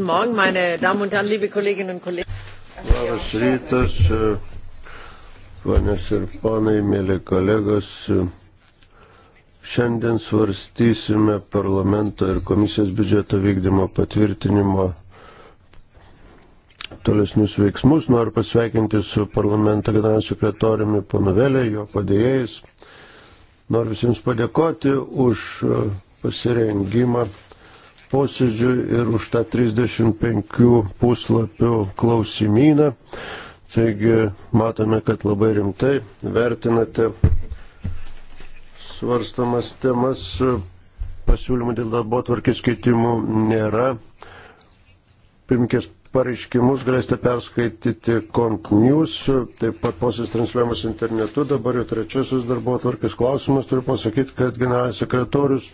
Guten Morgen, meine Damen und Herren, liebe Kolleginnen und Kollegen. Labas rytas, ponės ir ponai, mėly kolegos. Šiandien svarstysime parlamento ir komisijos biudžeto vykdymo patvirtinimo tolesnius veiksmus. Noriu pasveikinti su parlamento generaliniu sekretoriumi Panuvelė, jo padėjėjais. Noriu visiems padėkoti už pasirengimą posėdžiui ir už tą 35 puslapių klausimyną. Taigi matome, kad labai rimtai vertinate svarstamas temas, pasiūlymų dėl darbo tvarkės keitimų nėra. Pirmkės pareiškimus galėsite perskaityti Cont News, taip pat posės transliuojamas internetu. Dabar jau trečiasis darbo tvarkės klausimas. Turiu pasakyti, kad generalinis sekretorius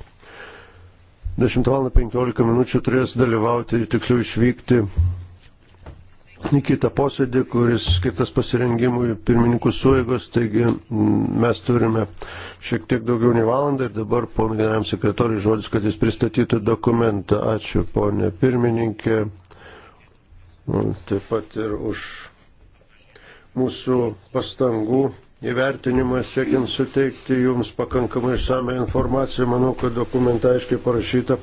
10 val. 15 minučių turės dalyvauti, tiksliau išvykti į kitą posėdį, kuris skirtas pasirengimui pirmininkų suėgos, taigi mes turime šiek tiek daugiau nei valandą ir dabar ponui generam sekretoriui žodis, kad jis pristatytų dokumentą. Ačiū ponė pirmininkė, taip pat ir už mūsų pastangų įvertinimą, siekiant suteikti jums pakankamai išsame informaciją. Manau, kad dokumente aiškiai parašyta,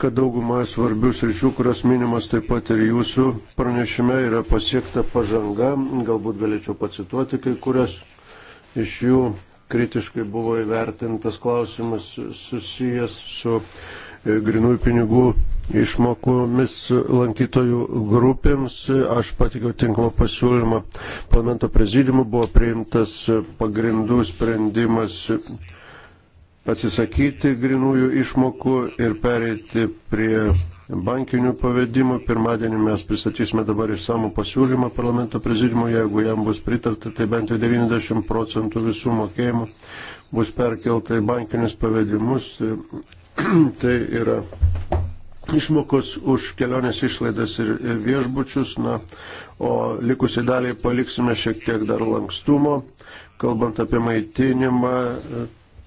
kad dauguma svarbių sričių, kurios minimas taip pat ir jūsų pranešime, yra pasiekta pažanga. Galbūt galėčiau pacituoti kai kurias iš jų. Kritiškai buvo įvertintas klausimas susijęs su e, grinųjų pinigų išmokomis lankytojų grupėms. Aš patikiau tinkamą pasiūlymą. Parlamento prezidiumu buvo priimtas pagrindų sprendimas atsisakyti grinųjų išmokų ir pereiti prie bankinių pavedimų. Pirmadienį mes pristatysime dabar išsamų pasiūlymą parlamento prezidiumo, jeigu jam bus pritarta, tai bent jau 90 procentų visų mokėjimų bus perkelta į bankinius pavedimus. tai yra išmokos už kelionės išlaidas ir viešbučius, na, o likusiai daliai paliksime šiek tiek dar lankstumo. Kalbant apie maitinimą,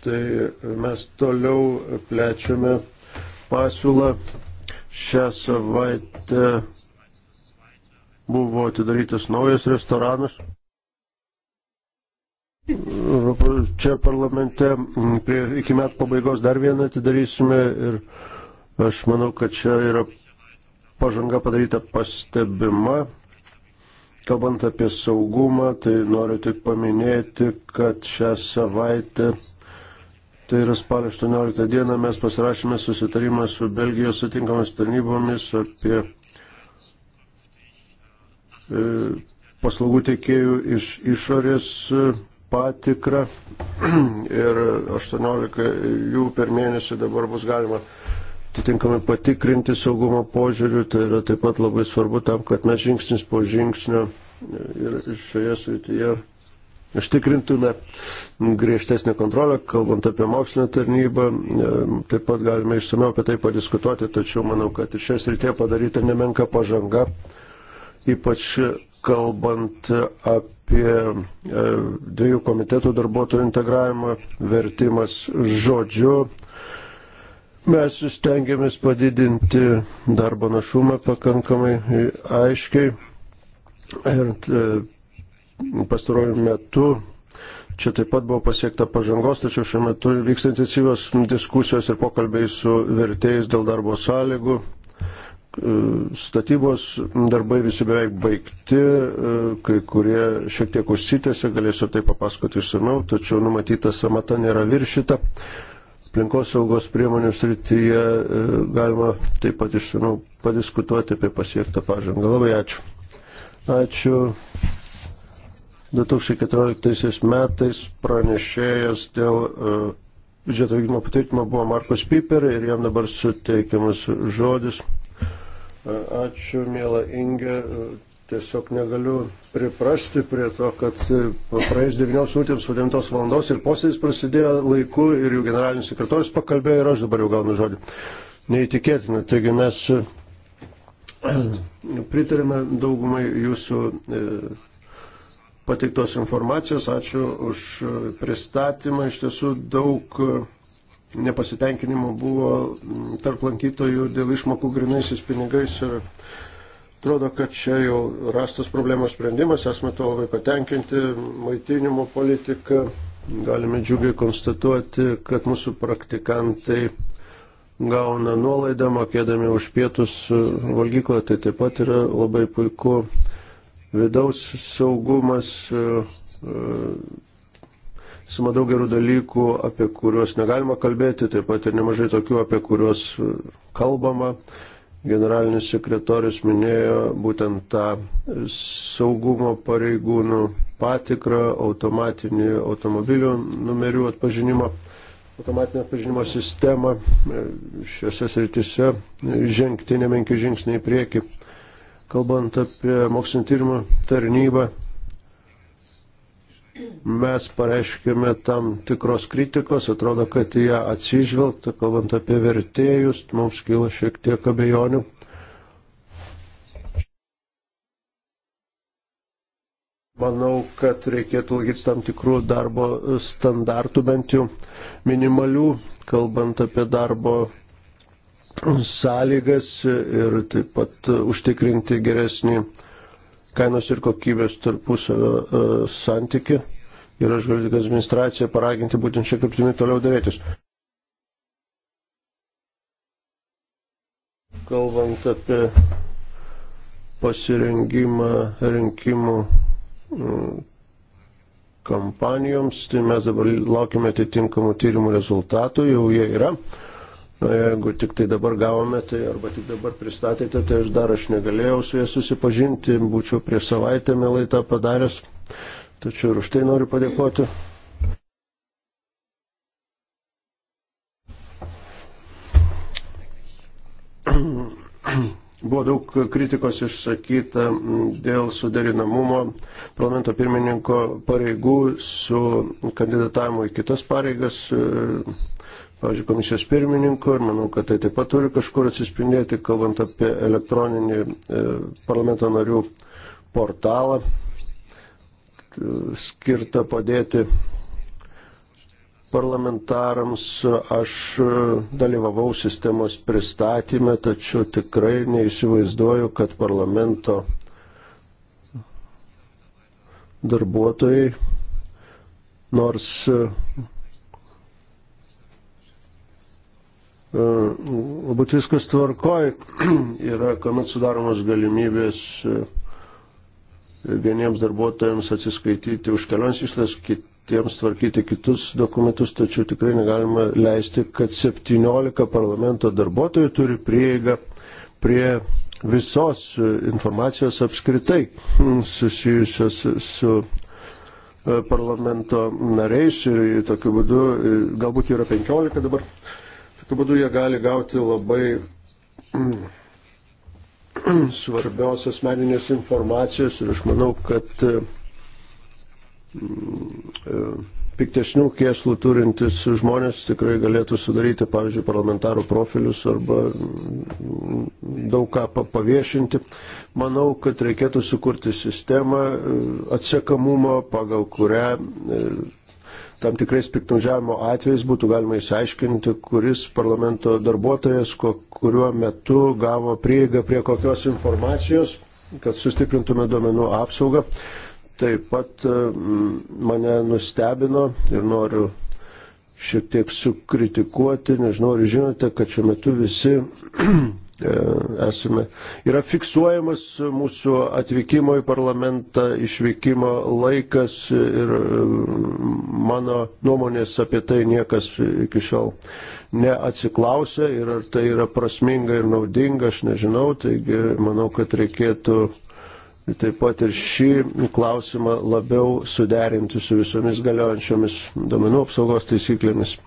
tai mes toliau plečiame pasiūlą. Šią savaitę buvo atidarytas naujas restoranas. Čia parlamente prie, iki metų pabaigos dar vieną atidarysime ir Aš manau, kad čia yra pažanga padaryta pastebima. Kalbant apie saugumą, tai noriu tik paminėti, kad šią savaitę, tai yra spalio 18 dieną, mes pasirašėme susitarimą su Belgijos sutinkamas tarnybomis apie e, paslaugų teikėjų iš išorės e, patikrą ir 18 jų per mėnesį dabar bus galima atitinkamai patikrinti saugumo požiūrių, tai yra taip pat labai svarbu tam, kad mes žingsnis po žingsnio ir šioje srityje užtikrintume griežtesnę kontrolę, kalbant apie mokslinę tarnybą, taip pat galime išsameu apie tai padiskutuoti, tačiau manau, kad ir šias rytė padaryta nemenka pažanga, ypač kalbant apie e, dviejų komitetų darbuotojų integravimą, vertimas žodžiu, Mes stengiamės padidinti darbo našumą pakankamai aiškiai ir e, pastaruoju metu Čia taip pat buvo pasiekta pažangos, tačiau šiuo metu vyksta intensyvios diskusijos ir pokalbiai su vertėjais dėl darbo sąlygų. E, statybos darbai visi beveik baigti, e, kai kurie šiek tiek užsitęsė, galėsiu tai papasakoti išsameu, tačiau numatyta samata nėra viršita aplinkos saugos priemonių srityje e, galima taip pat išsamiau padiskutuoti apie pasiektą pažangą. Labai ačiū. Ačiū. 2014 metais pranešėjas dėl e, biudžeto vykdymo patvirtinimo buvo Markus Piper ir jam dabar suteikiamas žodis. E, ačiū, mėla Inge tiesiog negaliu priprasti prie to, kad e, praėjus 9 minutėms po 9 valandos ir posėdis prasidėjo laiku ir jų generalinis sekretorius pakalbėjo ir aš dabar jau gaunu žodį. Neįtikėtina. Taigi mes e, pritarėme daugumai jūsų e, pateiktos informacijos. Ačiū už pristatymą. Iš tiesų daug nepasitenkinimo buvo tarp lankytojų dėl išmokų grinaisiais pinigais ir Atrodo, kad čia jau rastas problemos sprendimas, esame to labai patenkinti, maitinimo politika. Galime džiugiai konstatuoti, kad mūsų praktikantai gauna nuolaidą, mokėdami už pietus valgyklą, tai taip pat yra labai puiku. Vidaus saugumas, e, e, Sima daug gerų dalykų, apie kuriuos negalima kalbėti, taip pat ir nemažai tokių, apie kuriuos kalbama generalinis sekretorius minėjo būtent tą saugumo pareigūnų patikrą, automatinį automobilių numerių atpažinimo, automatinio atpažinimo sistemą. E, Šiuose srityse žengti nemenki žingsniai į priekį. Kalbant apie mokslinio tyrimo tarnybą, mes pareiškėme tam tikros kritikos, atrodo, kad į ją atsižvelgta, kalbant apie vertėjus, mums kyla šiek tiek abejonių. Manau, kad reikėtų laikytis tam tikrų darbo standartų, bent jau minimalių, kalbant apie darbo sąlygas ir taip pat užtikrinti geresnį kainos ir kokybės tarpusavio e, santykių. Ir aš galiu tik administraciją paraginti būtent šią kryptimį toliau dėrėtis. Kalbant apie pasirengimą rinkimų mm, kampanijoms, tai mes dabar laukime atitinkamų tyrimų rezultatų, jau jie yra. Na, jeigu tik tai dabar gavome, tai arba tik dabar pristatėte, tai aš dar aš negalėjau su jais susipažinti, būčiau prie savaitę mielai tą padaręs. Tačiau ir už tai noriu padėkoti. Buvo daug kritikos išsakyta dėl suderinamumo parlamento pirmininko pareigų su kandidatavimu į kitas pareigas pavyzdžiui, komisijos pirmininko ir manau, kad tai taip pat turi kažkur atsispindėti, kalbant apie elektroninį e, parlamento narių portalą skirtą padėti parlamentarams aš dalyvavau sistemos pristatymę, tačiau tikrai neįsivaizduoju, kad parlamento darbuotojai, nors E, labai viskas tvarkoj yra, kuomet sudaromos galimybės e, vieniems darbuotojams atsiskaityti už kelionės išlaidas, kitiems tvarkyti kitus dokumentus, tačiau tikrai negalima leisti, kad 17 parlamento darbuotojų turi prieigą prie visos e, informacijos apskritai susijusios su parlamento nariais ir tokiu būdu galbūt yra 15 dabar Tokiu būdu jie gali gauti labai mm, svarbios asmeninės informacijos ir aš manau, kad mm, e, piktesnių kėslų turintis žmonės tikrai galėtų sudaryti, pavyzdžiui, parlamentarų profilius arba mm, daug ką paviešinti. Manau, kad reikėtų sukurti sistemą e, atsekamumo, pagal kurią e, tam tikrais piknaudžiavimo atvejais būtų galima išsiaiškinti, kuris parlamento darbuotojas, kuriuo metu gavo prieigą prie kokios informacijos, kad sustiprintume duomenų apsaugą. Taip pat e, mane nustebino ir noriu šiek tiek sukritikuoti, nežinau, ar žinote, kad šiuo metu visi E, esame, yra fiksuojamas mūsų atvykimo į parlamentą, išvykimo laikas ir e, mano nuomonės apie tai niekas iki šiol neatsiklausė ir ar tai yra prasminga ir naudinga, aš nežinau, taigi manau, kad reikėtų taip pat ir šį klausimą labiau suderinti su visomis galiojančiomis domenų apsaugos taisyklėmis.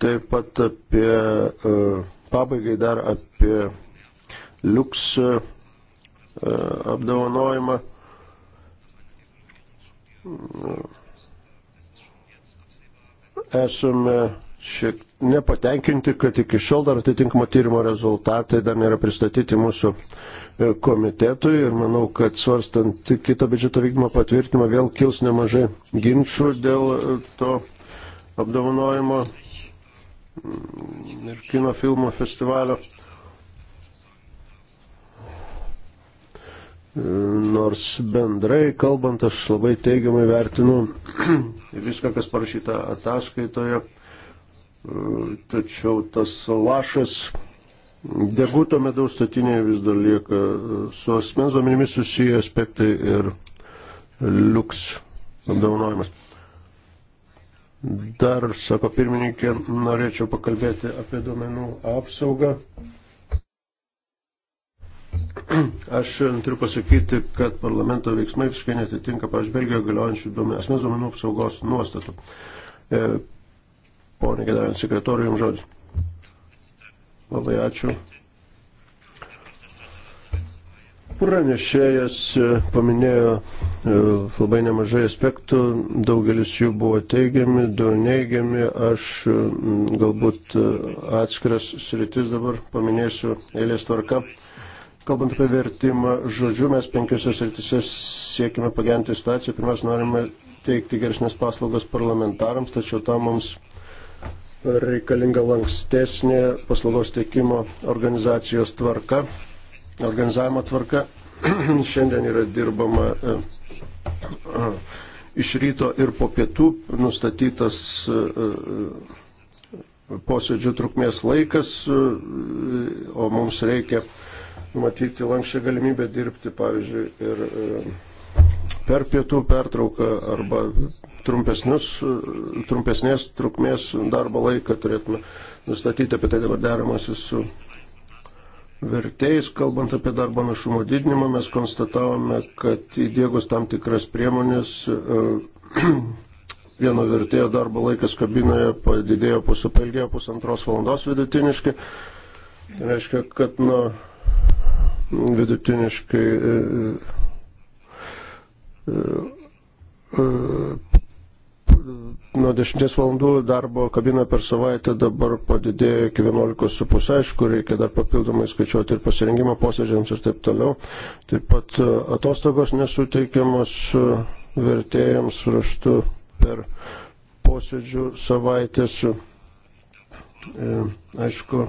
Taip pat apie uh, Pabaigai dar apie liuks e, apdovanojimą. Esame šiek nepatenkinti, kad iki šiol dar atitinkamo tyrimo rezultatai dar nėra pristatyti mūsų e, komitetui ir manau, kad svarstant kitą biudžeto vykdymo patvirtinimą vėl kils nemažai ginčių dėl e, to apdovanojimo ir kino filmų festivalio. Nors bendrai kalbant, aš labai teigiamai vertinu viską, kas parašyta ataskaitoje, tačiau tas lašas deguto medaus statinėje vis dar lieka su asmens omenimis susiję aspektai ir liuks apdaunojimas. Dar, sako pirmininkė, norėčiau pakalbėti apie duomenų apsaugą. Aš turiu pasakyti, kad parlamento veiksmai visiškai netitinka, pavyzdžiui, Belgijoje galiojančių duomenų, asmens duomenų apsaugos nuostatų. E, Pone Gedarant, sekretoriu, jums žodis. Labai ačiū. Pranešėjas e, paminėjo e, labai nemažai aspektų, daugelis jų buvo teigiami, du neigiami, aš e, galbūt atskiras sritis dabar paminėsiu eilės tvarka. Kalbant apie vertimą žodžių, mes penkiose srityse siekime pagerinti situaciją. Pirmiausia, norime teikti geresnės paslaugas parlamentarams, tačiau tam mums reikalinga lankstesnė paslaugos teikimo organizacijos tvarka organizavimo tvarka. Šiandien yra dirbama e, iš ryto ir po pietų nustatytas e, e, posėdžių trukmės laikas, o mums reikia matyti lankščią galimybę dirbti, pavyzdžiui, ir per pietų pertrauką arba trumpesnės trukmės darbo laiką turėtume nustatyti, apie tai dabar deramasi su vertėjais, kalbant apie darbo našumo didinimą, mes konstatavome, kad įdėgus tam tikras priemonės, e, vieno vertėjo darbo laikas kabinoje padidėjo, pusapelgėjo pusantros valandos vidutiniškai. Tai reiškia, kad nuo vidutiniškai e, e, nuo 10 valandų darbo kabina per savaitę dabar padidėjo iki 11,5, aišku, reikia dar papildomai skaičiuoti ir pasirengimo posėdžiams ir taip toliau. Taip pat e, atostogos nesuteikiamas e, vertėjams raštu per posėdžių savaitės. E, aišku,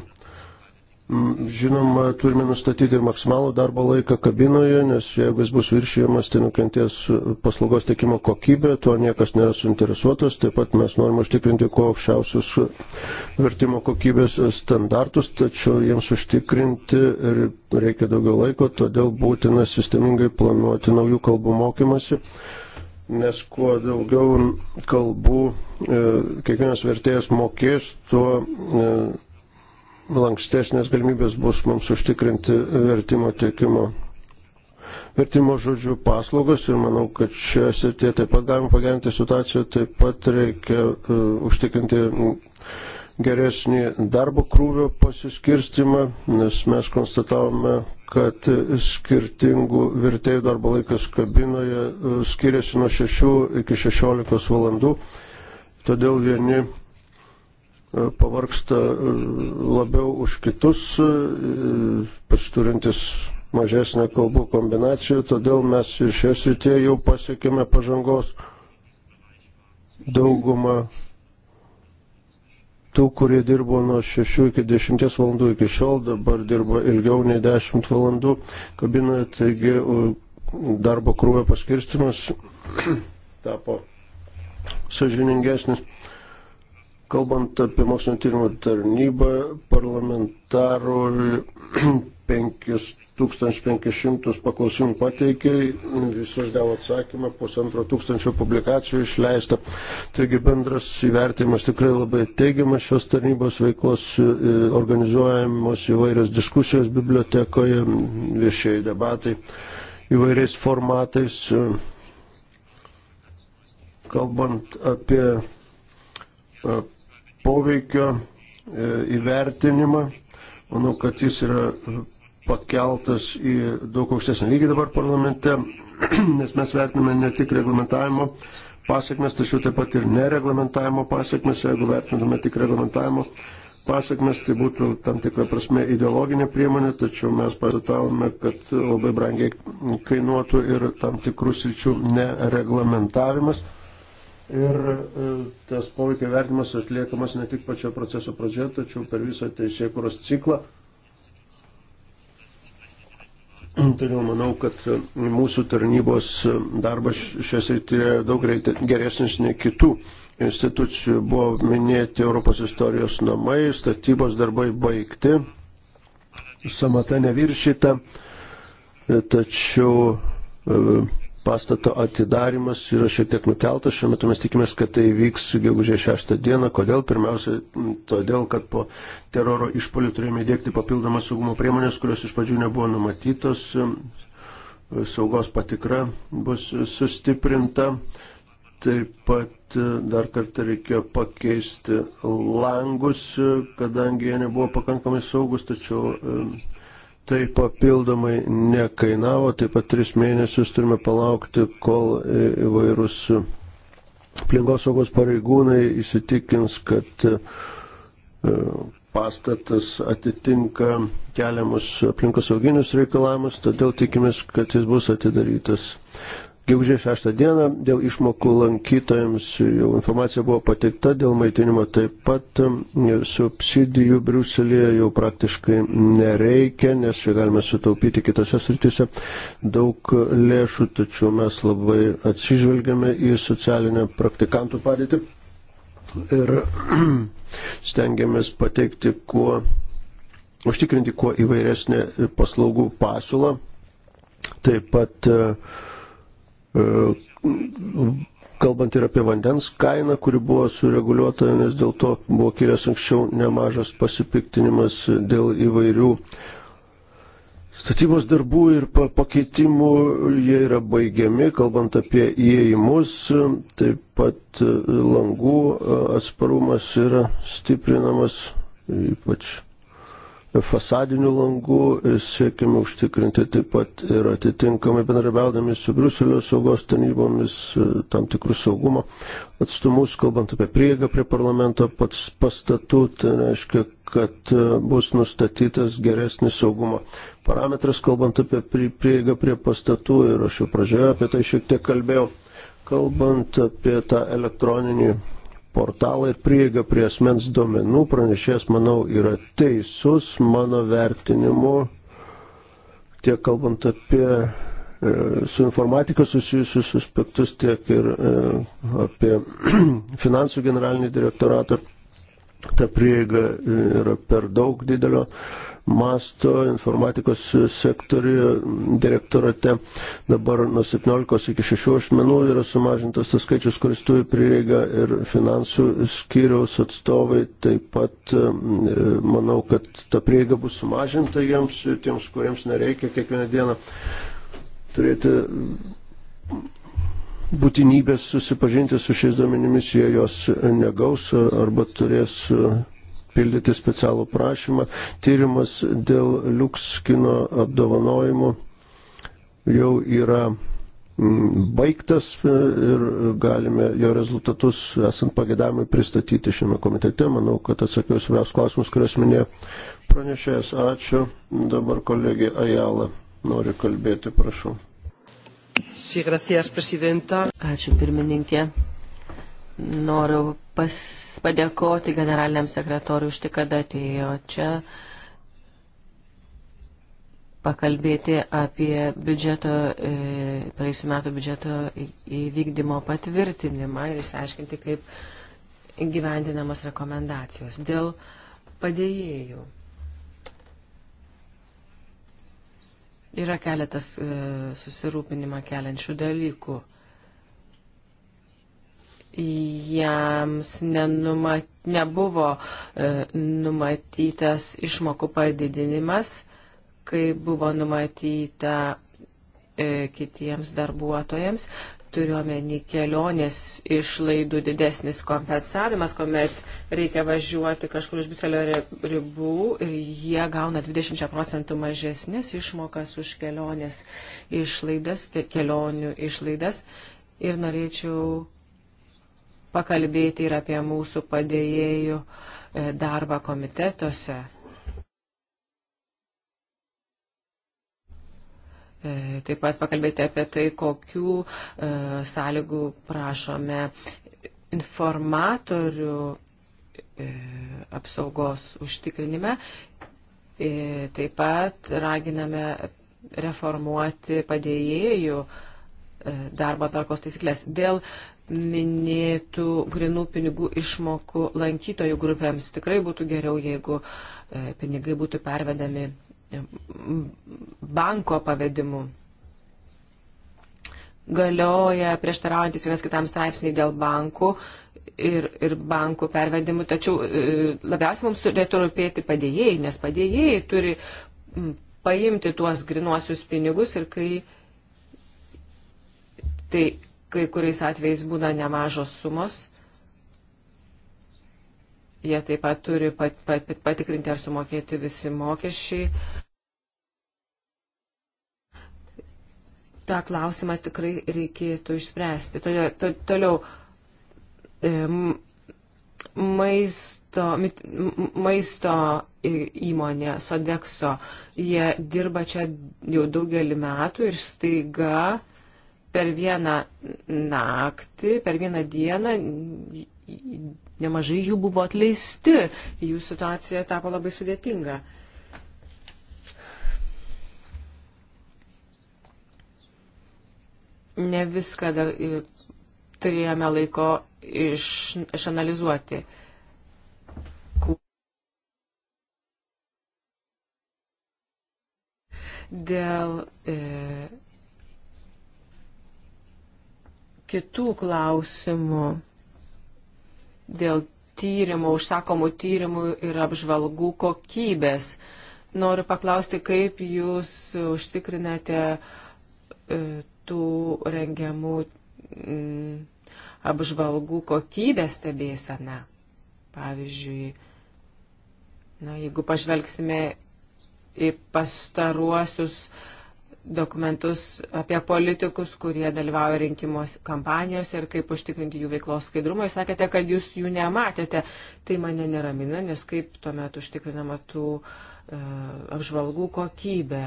Žinoma, turime nustatyti ir maksimalų darbo laiką kabinoje, nes jeigu jis bus viršijamas, tai nukentės paslaugos teikimo kokybė, tuo niekas nėra suinteresuotas. Taip pat mes norime užtikrinti kuo aukščiausius vertimo kokybės standartus, tačiau jiems užtikrinti reikia daugiau laiko, todėl būtina sistemingai planuoti naujų kalbų mokymasi nes kuo daugiau kalbų e, kiekvienas vertėjas mokės, tuo e, lankstesnės galimybės bus mums užtikrinti vertimo teikimo. Vertimo žodžių paslaugos ir manau, kad šioje srityje taip pat galima pagerinti situaciją, taip pat reikia uh, užtikrinti geresnį darbo krūvio pasiskirstimą, nes mes konstatavome, kad skirtingų vertėjų darbo laikas kabinoje e, skiriasi nuo 6 iki 16 valandų, todėl vieni E, pavarksta e, labiau už kitus, e, pač turintis mažesnę kalbų kombinacijų, todėl mes ir šioje srityje jau pasiekėme pažangos daugumą tų, kurie dirbo nuo 6 iki 10 valandų iki šiol, dabar dirba ilgiau nei 10 valandų kabinoje, taigi darbo krūvio paskirstimas tapo sažiningesnis. Kalbant apie mokslinio tyrimo tarnybą, parlamentarų 1500 paklausimų pateikė, visos gavo atsakymą, pusantro tūkstančio publikacijų išleista. Taigi bendras įvertimas tikrai labai teigiamas šios tarnybos veiklos, e, organizuojamos įvairios diskusijos bibliotekoje, viešieji debatai įvairiais formatais. Kalbant apie e, poveikio e, įvertinimą. Manau, kad jis yra pakeltas į daug aukštesnį lygį dabar parlamente, nes mes vertiname ne tik reglamentavimo pasiekmes, tačiau taip pat ir nereglamentavimo pasiekmes. Jeigu vertintume tik reglamentavimo pasiekmes, tai būtų tam tikra prasme ideologinė priemonė, tačiau mes pasitavome, kad labai brangiai kainuotų ir tam tikrus ryčių nereglamentavimas. Ir e, tas poveikio vertimas atliekamas ne tik pačio proceso pradžioje, tačiau per visą teisėkuros ciklą. Todėl manau, kad e, mūsų tarnybos e, darbas šią sritį daug geresnis nei kitų institucijų. Buvo minėti Europos istorijos namai, statybos darbai baigti, samata neviršyta, tačiau pastato atidarimas yra šiek tiek nukeltas. Šiuo metu mes tikimės, kad tai vyks gegužė 6 dieną. Kodėl? Pirmiausia, todėl, kad po teroro išpolių turėjome įdėkti papildomas saugumo priemonės, kurios iš pradžių nebuvo numatytos. Saugos patikra bus sustiprinta. Taip pat dar kartą reikėjo pakeisti langus, kadangi jie nebuvo pakankamai saugus, tačiau tai papildomai nekainavo, taip pat tris mėnesius turime palaukti, kol e, įvairūs aplinkosaugos pareigūnai įsitikins, kad e, pastatas atitinka keliamus aplinkosauginius reikalavimus, todėl tikimės, kad jis bus atidarytas Gegužės 6 dieną dėl išmokų lankytojams jau informacija buvo pateikta, dėl maitinimo taip pat subsidijų Briuselėje jau praktiškai nereikia, nes čia galime sutaupyti kitose sritise daug lėšų, tačiau mes labai atsižvelgiame į socialinę praktikantų padėtį ir stengiamės pateikti kuo, užtikrinti kuo įvairesnę paslaugų pasiūlą. Taip pat uh, kalbant ir apie vandens kainą, kuri buvo sureguliuota, nes dėl to buvo kilęs anksčiau nemažas pasipiktinimas dėl įvairių statybos darbų ir pakeitimų, jie yra baigiami, kalbant apie įėjimus, taip pat e, langų e, atsparumas yra stiprinamas, ypač fasadinių langų, e, siekime užtikrinti taip pat ir atitinkamai bendrabiaudami su Bruselio saugos tarnybomis e, tam tikrus saugumo atstumus, kalbant apie prieigą prie parlamento pats pastatų, tai reiškia, kad e, bus nustatytas geresnis saugumo parametras, kalbant apie prieigą prie pastatų ir aš jau pradžioje apie tai šiek tiek kalbėjau, kalbant apie tą elektroninį portalą ir prieigą prie asmens duomenų. Pranešės, manau, yra teisus mano vertinimu, tiek kalbant apie e, su informatika susijusius aspektus, tiek ir e, apie finansų generalinį direktoratą. Ta prieiga yra per daug didelio masto informatikos sektoriuje direktorate dabar nuo 17 iki 6 ašmenų yra sumažintas tas skaičius, kuris turi prireigą ir finansų skyriaus atstovai. Taip pat e, manau, kad ta prieiga bus sumažinta jiems, tiems, kuriems nereikia kiekvieną dieną turėti būtinybės susipažinti su šiais duomenimis, jie jos negaus arba turės e, pildyti specialų prašymą. Tyrimas dėl liuks kino apdovanojimų jau yra mm, baigtas e, ir galime jo rezultatus, esant pagėdavimui, pristatyti šiame komitete. Manau, kad atsakiau svarbiausius klausimus, kuriuos minėjo pranešėjas. Ačiū. Dabar kolegė Ajala nori kalbėti, prašau. Sí, gracias, Ačiū pirmininkė. Noriu pas, padėkoti generaliniam sekretoriui už tai, kad atėjo čia pakalbėti apie biudžeto, e, praėjusiu metu biudžeto įvykdymo patvirtinimą ir išsiaiškinti, kaip gyvendinamos rekomendacijos dėl padėjėjų. Yra keletas e, susirūpinimą keliančių dalykų jiems nenumat, nebuvo e, numatytas išmokų padidinimas, kai buvo numatyta e, kitiems darbuotojams. Turiuomenį kelionės išlaidų didesnis kompensavimas, kuomet reikia važiuoti kažkur už Briuselio ribų ir jie gauna 20 procentų mažesnės išmokas už kelionės išlaidas, kelionių išlaidas. Ir norėčiau pakalbėti ir apie mūsų padėjėjų e, darbą komitetuose. E, taip pat pakalbėti apie tai, kokių e, sąlygų prašome informatorių apsaugos užtikrinime. Taip pat raginame reformuoti padėjėjų darbo tvarkos taisyklės. Dėl minėtų grinų pinigų išmokų lankytojų grupėms. Tikrai būtų geriau, jeigu e, pinigai būtų pervedami e, banko pavedimu. Galioja prieštaraujantis vienas kitam straipsniai dėl bankų ir, ir bankų pervedimų, tačiau e, labiausiai mums turėtų rūpėti padėjėjai, nes padėjėjai turi paimti tuos grinuosius pinigus ir kai tai kai kuriais atvejais būna nemažos sumos. Jie taip pat turi pat, pat, pat, patikrinti ar sumokėti visi mokesčiai. tą klausimą tikrai reikėtų išspręsti. Toliau, to, toliau e, maisto, mit, maisto įmonė Sodexo, jie dirba čia jau daugelį metų ir staiga per vieną naktį, per vieną dieną nemažai jų buvo atleisti, jų situacija tapo labai sudėtinga. Ne viską dar e, turėjome laiko iš, išanalizuoti. Dėl e, kitų klausimų dėl tyrimų, užsakomų tyrimų ir apžvalgų kokybės. Noriu paklausti, kaip jūs užtikrinate e, tų rengiamų mm, apžvalgų kokybę stebėseną. Pavyzdžiui, na, jeigu pažvelgsime į pastaruosius uh, dokumentus apie politikus, kurie dalyvauja rinkimos kampanijose ir kaip užtikrinti jų veiklos skaidrumą. Jūs sakėte, kad jūs jų nematėte. Tai mane neramina, nes kaip tuomet užtikrinama tų e, apžvalgų kokybė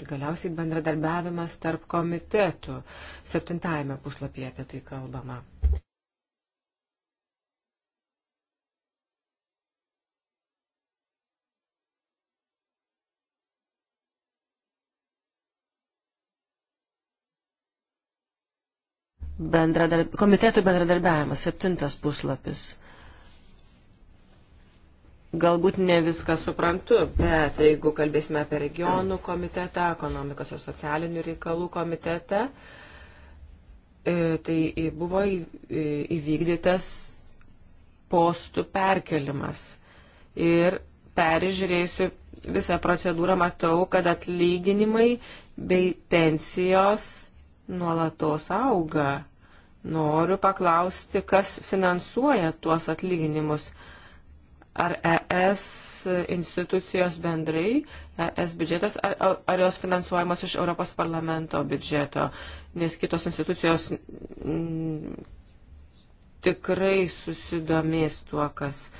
ir galiausiai bendradarbiavimas tarp komitetų. Septintajame puslapyje apie tai kalbama. Bendradarb... Komitetų bendradarbiavimas, septintas puslapis. Galbūt ne viską suprantu, bet jeigu kalbėsime apie regionų komitetą, ekonomikos ir socialinių reikalų komitetą, e, tai buvo įvykdytas postų perkelimas. Ir peržiūrėjusiu visą procedūrą matau, kad atlyginimai bei pensijos nuolatos auga. Noriu paklausti, kas finansuoja tuos atlyginimus. Ar ES institucijos bendrai, ES biudžetas, ar, ar jos finansuojamos iš Europos parlamento biudžeto, nes kitos institucijos m, mm, tikrai susidomės tuo, kas,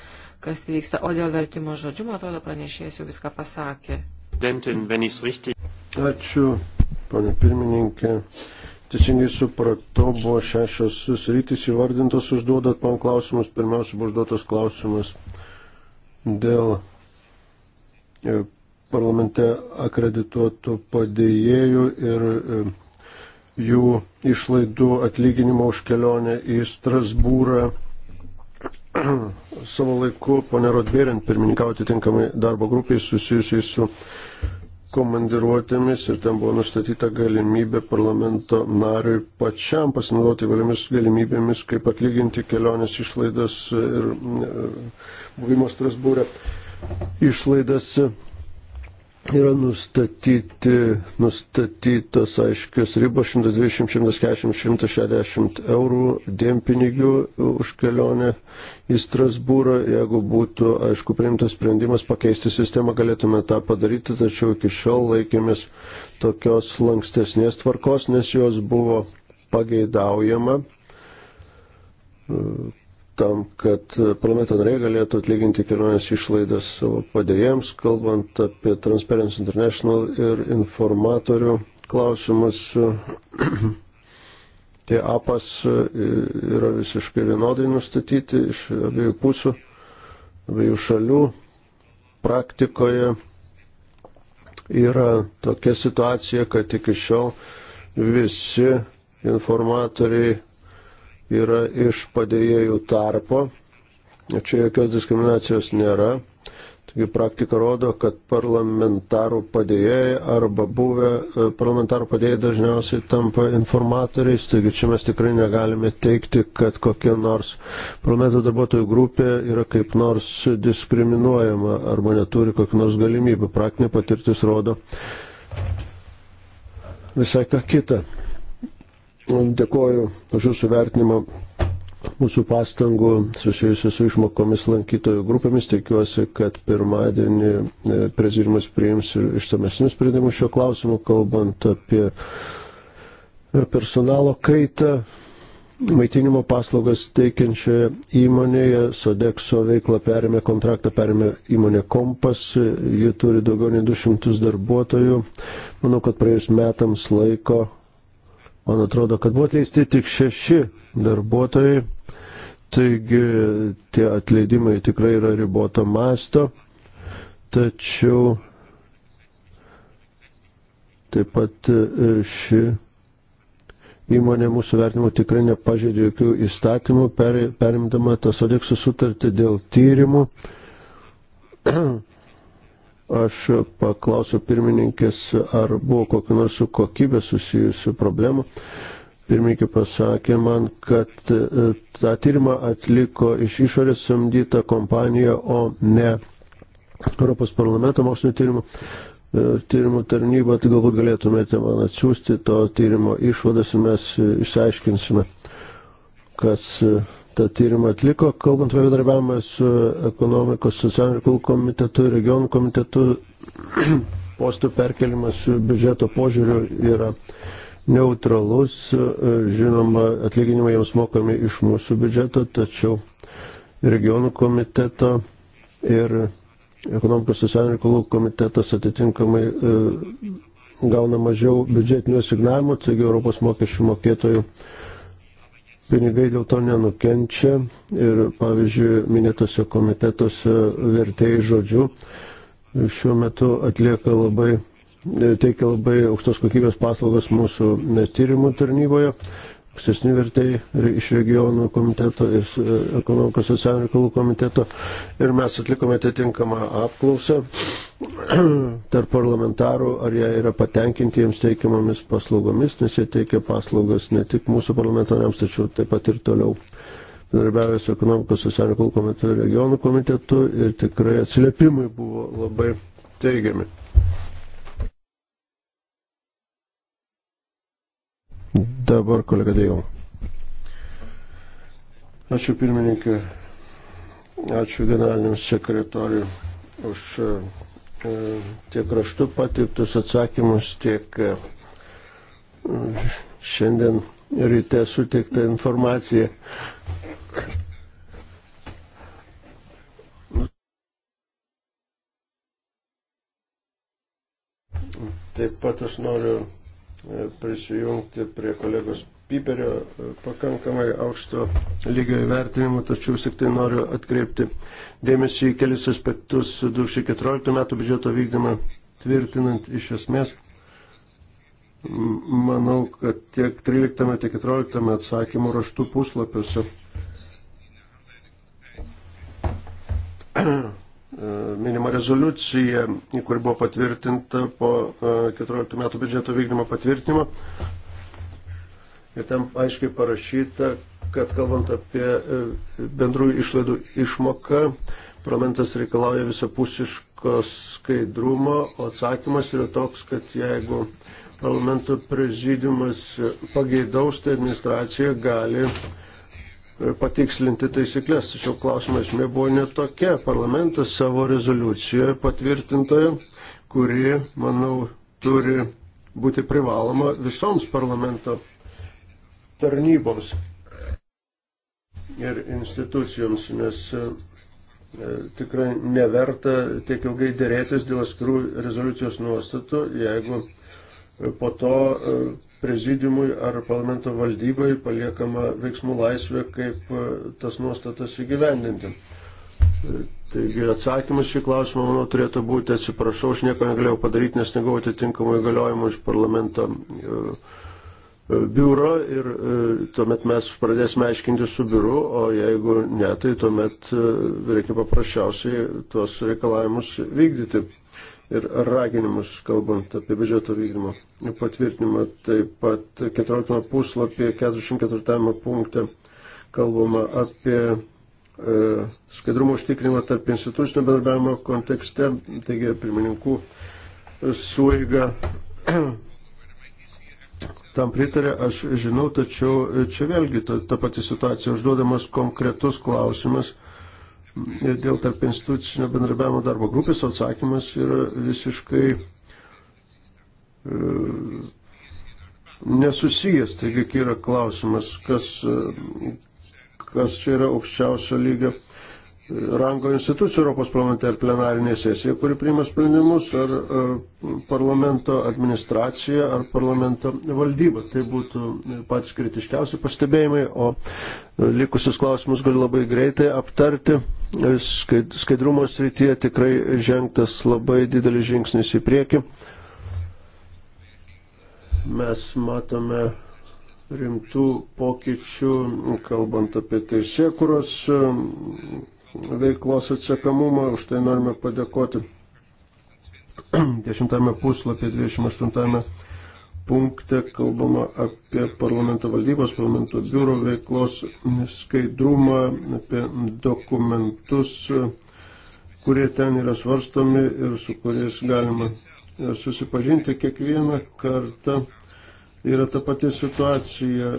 kas vyksta. O dėl vertimo žodžių, man atrodo, pranešėjas jau viską pasakė. Ačiū Pane pirmininkė, teisingai supratau, buvo šešios sritys įvardintos, užduodat man klausimus. Pirmiausia, buvo užduotas klausimas dėl e, parlamente akredituotų padėjėjų ir e, jų išlaidų atlyginimo už kelionę į Strasbūrą savo laiku ponė Rodbėrin pirmininkauti tinkamai darbo grupiai susijusiai su komandiruotėmis ir ten buvo nustatyta galimybė parlamento nariui pačiam pasinaudoti įvairiomis galimybėmis, kaip atlyginti kelionės išlaidas ir e, buvimo Strasbūrė išlaidas. E, yra nustatyti, nustatytos aiškios ribos 120, 140, 160 eurų dienpinigių už kelionę į Strasbūrą. Jeigu būtų, aišku, priimtas sprendimas pakeisti sistemą, galėtume tą padaryti, tačiau iki šiol laikėmės tokios lankstesnės tvarkos, nes jos buvo pageidaujama tam, kad parlamento nariai galėtų atlyginti kelionės išlaidas savo padėjėjams, kalbant apie Transparency International ir informatorių klausimus. Tie apas yra visiškai vienodai nustatyti iš abiejų pusių, abiejų šalių praktikoje yra tokia situacija, kad iki šiol visi informatoriai yra iš padėjėjų tarpo. Čia jokios diskriminacijos nėra. Taigi praktika rodo, kad parlamentarų padėjėjai arba buvę e, parlamentarų padėjėjai dažniausiai tampa informatoriais, taigi čia mes tikrai negalime teikti, kad kokia nors parlamento darbuotojų grupė yra kaip nors diskriminuojama arba neturi kokių nors galimybių. Praktinė patirtis rodo visai ką kitą. Dėkoju už jūsų vertinimą mūsų pastangų susijusiu su išmokomis lankytojų grupėmis. Tikiuosi, kad pirmadienį e, prezidimas priims ir išsamesnius sprendimus šio klausimu, kalbant apie e, personalo kaitą maitinimo paslaugas teikiančioje įmonėje. Sodekso veiklą perėmė, kontraktą perėmė įmonė Kompas, ji turi daugiau nei 200 darbuotojų. Manau, kad praėjus metams laiko Man atrodo, kad buvo atleisti tik šeši darbuotojai, taigi tie atleidimai tikrai yra riboto masto, tačiau taip pat e, ši įmonė mūsų vertinimu tikrai nepažeidė jokių įstatymų, per, perimdama tą sodėksų sutartį dėl tyrimų. Aš paklausiu pirmininkės, ar buvo kokiu nors su kokybė susijusių problemų. Pirmininkė pasakė man, kad e, tą tyrimą atliko iš išorės samdyta kompanija, o ne Europos parlamento mokslinio tyrimų, e, tyrimų tarnyba. Tai galbūt galėtumėte man atsiųsti to tyrimo išvadas ir mes išsiaiškinsime, kas e, tą tyrimą atliko, kalbant apie bendradarbiavimą su ekonomikos socialinių reikalų komitetu, regionų komitetu, postų perkelimas biudžeto požiūriu yra neutralus, žinoma, atlyginimai jiems mokami iš mūsų biudžeto, tačiau regionų komiteto ir ekonomikos socialinių reikalų komitetas atitinkamai e, gauna mažiau biudžetinių asignavimų, taigi Europos mokesčių mokėtojų pinigai dėl to nenukenčia ir, pavyzdžiui, minėtose komitetuose vertėjai žodžių šiuo metu atlieka labai, teikia labai aukštos kokybės paslaugas mūsų tyrimų tarnyboje ankstesni vertėjai iš regionų komiteto ir e, ekonomikos socialinių reikalų komiteto ir mes atlikome atitinkamą apklausą tarp parlamentarų, ar jie yra patenkinti jiems teikiamomis paslaugomis, nes jie teikia paslaugas ne tik mūsų parlamentariams, tačiau taip pat ir toliau bendarbiavę su ekonomikos socialinių reikalų komitetu ir regionų komitetu ir tikrai atsiliepimai buvo labai teigiami. Dabar kolega Dėjau. Ačiū pirmininkė, ačiū generaliniam sekretoriui už e, tiek raštu pateiktus atsakymus, tiek e, šiandien ryte suteiktą informaciją. Taip pat aš noriu prisijungti prie kolegos Piperio e, pakankamai aukšto lygio įvertinimų, tačiau tik tai noriu atkreipti dėmesį į kelis aspektus 2014 metų biudžeto vykdymą tvirtinant iš esmės. Manau, kad tiek 13, tiek 14 atsakymų raštų puslapiuose E, minima rezoliucija, kuri buvo patvirtinta po 14 e, metų biudžeto vykdymo patvirtinimo. Ir ten aiškiai parašyta, kad kalbant apie e, bendrųjų išlaidų išmoką, parlamentas reikalauja visapusiško skaidrumo, o atsakymas yra toks, kad jeigu parlamento prezidiumas pageidaus, tai administracija gali uh, E, patikslinti taisyklės. Tačiau klausimo esmė buvo netokia. Parlamentas savo rezoliucijoje patvirtintoje, kuri, manau, turi būti privaloma visoms parlamento tarnyboms ir institucijoms, nes e, e, tikrai neverta tiek ilgai dėrėtis dėl atskirų rezoliucijos nuostatų, jeigu po to prezidimui ar parlamento valdybai paliekama veiksmų laisvė, kaip e, tas nuostatas įgyvendinti. Taigi atsakymas šį klausimą, manau, turėtų būti, atsiprašau, aš nieko negalėjau padaryti, nes negavau atitinkamų įgaliojimų iš parlamento e, e, biuro ir tuomet mes pradėsime aiškinti su biuru, o jeigu ne, tai tuomet reikia paprasčiausiai tuos reikalavimus vykdyti ir raginimus, kalbant apie biudžeto vykdymą ir patvirtinimą. Taip pat 14 puslapį 44 punktą kalbama apie e, skaidrumo užtikrinimą tarp institucinio bendradarbiavimo kontekste, taigi pirmininkų suiga tam pritarė, aš žinau, tačiau čia vėlgi ta, ta pati situacija užduodamas konkretus klausimas dėl tarp institucinio bendrabiavimo darbo grupės atsakymas yra visiškai e, nesusijęs, taigi yra klausimas, kas, e, kas čia yra aukščiausio lygio e, rango institucijų Europos parlamente ar plenarinė sesija, kuri priima sprendimus, ar, ar parlamento administracija, ar parlamento valdyba. Tai būtų patys kritiškiausi pastebėjimai, o likusius klausimus galiu labai greitai aptarti skaidrumo srityje tikrai žengtas labai didelis žingsnis į priekį. Mes matome rimtų pokyčių, kalbant apie teisėkuros um, veiklos atsekamumą, už tai norime padėkoti 10 puslapį 28 punkte kalbama apie parlamento valdybos, parlamento biuro veiklos skaidrumą, apie dokumentus, kurie ten yra svarstomi ir su kuriais galima susipažinti kiekvieną kartą. Yra ta pati situacija.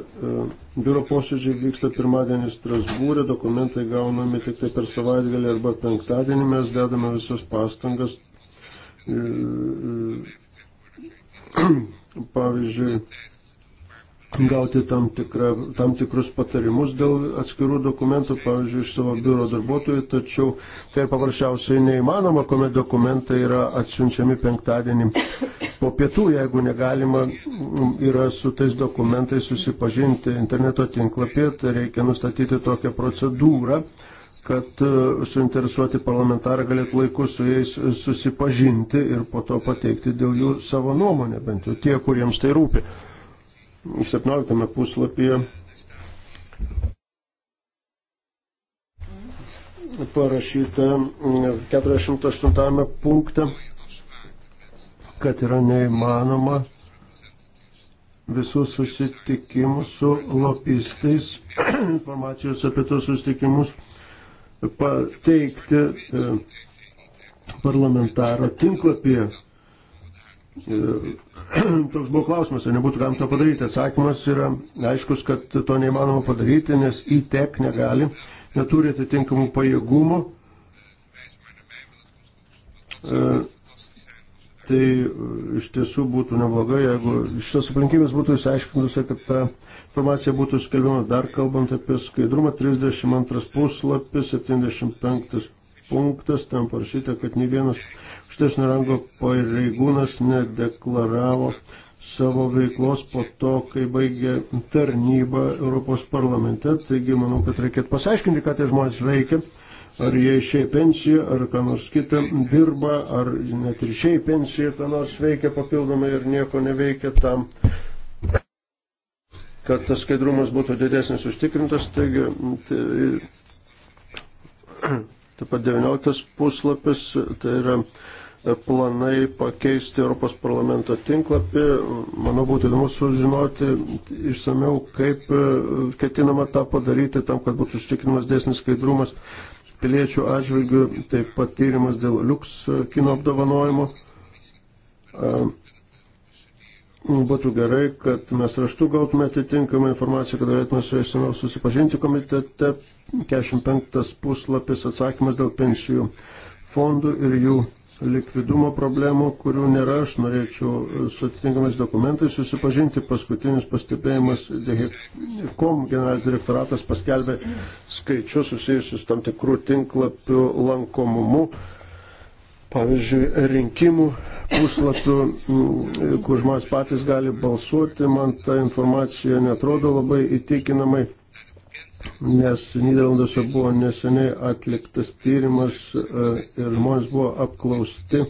Biuro posėdžiai vyksta pirmadienį Strasbūrė, dokumentai gaunami tik tai per savaitgalį arba penktadienį. Mes dedame visas pastangas pavyzdžiui, gauti tam, tikrą, tam tikrus patarimus dėl atskirų dokumentų, pavyzdžiui, iš savo biuro darbuotojų, tačiau tai paprasčiausiai neįmanoma, kuomet dokumentai yra atsiunčiami penktadienį po pietų, jeigu negalima yra su tais dokumentais susipažinti interneto tinklapyje, tai reikia nustatyti tokią procedūrą kad e, suinteresuoti parlamentarai galėtų laiku su jais susipažinti ir po to pateikti dėl jų savo nuomonę, bent jau tie, kuriems tai rūpi. 17 puslapyje parašyta 48 e, punkte, kad yra neįmanoma visus susitikimus su lobistais, informacijos apie tos susitikimus pateikti e, parlamentaro tinklapyje. Toks buvo klausimas, ar nebūtų galima to padaryti. Atsakymas yra aiškus, kad to neįmanoma padaryti, nes ITEC negali, neturi atitinkamų pajėgumų. E, tai iš tiesų būtų neblogai, jeigu šitas aplinkybės būtų išsiaiškintos ir kad ta informacija būtų skelbiama. Dar kalbant apie skaidrumą, 32 puslapis, 75 punktas, ten parašyta, kad ne vienas aukštesnio rango pareigūnas nedeklaravo savo veiklos po to, kai baigė tarnybą Europos parlamente. Taigi, manau, kad reikėtų pasiaiškinti, ką tie žmonės veikia. Ar jie išėjo pensiją, ar ką nors kitą dirba, ar net ir išėjo pensiją, ką nors veikia papildomai ir nieko neveikia tam kad tas skaidrumas būtų didesnis užtikrintas. Taigi, tai, taip pat 19 puslapis, tai yra planai pakeisti Europos parlamento tinklapį. Manau, būtų įdomu sužinoti išsameu, kaip e, ketinama tą padaryti, tam, kad būtų užtikrinamas dėsnis skaidrumas piliečių atžvilgių, taip pat tyrimas dėl liuks kino apdovanojimo. Uh, būtų gerai, kad mes raštu gautume atitinkamą informaciją, kad galėtume su jais seniau susipažinti komitete. 45 puslapis atsakymas dėl pensijų fondų ir jų likvidumo problemų, kurių nėra. Aš norėčiau su atitinkamais dokumentais susipažinti. Paskutinis pastebėjimas, kom generalinis direktoratas paskelbė skaičius susijusius tam tikrų tinklapių lankomumu pavyzdžiui, rinkimų puslapių, kur žmonės patys gali balsuoti, man ta informacija netrodo labai įtikinamai, nes Niderlanduose buvo neseniai atliktas tyrimas e, ir žmonės buvo apklausti,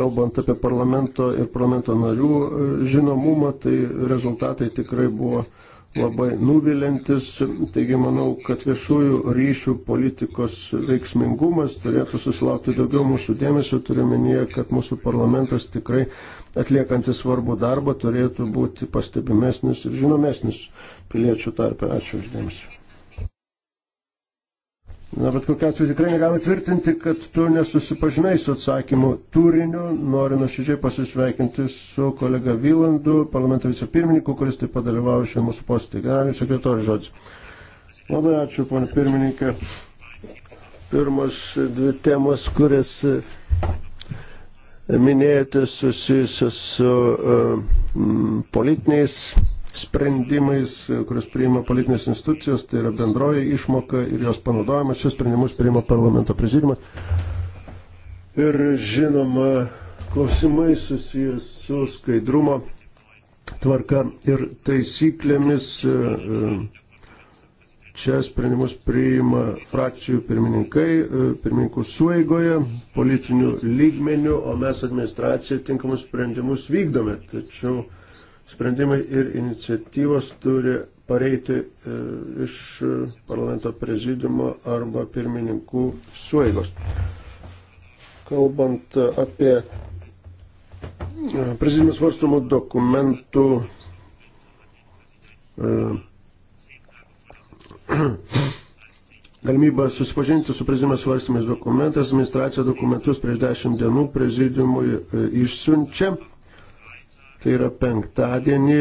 kalbant apie parlamento ir parlamento narių e, žinomumą, tai rezultatai tikrai buvo uh, labai nuvilintis. Taigi manau, kad viešųjų ryšių politikos veiksmingumas turėtų susilaukti daugiau mūsų dėmesio. Turiuomenyje, kad mūsų parlamentas tikrai atliekantis svarbų darbą turėtų būti pastebimesnis ir žinomesnis piliečių tarpe. Ačiū uždėmesį. Na, bet kokia atveju tikrai negalime tvirtinti, kad tu nesusipažinai su atsakymu turiniu. Noriu nuoširdžiai pasisveikinti su kolega Vylandu, parlamento vicepirmininku, kuris taip pat dalyvavo šiame mūsų posėdėje. Generalinis sekretorius žodis. Labai ačiū, ponė pirmininkė. Pirmas dvi temos, kurias e, minėjote susijusios su uh, politiniais sprendimais, kurios priima politinės institucijos, tai yra bendroji išmoka ir jos panaudojimas, šios sprendimus priima parlamento prezidimas. Ir žinoma, klausimai susijęs su skaidrumo tvarka ir taisyklėmis. Čia sprendimus priima frakcijų pirmininkai, pirmininkų suėgoje, politinių lygmenių, o mes administracija tinkamus sprendimus vykdome. Tačiau sprendimai ir iniciatyvos turi pareiti e, iš e, parlamento prezidiumo arba pirmininkų sueigos. Kalbant apie e, prezidiumo svarstamų dokumentų galimybę susipažinti su prezidiumo svarstymais dokumentais, administracija dokumentus prieš dešimt dienų prezidiumui išsiunčia tai yra penktadienį,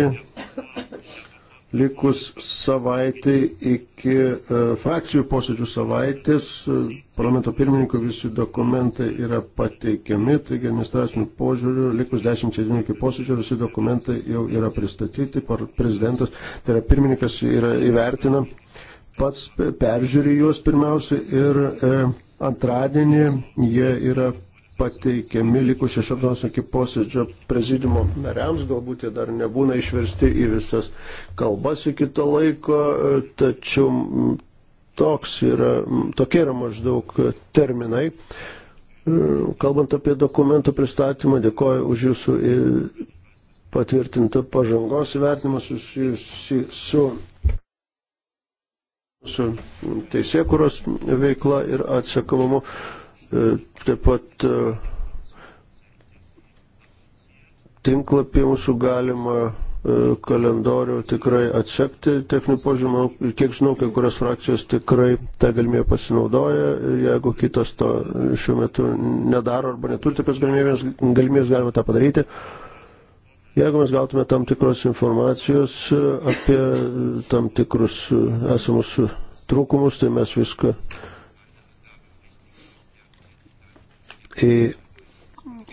likus savaitai iki e, frakcijų posėdžių savaitės, e, parlamento pirmininko visi dokumentai yra pateikiami, taigi administracinių požiūrių, likus dešimčiai dienų iki posėdžio visi dokumentai jau yra pristatyti, prezidentas, tai yra pirmininkas yra įvertina, pats peržiūri juos pirmiausia ir e, antradienį jie yra pateikiami likus šešioms iki posėdžio prezidimo nariams, galbūt jie dar nebūna išversti į visas kalbas iki to laiko, tačiau toks yra, tokie yra maždaug terminai. Kalbant apie dokumentų pristatymą, dėkoju už jūsų patvirtintą pažangos įvertinimą susijusi su su teisėkuros veikla ir atsekamumu. E, taip pat e, tinklapį mūsų galima e, kalendorių tikrai atsekti techninių požymų. Kiek žinau, kai kurios frakcijos tikrai tą galimybę pasinaudoja. Jeigu kitos to šiuo metu nedaro arba neturi tokios galimybės, galimybės galima tą padaryti. Jeigu mes gautume tam tikros informacijos apie tam tikrus esamus trūkumus, tai mes viską į,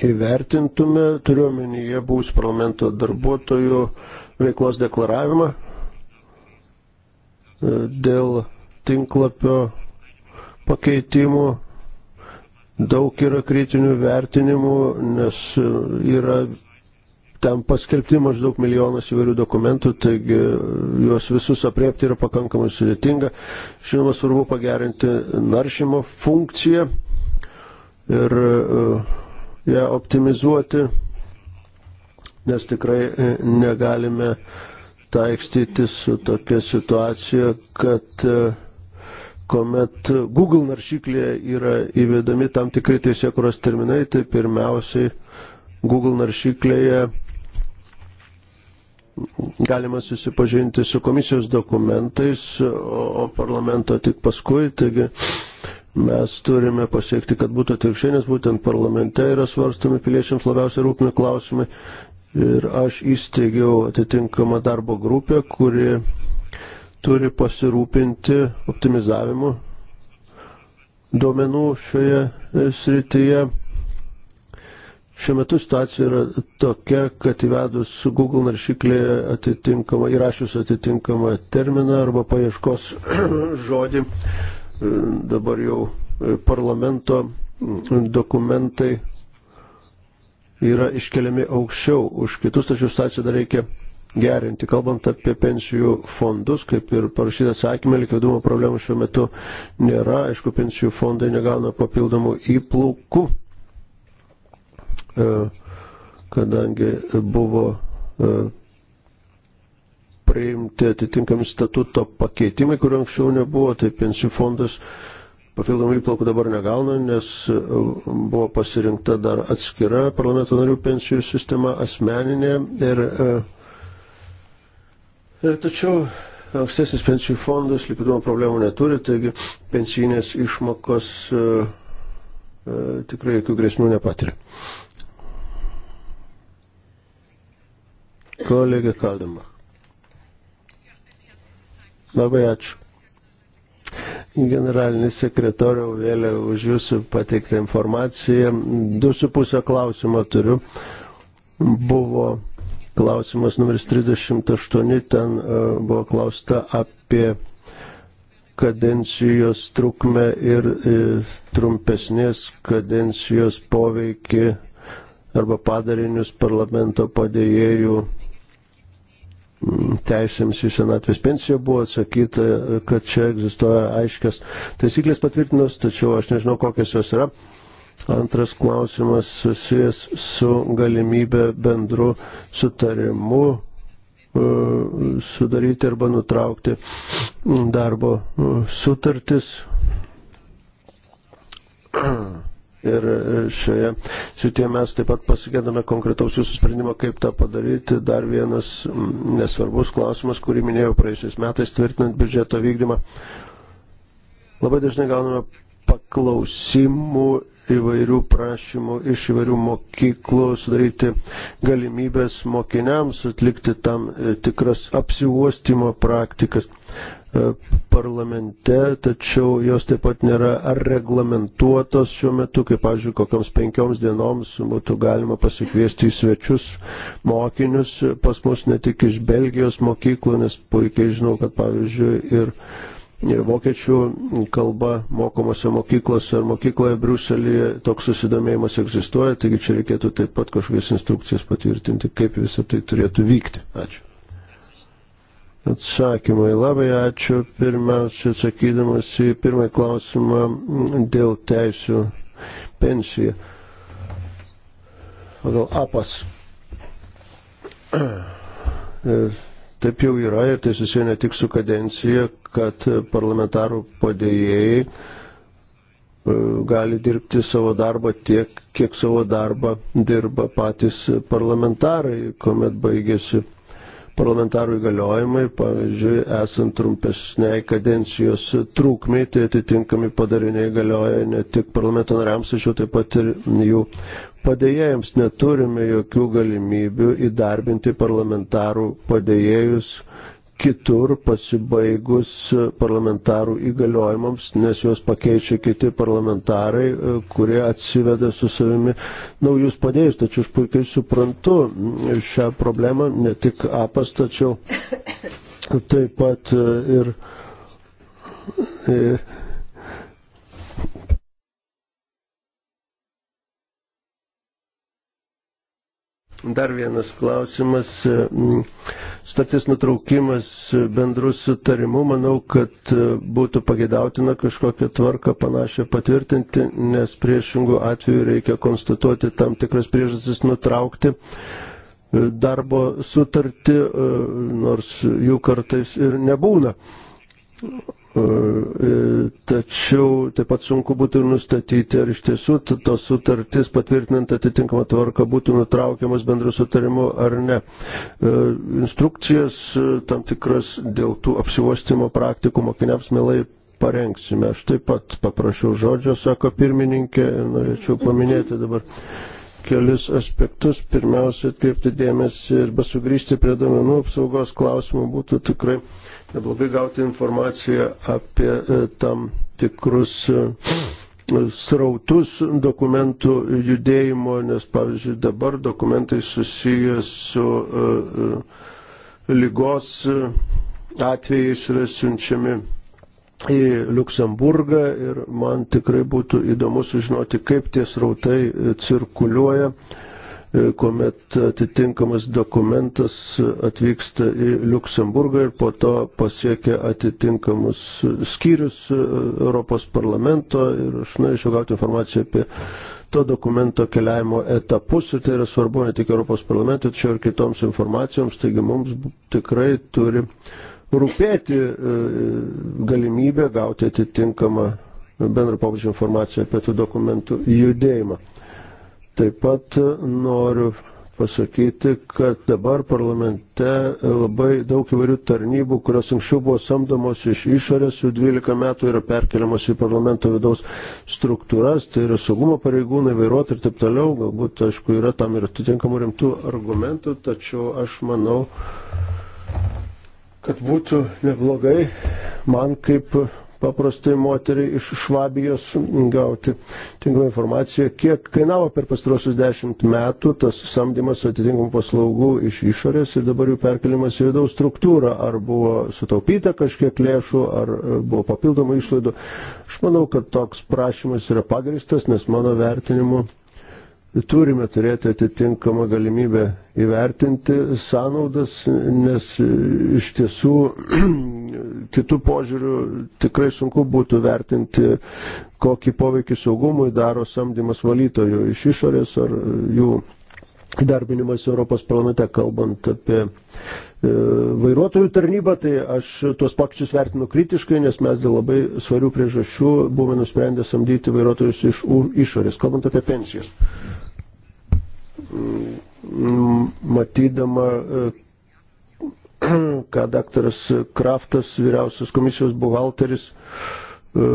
įvertintume, turiuomenyje buvusių parlamento darbuotojų veiklos deklaravimą e, dėl tinklapio pakeitimų. Daug yra kritinių vertinimų, nes e, yra ten paskelbti maždaug milijonas įvairių dokumentų, taigi e, juos visus apriepti yra pakankamai sudėtinga. Žinoma, svarbu pagerinti naršymo funkciją ir e, ją optimizuoti, nes tikrai e, negalime taikstytis su tokia situacija, kad e, kuomet Google naršyklėje yra įvedami tam tikri teisėkuros terminai, tai pirmiausiai Google naršyklėje galima susipažinti su komisijos dokumentais, o parlamento tik paskui. Taigi mes turime pasiekti, kad būtų atvirkščiai, nes būtent parlamente yra svarstami piliečiams labiausiai rūpimi klausimai. Ir aš įsteigiau atitinkamą darbo grupę, kuri turi pasirūpinti optimizavimu duomenų šioje e, srityje. Šiuo metu situacija yra tokia, kad įvedus Google naršyklį atitinkamą, įrašius atitinkamą terminą arba paieškos žodį, dabar jau e, parlamento dokumentai yra iškeliami aukščiau už kitus, tačiau staciją dar reikia gerinti. Kalbant apie pensijų fondus, kaip ir parašyta atsakymė, likvidumo problemų šiuo metu nėra. Aišku, pensijų fondai negauna papildomų įplaukų, e, kadangi buvo e, priimti atitinkami statuto pakeitimai, kuriuo anksčiau nebuvo, tai pensijų fondas papildomų įplaukų dabar negauna, nes e, buvo pasirinkta dar atskira parlamento narių pensijų sistema asmeninė. Ir, ir e, e, tačiau ankstesnis pensijų fondas likvidumo problemų neturi, taigi pensijinės išmokos tikrai jokių grėsmių nepatiria. Kolegė Kaldama. Labai ačiū. Generalinis sekretoriau vėlė už jūsų pateiktą informaciją. Du su pusę klausimą turiu. Buvo klausimas numeris 38, ten e, buvo klausta apie kadencijos trukmę ir e, trumpesnės kadencijos poveikį arba padarinius parlamento padėjėjų teisėms į senatvės pensiją buvo atsakyta, kad čia egzistuoja aiškias taisyklės patvirtinus, tačiau aš nežinau, kokios jos yra. Antras klausimas susijęs su galimybė bendru sutarimu e, sudaryti arba nutraukti darbo e, sutartis. Ir e, šioje srityje mes taip pat pasigėdame konkretaus jūsų sprendimo, kaip tą padaryti. Dar vienas nesvarbus klausimas, kurį minėjau praėjusiais metais tvirtinant biudžeto vykdymą. Labai dažnai gauname paklausimų įvairių prašymų iš įvairių mokyklų sudaryti galimybės mokiniams atlikti tam e, tikras apsiuostimo praktikas. E, parlamente, tačiau jos taip pat nėra ar reglamentuotos šiuo metu, kaip, pavyzdžiui, kokioms penkioms dienoms būtų galima pasikviesti į svečius mokinius pas mus ne tik iš Belgijos mokyklų, nes puikiai žinau, kad, pavyzdžiui, ir vokiečių kalba mokomose mokyklose ar mokykloje Briuselėje toks susidomėjimas egzistuoja, taigi čia reikėtų taip pat kažkokias instrukcijas patvirtinti, kaip visą tai turėtų vykti. Ačiū atsakymai. Labai ačiū pirmiausia, atsakydamas į pirmąjį klausimą dėl teisų pensijų. Pagal apas. Taip jau yra ir tai susiję ne tik su kadencija, kad parlamentarų padėjėjai e, gali dirbti savo darbą tiek, kiek savo darbą dirba patys parlamentarai, kuomet baigėsi parlamentarų įgaliojimai, pavyzdžiui, esant trumpesniai kadencijos trūkmiai, tai atitinkami padariniai galioja ne tik parlamento nariams, tačiau taip pat ir jų padėjėjams. Neturime jokių galimybių įdarbinti parlamentarų padėjėjus kitur pasibaigus parlamentarų įgaliojimams, nes juos pakeičia kiti parlamentarai, e, kurie atsiveda su savimi naujus padėjus. Tačiau aš puikiai suprantu šią problemą, ne tik apas, tačiau taip pat e, ir. ir e, Dar vienas klausimas. Mm, Statis nutraukimas bendrų sutarimų, manau, kad e, būtų pagėdautina kažkokią tvarką panašią patvirtinti, nes priešingų atveju reikia konstatuoti tam tikras priežastis nutraukti e, darbo sutartį, e, nors jų kartais ir nebūna. E, e, tačiau taip pat sunku būtų ir nustatyti, ar iš tiesų tos sutartis patvirtinant atitinkamą tvarką būtų nutraukiamas bendru sutarimu ar ne. E, instrukcijas tam tikras dėl tų apsivostimo praktikų mokiniams mielai parengsime. Aš taip pat paprašiau žodžio, sako pirmininkė, norėčiau paminėti dabar kelis aspektus. Pirmiausia, atkreipti dėmesį ir besugrįžti prie domenų apsaugos klausimų būtų tikrai neblogai gauti informaciją apie e, tam tikrus e, srautus dokumentų judėjimo, nes pavyzdžiui dabar dokumentai susijęs su e, lygos atvejais yra siunčiami į Luksemburgą ir man tikrai būtų įdomu sužinoti, kaip tie srautai cirkuliuoja E, kuomet atitinkamas dokumentas atvyksta į Luksemburgą ir po to pasiekia atitinkamus skyrius e, Europos parlamento ir aš norėčiau gauti informaciją apie to dokumento keliavimo etapus ir tai yra svarbu ne tik Europos parlamentui, tačiau ir kitoms informacijoms, taigi mums tikrai turi rūpėti e, galimybę gauti atitinkamą bendro pabudžio informaciją apie tų dokumentų judėjimą. Taip pat noriu pasakyti, kad dabar parlamente labai daug įvairių tarnybų, kurios anksčiau buvo samdomos iš išorės, jau 12 metų yra perkeliamos į parlamento vidaus struktūras, tai yra saugumo pareigūnai, vairuotojai ir taip toliau. Galbūt, aišku, yra tam ir atitinkamų rimtų argumentų, tačiau aš manau, kad būtų neblogai man kaip paprastai moteriai iš Švabijos gauti tinkamą informaciją, kiek kainavo per pastarosius dešimt metų tas samdymas atitinkamų paslaugų iš išorės ir dabar jų perkelimas į vidaus struktūrą, ar buvo sutaupyta kažkiek lėšų, ar buvo papildomų išlaidų. Aš manau, kad toks prašymas yra pagristas, nes mano vertinimu turime turėti atitinkamą galimybę įvertinti sąnaudas, nes iš tiesų kitų požiūrių tikrai sunku būtų vertinti, kokį poveikį saugumui daro samdymas valytojų iš išorės ar jų įdarbinimas Europos parlamente, kalbant apie e, vairuotojų tarnybą, tai aš tuos pokyčius vertinu kritiškai, nes mes dėl labai svarių priežasčių buvome nusprendę samdyti vairuotojus iš u, išorės, kalbant apie pensijas. Matydama, e, ką daktaras Kraftas, vyriausias komisijos buhalteris, e,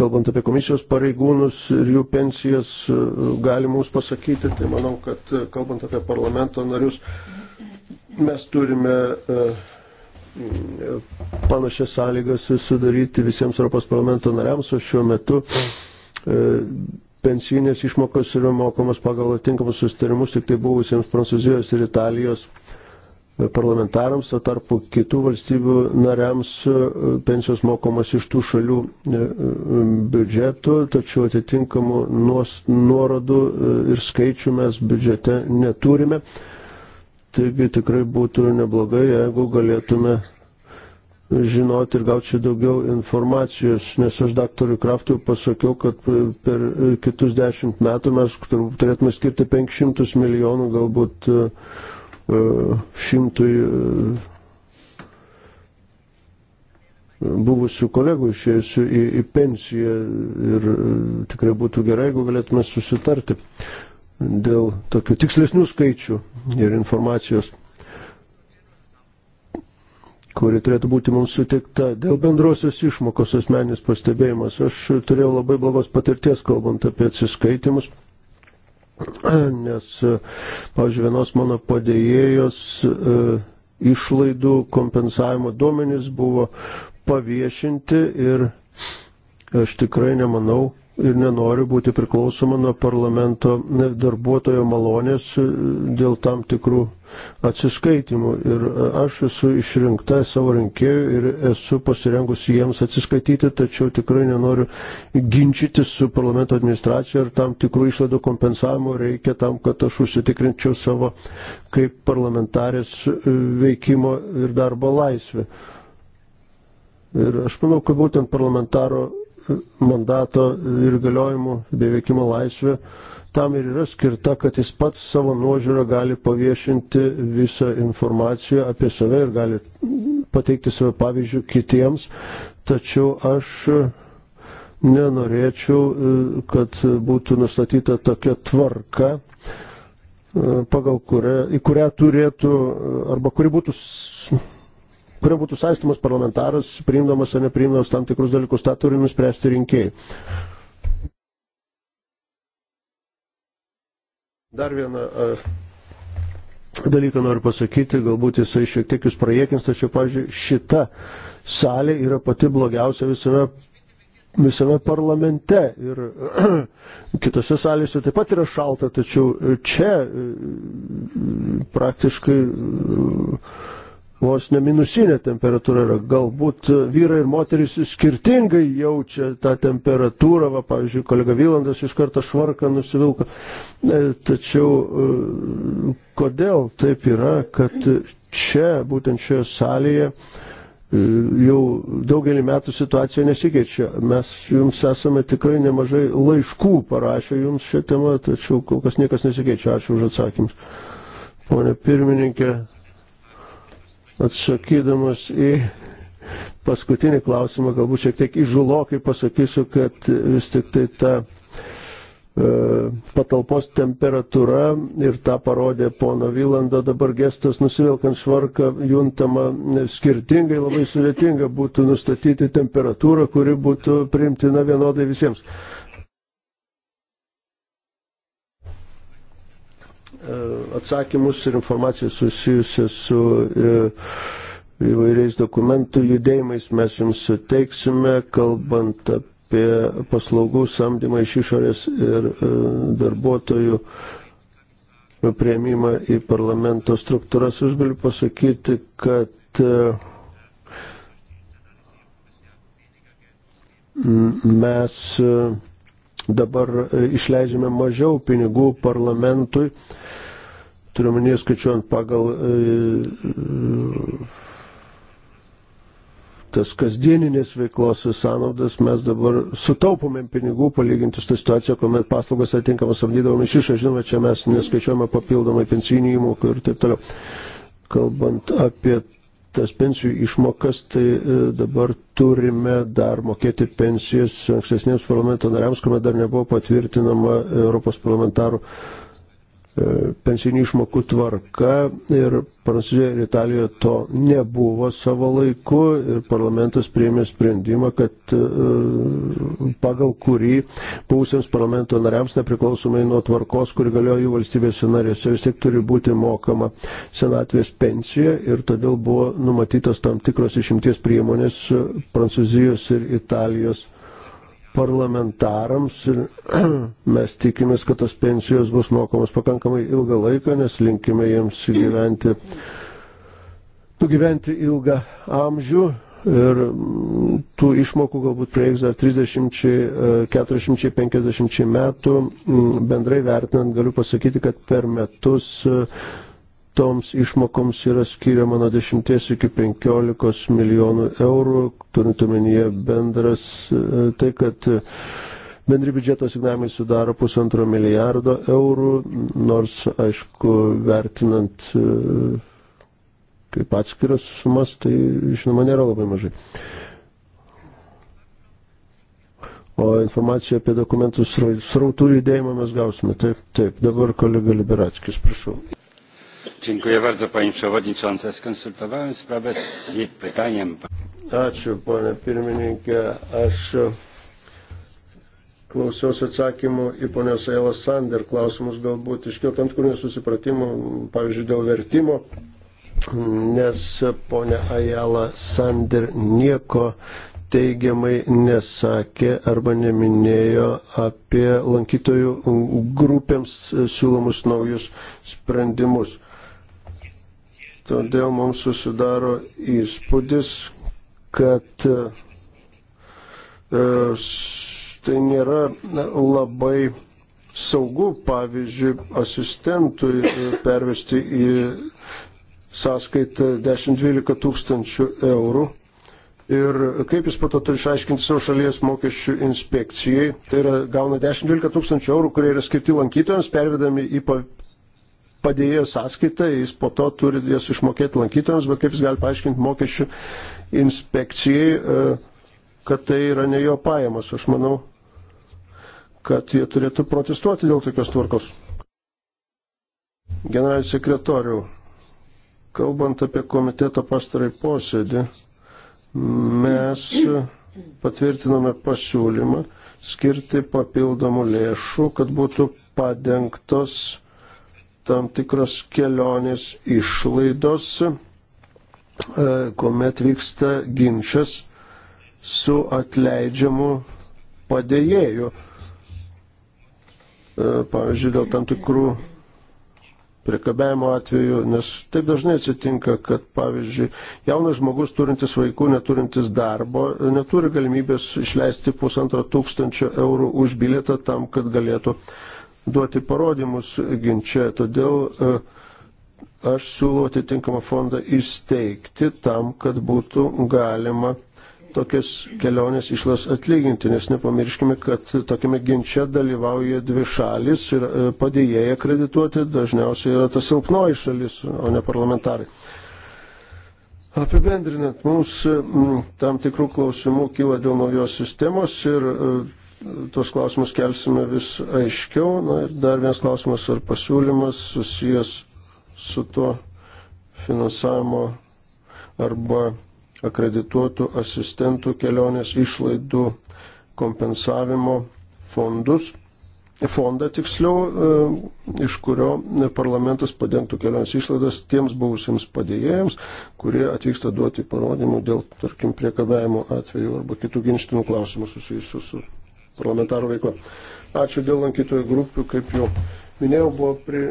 kalbant apie komisijos pareigūnus ir jų pensijas, e, gali mums pasakyti. Tai manau, kad e, kalbant apie parlamento narius, mes turime panašias sąlygas sudaryti visiems Europos parlamento nariams, o šiuo metu pensinės išmokos yra mokomas pagal atinkamus sustarimus tik tai buvusiems Prancūzijos ir Italijos parlamentarams, o tarpu kitų valstybių nariams e, pensijos mokomas iš tų šalių e, e, biudžetų, tačiau atitinkamų nuorodų ir skaičių mes biudžete neturime. Taigi tikrai būtų neblogai, jeigu galėtume žinoti ir gauti daugiau informacijos, nes aš daktarui Kraftui pasakiau, kad per kitus dešimt metų mes turėtume skirti 500 milijonų galbūt uh, šimtui e, buvusių kolegų išėjusių į, į pensiją ir e, tikrai būtų gerai, jeigu galėtume susitarti dėl tokių tikslesnių skaičių ir informacijos, kuri turėtų būti mums sutikta. Dėl bendrosios išmokos asmenys pastebėjimas. Aš turėjau labai blogos patirties, kalbant apie atsiskaitimus. nes, e, pavyzdžiui, vienos mano padėjėjos e, išlaidų kompensavimo duomenys buvo paviešinti ir aš tikrai nemanau ir nenoriu būti priklausoma nuo parlamento darbuotojo malonės e, dėl tam tikrų atsiskaitimų. Ir e, aš esu išrinkta savo rinkėjų ir esu pasirengusi jiems atsiskaityti, tačiau tikrai nenoriu ginčytis su parlamento administracija ir tam tikrų išlaidų kompensavimo reikia tam, kad aš užsitikrinčiau savo kaip parlamentarės e, veikimo ir darbo laisvę. Ir aš manau, kad būtent parlamentaro e, mandato ir galiojimų bei veikimo laisvė tam ir yra skirta, kad jis pats savo nuožiūrą gali paviešinti visą informaciją apie save ir gali pateikti savo pavyzdžių kitiems. Tačiau aš nenorėčiau, e, kad būtų nustatyta tokia tvarka, e, pagal kurią, į kurią turėtų e, arba kuri būtų kurio būtų saistomas parlamentaras, priimdamas ar nepriimdamas tam tikrus dalykus, tą turi nuspręsti rinkėjai. Dar vieną dalyką noriu pasakyti, galbūt jisai šiek tiek jūs prajiekins, tačiau, pavyzdžiui, šita salė yra pati blogiausia visame, visame parlamente. Ir kitose salėse taip pat yra šalta, tačiau čia e, praktiškai vos ne minusinė temperatūra yra. Galbūt vyrai ir moterys skirtingai jaučia tą temperatūrą, va, pavyzdžiui, kolega Vylandas iš karto švarką nusivilko. E, tačiau e, kodėl taip yra, kad čia, būtent šioje salėje, e, jau daugelį metų situacija nesikeičia. Mes jums esame tikrai nemažai laiškų parašę jums šią temą, tačiau kol kas niekas nesikeičia. Ačiū už atsakymus. Pone pirmininkė, Atsakydamas į paskutinį klausimą, galbūt šiek tiek įžulokai pasakysiu, kad vis tik tai ta e, patalpos temperatūra ir tą parodė pono Vylando dabar gestas nusivilkant švarką juntama skirtingai, labai sudėtinga būtų nustatyti temperatūrą, kuri būtų priimtina vienodai visiems. E, atsakymus ir informaciją susijusią su e, įvairiais dokumentų judėjimais mes jums suteiksime, kalbant apie paslaugų samdymą iš išorės ir e, darbuotojų prieimimą į parlamento struktūras. Aš galiu pasakyti, kad mes dabar e, išleidžiame mažiau pinigų parlamentui, turiuomenį skaičiuojant pagal e, tas kasdieninės veiklos sąnaudas mes dabar sutaupomėm pinigų palyginti su tą situaciją, kuomet paslaugas atitinkamas samdydavom iš išą, žinoma, čia mes neskaičiuojame papildomai pensijinių įmokų ir taip toliau. Kalbant apie tas pensijų išmokas, tai e, dabar turime dar mokėti pensijas ankstesniems parlamento nariams, kuomet dar nebuvo patvirtinama Europos parlamentarų pensinių išmokų tvarka ir Prancūzijoje ir Italijoje to nebuvo savo laiku ir parlamentas priėmė sprendimą, kad e, pagal kurį būsiams parlamento nariams nepriklausomai nuo tvarkos, kuri galioja jų valstybėse narėse, vis tiek turi būti mokama senatvės pensija ir todėl buvo numatytos tam tikros išimties priemonės Prancūzijos ir Italijos parlamentarams ir mes tikimės, kad tos pensijos bus mokamos pakankamai ilgą laiką, nes linkime jiems gyventi, nugyventi ilgą amžių ir mm, tų išmokų galbūt prieiks dar 30, 40, 50 metų. Mm, bendrai vertinant galiu pasakyti, kad per metus e, toms išmokoms yra skiriama nuo 10 iki 15 milijonų eurų, turint omenyje bendras e, tai, kad bendri biudžeto signavimai sudaro pusantro milijardo eurų, nors, aišku, vertinant e, kaip atskiras sumas, tai žinoma nėra labai mažai. O informaciją apie dokumentų srautų judėjimą mes gausime. Taip, taip, dabar kolega Liberatskis, prašau. Dziękuję bardzo, pani przewodnicząca. Skonsultowałem sprawę z pytaniem. Ačiū, ponė pirmininkė. Aš klausiausi atsakymų į ponios Eilas Sander klausimus, galbūt iškilo tam tikrų nesusipratimų, pavyzdžiui, dėl vertimo, nes ponia Ajala Sander nieko teigiamai nesakė arba neminėjo apie lankytojų grupėms siūlomus naujus sprendimus. Todėl mums susidaro įspūdis, kad e, tai nėra labai saugu, pavyzdžiui, asistentui e, pervesti į sąskaitą 10-12 tūkstančių eurų. Ir kaip jis po to turi išaiškinti savo šalies mokesčių inspekcijai, tai yra gauna 10-12 tūkstančių eurų, kurie yra skirti lankytojams, pervedami į padėjo sąskaitą, jis po to turi jas išmokėti lankytojams, bet kaip jis gali paaiškinti mokesčių inspekcijai, e, kad tai yra ne jo pajamos. Aš manau, kad jie turėtų protestuoti dėl tokios tvarkos. Generalinis sekretoriau, kalbant apie komiteto pastarai posėdį, mes patvirtinome pasiūlymą skirti papildomų lėšų, kad būtų padengtos tam tikros kelionės išlaidos, e, kuomet vyksta ginčas su atleidžiamu padėjėju. E, pavyzdžiui, dėl tam tikrų priekabėjimo atveju, nes taip dažnai atsitinka, kad pavyzdžiui, jaunas žmogus turintis vaikų, neturintis darbo, neturi galimybės išleisti pusantro tūkstančio eurų už bilietą tam, kad galėtų uh, duoti parodymus ginčia. Todėl e, aš siūlau atitinkamą fondą įsteigti tam, kad būtų galima tokias kelionės išlas atlyginti, nes nepamirškime, kad tokiame ginče dalyvauja dvi šalis ir e, padėjėja kredituoti dažniausiai yra ta silpnoji šalis, o ne parlamentarai. Apibendrinant, mums tam tikrų klausimų kyla dėl naujos sistemos ir e, tuos klausimus kelsime vis aiškiau. Na ir dar vienas klausimas ar pasiūlymas susijęs su tuo finansavimo arba akredituotų asistentų kelionės išlaidų kompensavimo fondus fondą tiksliau, e, iš kurio parlamentas padengtų kelionės išlaidas tiems buvusiems padėjėjams, kurie atvyksta duoti parodymų dėl, tarkim, priekabėjimo atveju arba kitų ginštinų klausimų susijusių su parlamentarų veikla. Ačiū dėl lankytojų grupių, kaip jau minėjau, buvo pri,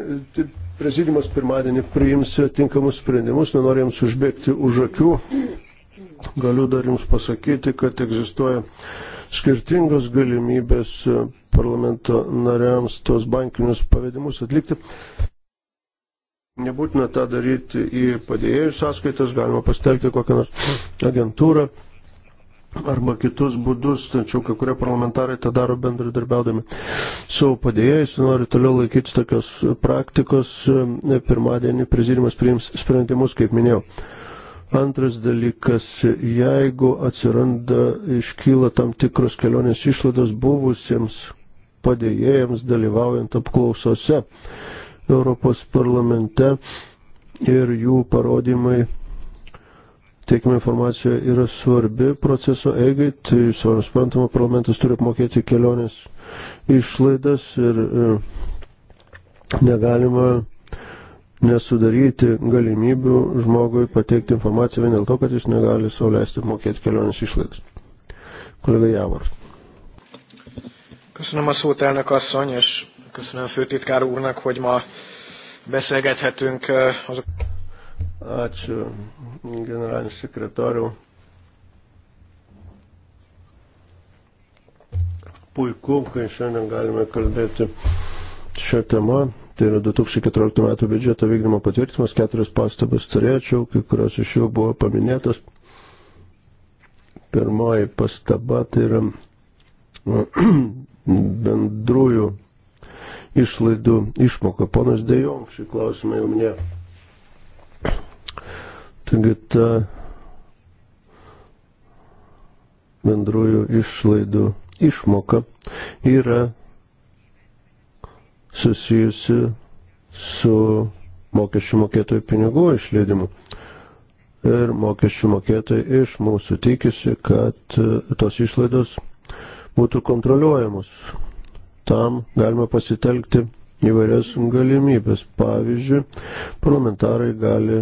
prezidimas pirmadienį priims tinkamus sprendimus, nenoriu jums užbėgti už akių. Galiu dar jums pasakyti, kad egzistuoja skirtingos galimybės parlamento nariams tuos bankinius pavedimus atlikti. Nebūtina tą daryti į padėjėjų sąskaitas, galima pastelti kokią nors agentūrą arba kitus būdus, tačiau kai kurie parlamentarai tą daro bendradarbiaudami savo padėjėjais, nori toliau laikytis tokios praktikos, e, pirmadienį prezidimas priims sprendimus, kaip minėjau. Antras dalykas, jeigu atsiranda, iškyla tam tikros kelionės išlaidos buvusiems padėjėjams dalyvaujant apklausose Europos parlamente ir jų parodymai teikiama informacija yra svarbi proceso eigai, tai suprantama, parlamentas turi apmokėti kelionės išlaidas ir e, negalima nesudaryti galimybių žmogui pateikti informaciją vien dėl to, kad jis negali sauliaisti apmokėti kelionės išlaidas. Kolega Javor. Köszönöm a szót, elnök asszony, és köszönöm főtitkár úrnak, hogy ma beszélgethetünk e, azok. Ačiū generalinis sekretoriau. Puiku, kai šiandien galime kalbėti šią temą. Tai yra 2014 metų biudžeto vykdymo patvirtimas, keturios pastabas turėčiau, kai kurios iš jų buvo paminėtos. Pirmoji pastaba tai yra bendrųjų išlaidų išmoka. Ponas Dejong šį klausimą jau minėjo. Taigi ta bendrųjų išlaidų išmoka yra susijusi su mokesčių mokėtojų pinigų išleidimu. Ir mokesčių mokėtojai iš mūsų tikisi, kad tos išlaidos būtų kontroliuojamos. Tam galima pasitelkti įvairias galimybės. Pavyzdžiui, parlamentarai gali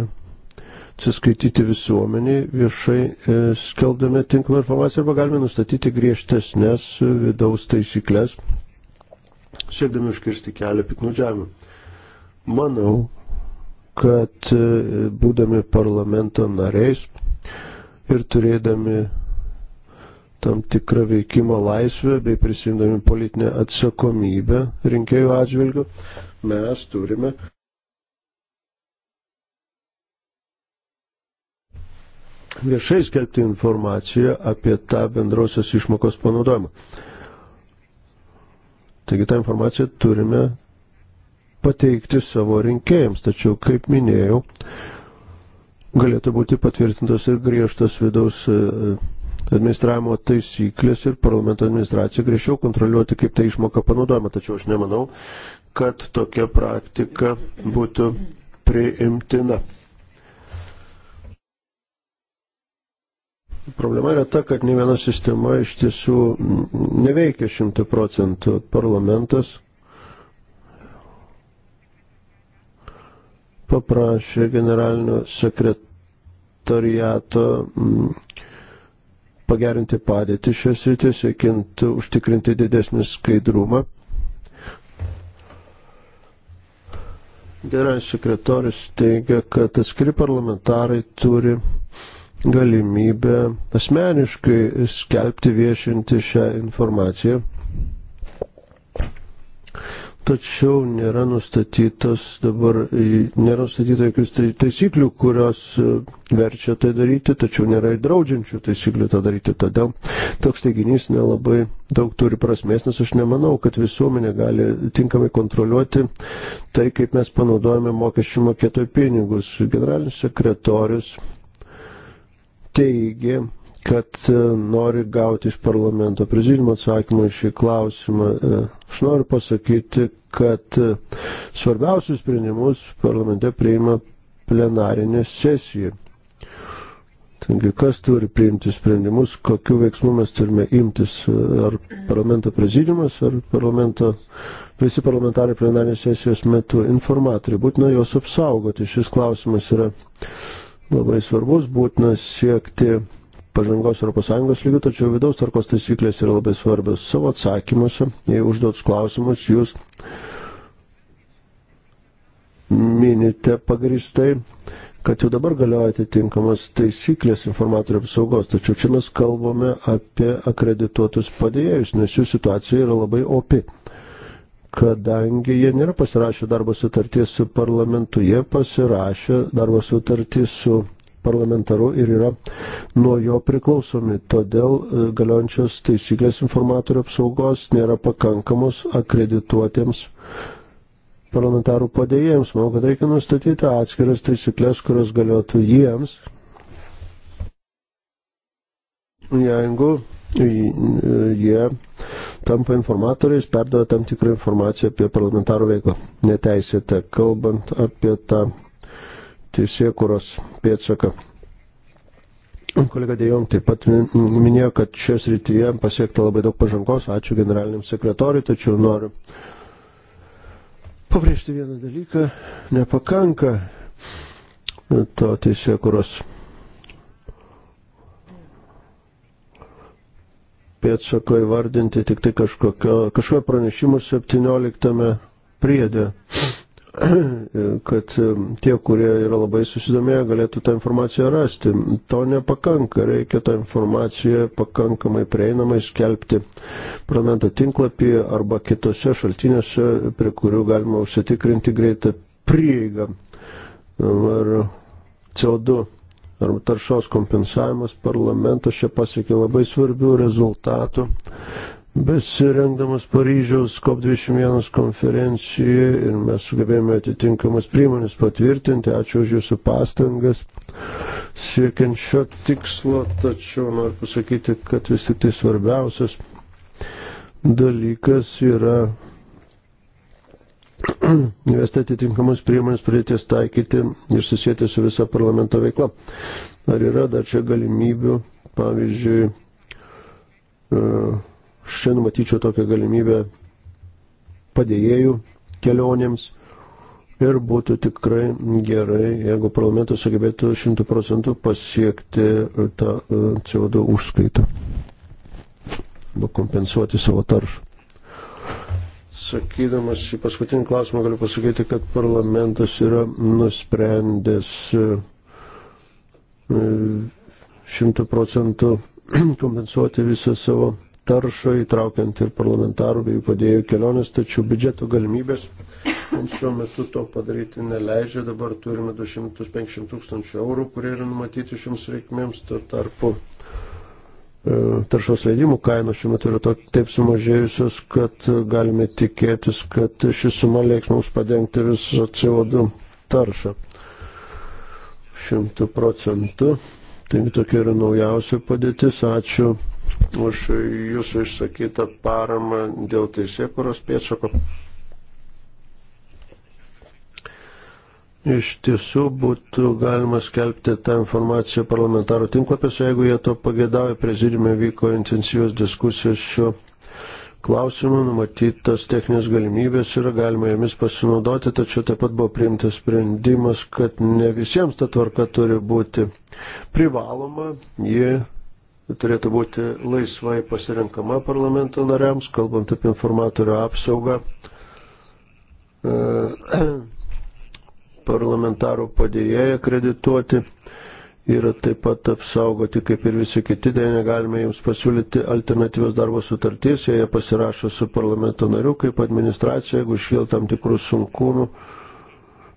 atsiskaityti visuomeniai viešai e, skeldami tinkamą informaciją arba galime nustatyti griežtesnės vidaus taisyklės, siekdami užkirsti kelią piknudžiavimui. Manau, kad e, būdami parlamento nariais ir turėdami tam tikrą veikimo laisvę bei prisimdami politinę atsakomybę rinkėjų atžvilgių, mes turime viešai skelbti informaciją apie tą bendrosios išmokos panaudojimą. Taigi tą informaciją turime pateikti savo rinkėjams, tačiau, kaip minėjau, galėtų būti patvirtintos ir griežtos vidaus e, administravimo taisyklės ir parlamento administracija griežčiau kontroliuoti, kaip ta išmoka panaudojama. Tačiau aš nemanau, kad tokia praktika būtų priimtina. Problema yra ta, kad ne viena sistema iš tiesų neveikia šimtų procentų. Parlamentas paprašė generalinio sekretariato mm, pagerinti padėtį šios rytis, siekiant užtikrinti didesnį skaidrumą. Gerai, sekretorius teigia, kad atskiri parlamentarai turi galimybę asmeniškai skelbti viešinti šią informaciją tačiau nėra nustatytas dabar, nėra nustatyta jokių tai, taisyklių, kurios e, verčia tai daryti, tačiau nėra ir draudžiančių taisyklių tą daryti. Todėl toks teiginys nelabai daug turi prasmės, nes aš nemanau, kad visuomenė gali tinkamai kontroliuoti tai, kaip mes panaudojame mokesčių mokėtojų pinigus. Generalinis sekretorius teigė, kad e, nori gauti iš parlamento prezidiumo atsakymą į šį klausimą. E, aš noriu pasakyti, kad e, svarbiausius sprendimus parlamente priima plenarinė sesija. Taigi, kas turi priimti sprendimus, kokiu veiksmu mes turime imtis, ar parlamento prezidiumas, ar parlamento, visi parlamentarai plenarinės sesijos metu informatoriai. Būtina juos apsaugoti. Šis klausimas yra labai svarbus, būtina siekti pažangos ES lygių, tačiau vidaus tvarkos taisyklės yra labai svarbios. Savo atsakymuose, jei užduotus klausimus, jūs minite pagristai, kad jau dabar galioja atitinkamos taisyklės informatorių apsaugos, tačiau čia mes kalbame apie akredituotus padėjėjus, nes jų situacija yra labai opi kadangi jie nėra pasirašę darbo sutarties su parlamentu, jie pasirašė darbo sutartį su parlamentaru ir yra nuo jo priklausomi. Todėl e, galiojančios taisyklės informatorių apsaugos nėra pakankamos akredituotiems parlamentarų padėjėjams. Manau, kad reikia nustatyti atskiras taisyklės, kurios galiotų jiems. Jeigu e, jie tampa informatoriais, perduoda tam tikrą informaciją apie parlamentarų veiklą. Neteisėte, kalbant apie tą teisėkuros pėtsaką. Kolega Dejong taip pat minėjo, kad šios rytyje pasiekta labai daug pažangos. Ačiū generaliniam sekretoriui, tačiau noriu pabrėžti vieną dalyką. Nepakanka to teisėkuros pėtsako įvardinti tik tai kažkokio, kažkokio pranešimo 17 priedė kad tie, kurie yra labai susidomėję, galėtų tą informaciją rasti. To nepakanka, reikia tą informaciją pakankamai prieinamai skelbti parlamento tinklapį arba kitose šaltinėse, prie kurių galima užsitikrinti greitą prieigą. Ar CO2 arba taršos kompensavimas parlamentas čia pasiekė labai svarbių rezultatų besirengdamas Paryžiaus COP21 konferencijoje ir mes sugebėjome atitinkamas priemonės patvirtinti. Ačiū už Jūsų pastangas siekiant šio tikslo, tačiau noriu pasakyti, kad vis tik tai svarbiausias dalykas yra įvesti atitinkamas priemonės, pradėtis taikyti ir susijęti su visa parlamento veikla. Ar yra dar čia galimybių, pavyzdžiui, uh, Šiandien matyčiau tokią galimybę padėjėjų kelionėms ir būtų tikrai gerai, jeigu parlamentas sugebėtų šimtų procentų pasiekti tą e, CO2 užskaitą arba kompensuoti savo taršą. Sakydamas į paskutinį klausimą galiu pasakyti, kad parlamentas yra nusprendęs e, e, šimtų procentų kompensuoti visą savo taršą, įtraukiant ir parlamentarų bei padėjų kelionės, tačiau biudžeto galimybės mums šiuo metu to padaryti neleidžia. Dabar turime 250 tūkstančių eurų, kurie yra numatyti šioms reikmėms. Tuo tarpu e, taršos leidimų kainos šiuo metu yra to, taip sumažėjusios, kad galime tikėtis, kad ši suma leiks mums padengti visą CO2 taršą. Šimtų procentų. Taigi tokia yra naujausia padėtis. Ačiū už jūsų išsakytą paramą dėl teisėkuros pėtsako. Iš tiesų būtų galima skelbti tą informaciją parlamentarų tinklapiuose, jeigu jie to pagėdavo, prezidime vyko intensyvios diskusijos šiuo klausimu, numatytas techninės galimybės yra galima jomis pasinaudoti, tačiau taip pat buvo priimtas sprendimas, kad ne visiems ta tvarka turi būti privaloma, ji turėtų būti laisvai pasirenkama parlamento nariams, kalbant apie informatorių apsaugą. E, parlamentarų padėjėjai kredituoti yra taip pat apsaugoti, kaip ir visi kiti, dėja negalime jums pasiūlyti alternatyvios darbo sutartys, jie pasirašo su parlamento nariu kaip administracija, jeigu iškyl tam tikrų sunkumų. Nu,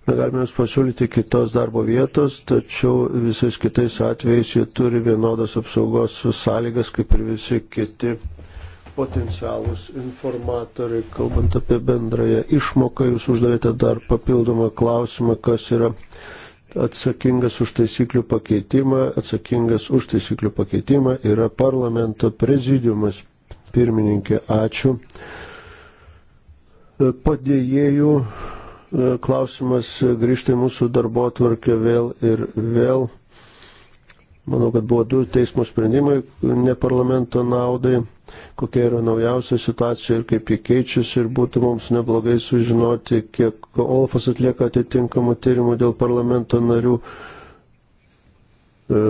negalime jums pasiūlyti kitos darbo vietos, tačiau visais kitais atvejais jie turi vienodas apsaugos sąlygas, kaip ir visi kiti potencialus informatoriai. Kalbant apie bendrąją išmoką, jūs uždavėte dar papildomą klausimą, kas yra atsakingas už taisyklių pakeitimą. Atsakingas už taisyklių pakeitimą yra parlamento prezidiumas. Pirmininkė, ačiū. Padėjėjų E, klausimas e, grįžta į mūsų darbo tvarkę vėl ir vėl. Manau, kad buvo du teismo sprendimai ne parlamento naudai, kokia yra naujausia situacija ir kaip jį keičiasi ir būtų mums neblogai sužinoti, kiek Olafas atlieka atitinkamų tyrimų dėl parlamento narių e,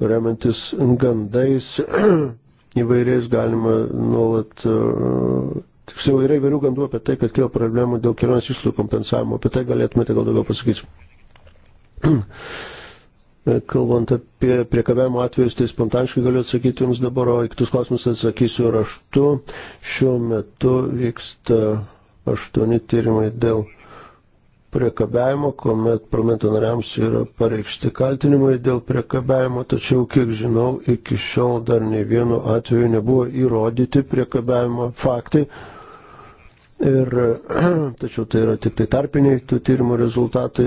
remiantis gandais įvairiais galima nuolat Tiksliau yra įvairių gandų apie tai, kad kilo problemų dėl kelionės išlaidų kompensavimo. Apie tai galėtumėte gal daugiau pasakyti. Kalbant apie priekabėjimo atvejus, tai spontaniškai galiu atsakyti jums dabar, o į kitus klausimus atsakysiu raštu. Šiuo metu vyksta aštuoni tyrimai dėl priekabėjimo, kuomet parlamento nariams yra pareikšti kaltinimai dėl priekabėjimo, tačiau, kiek žinau, iki šiol dar ne vienu atveju nebuvo įrodyti priekabėjimo faktai. Ir, tačiau tai yra tik tai tarpiniai tų tyrimų rezultatai.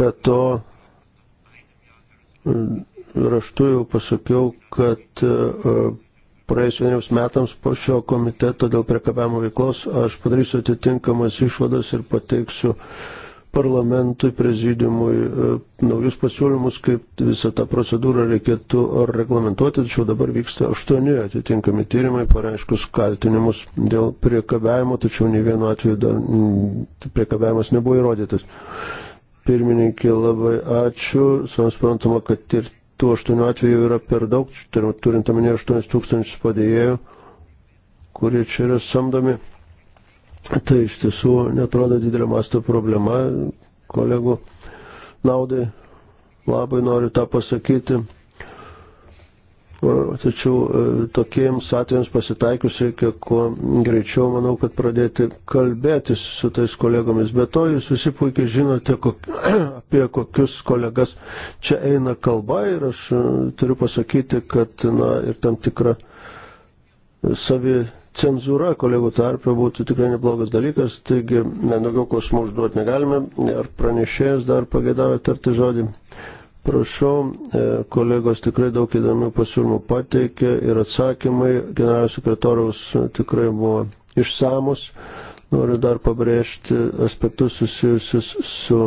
Be to, raštu jau pasakiau, kad e, praėjus vieniems metams po šio komiteto dėl priekabiamo veiklos aš padarysiu atitinkamas išvadas ir pateiksiu uh, parlamentui, prezidiumui e, naujus pasiūlymus, kaip visą tą procedūrą reikėtų reglamentuoti, tačiau dabar vyksta aštuoni atitinkami tyrimai, pareiškus kaltinimus dėl priekabiavimo, tačiau nei vienu atveju dar mm, priekabiavimas nebuvo įrodytas. Pirmininkė, labai ačiū, suprantama, kad ir tų aštuonių atvejų yra per daug, turint omenyje 8 tūkstančius padėjėjų, kurie čia yra samdomi. Tai iš tiesų netrodo didelio masto problema kolegų naudai. Labai noriu tą pasakyti. Tačiau e, tokiems atvejams pasitaikius reikia kuo greičiau, manau, kad pradėti kalbėtis su tais kolegomis. Be to, jūs visi puikiai žinote, kok, apie kokius kolegas čia eina kalba ir aš e, turiu pasakyti, kad na, ir tam tikra savi cenzūra kolegų tarpio būtų tikrai neblogas dalykas, taigi ne, daugiau klausimų užduoti negalime. Ar pranešėjas dar pagėdavo tarti žodį? Prašau, e, kolegos tikrai daug įdomių pasiūlymų pateikė ir atsakymai generalinio sekretoriaus e, tikrai buvo išsamus. Noriu dar pabrėžti aspektus susijusius su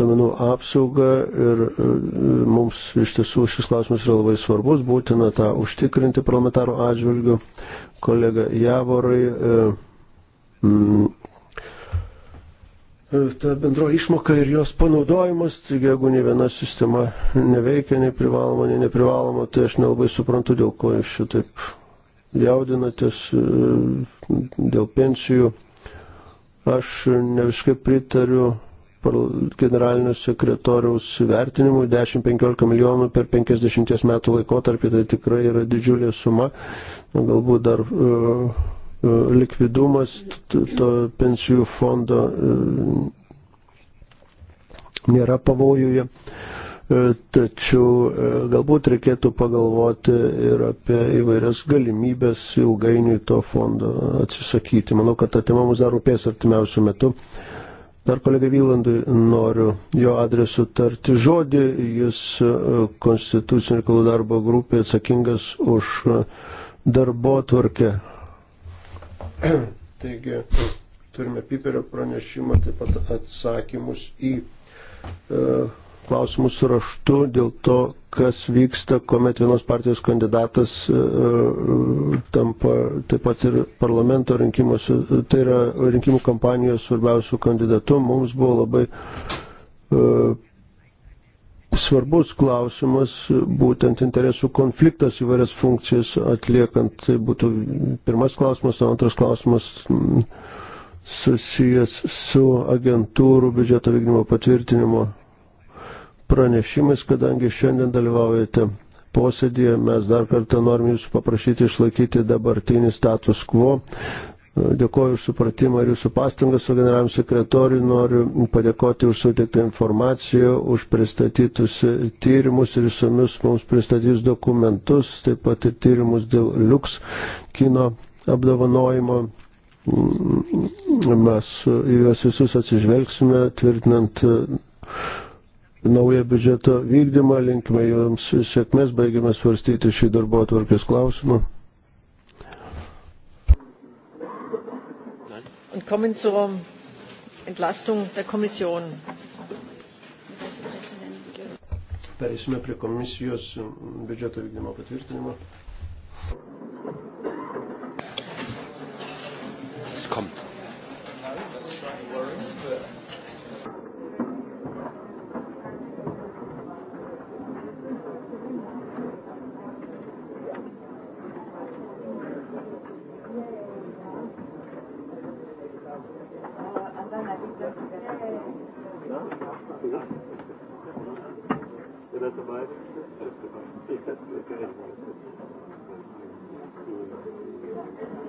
domenų apsauga ir e, mums iš tiesų šis klausimas yra labai svarbus, būtina tą užtikrinti parlamentarų atžvilgių kolega Javorai. E, e, ta bendro išmoka ir jos panaudojimas, taigi jeigu ne viena sistema neveikia, nei privaloma, nei neprivaloma, tai aš nelabai suprantu, dėl ko jūs šitaip jaudinatės, e, dėl pensijų. Aš ne visiškai pritariu generalinio sekretoriaus vertinimų 10-15 milijonų per 50 metų laikotarpį tai tikrai yra didžiulė suma. Galbūt dar uh, likvidumas to pensijų fondo uh, nėra pavojuje. Uh, tačiau galbūt reikėtų pagalvoti ir apie įvairias galimybės ilgainiui to fondo atsisakyti. Manau, kad ta tema mus dar rūpės artimiausių metų. Uh, Dar kolegai Vylandui noriu jo adresu tarti žodį. Jis e, konstitucinio reikalų darbo grupė atsakingas už e, darbo tvarkę. Taigi turime Piperio pranešimą, taip pat atsakymus į uh, klausimus raštu dėl to, kas vyksta, kuomet vienos partijos kandidatas e, e, tampa taip pat ir parlamento rinkimuose, tai yra rinkimų kampanijos svarbiausių kandidatų. Mums buvo labai e, svarbus klausimas, būtent interesų konfliktas įvairias funkcijas atliekant. Tai būtų pirmas klausimas, o antras klausimas susijęs su agentūrų biudžeto vykdymo patvirtinimo pranešimais, kadangi šiandien dalyvaujate posėdėje, mes dar kartą norim jūsų paprašyti išlaikyti dabartinį status quo. Dėkoju už supratimą ir jūsų pastangas su generaliniu sekretoriu. Noriu padėkoti už suteiktą informaciją, už pristatytus tyrimus ir visomis mums pristatytus dokumentus, taip pat ir tyrimus dėl liuks kino apdovanojimo. Mes į juos visus atsižvelgsime, tvirtinant naują biudžeto vykdymą. Linkime jums sėkmės, baigiame svarstyti šį darbo atvarkės klausimą. Und kommen zur Entlastung der Kommission. Perėsime prie komisijos biudžeto vykdymo patvirtinimo. Es kommt. Thank you.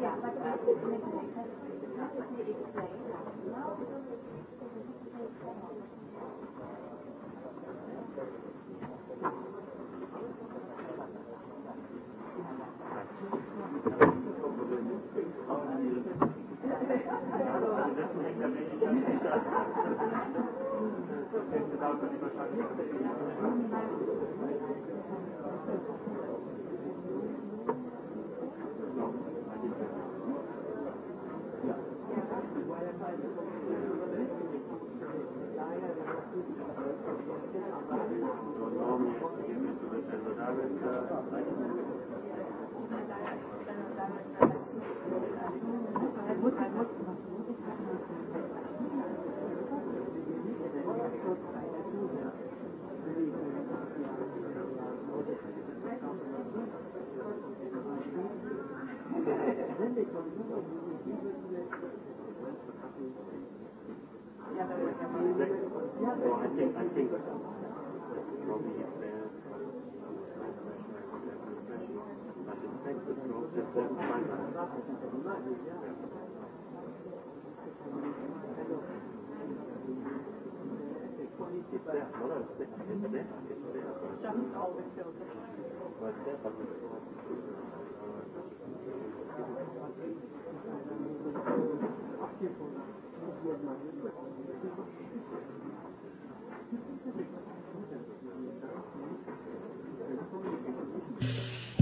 Yeah, but I think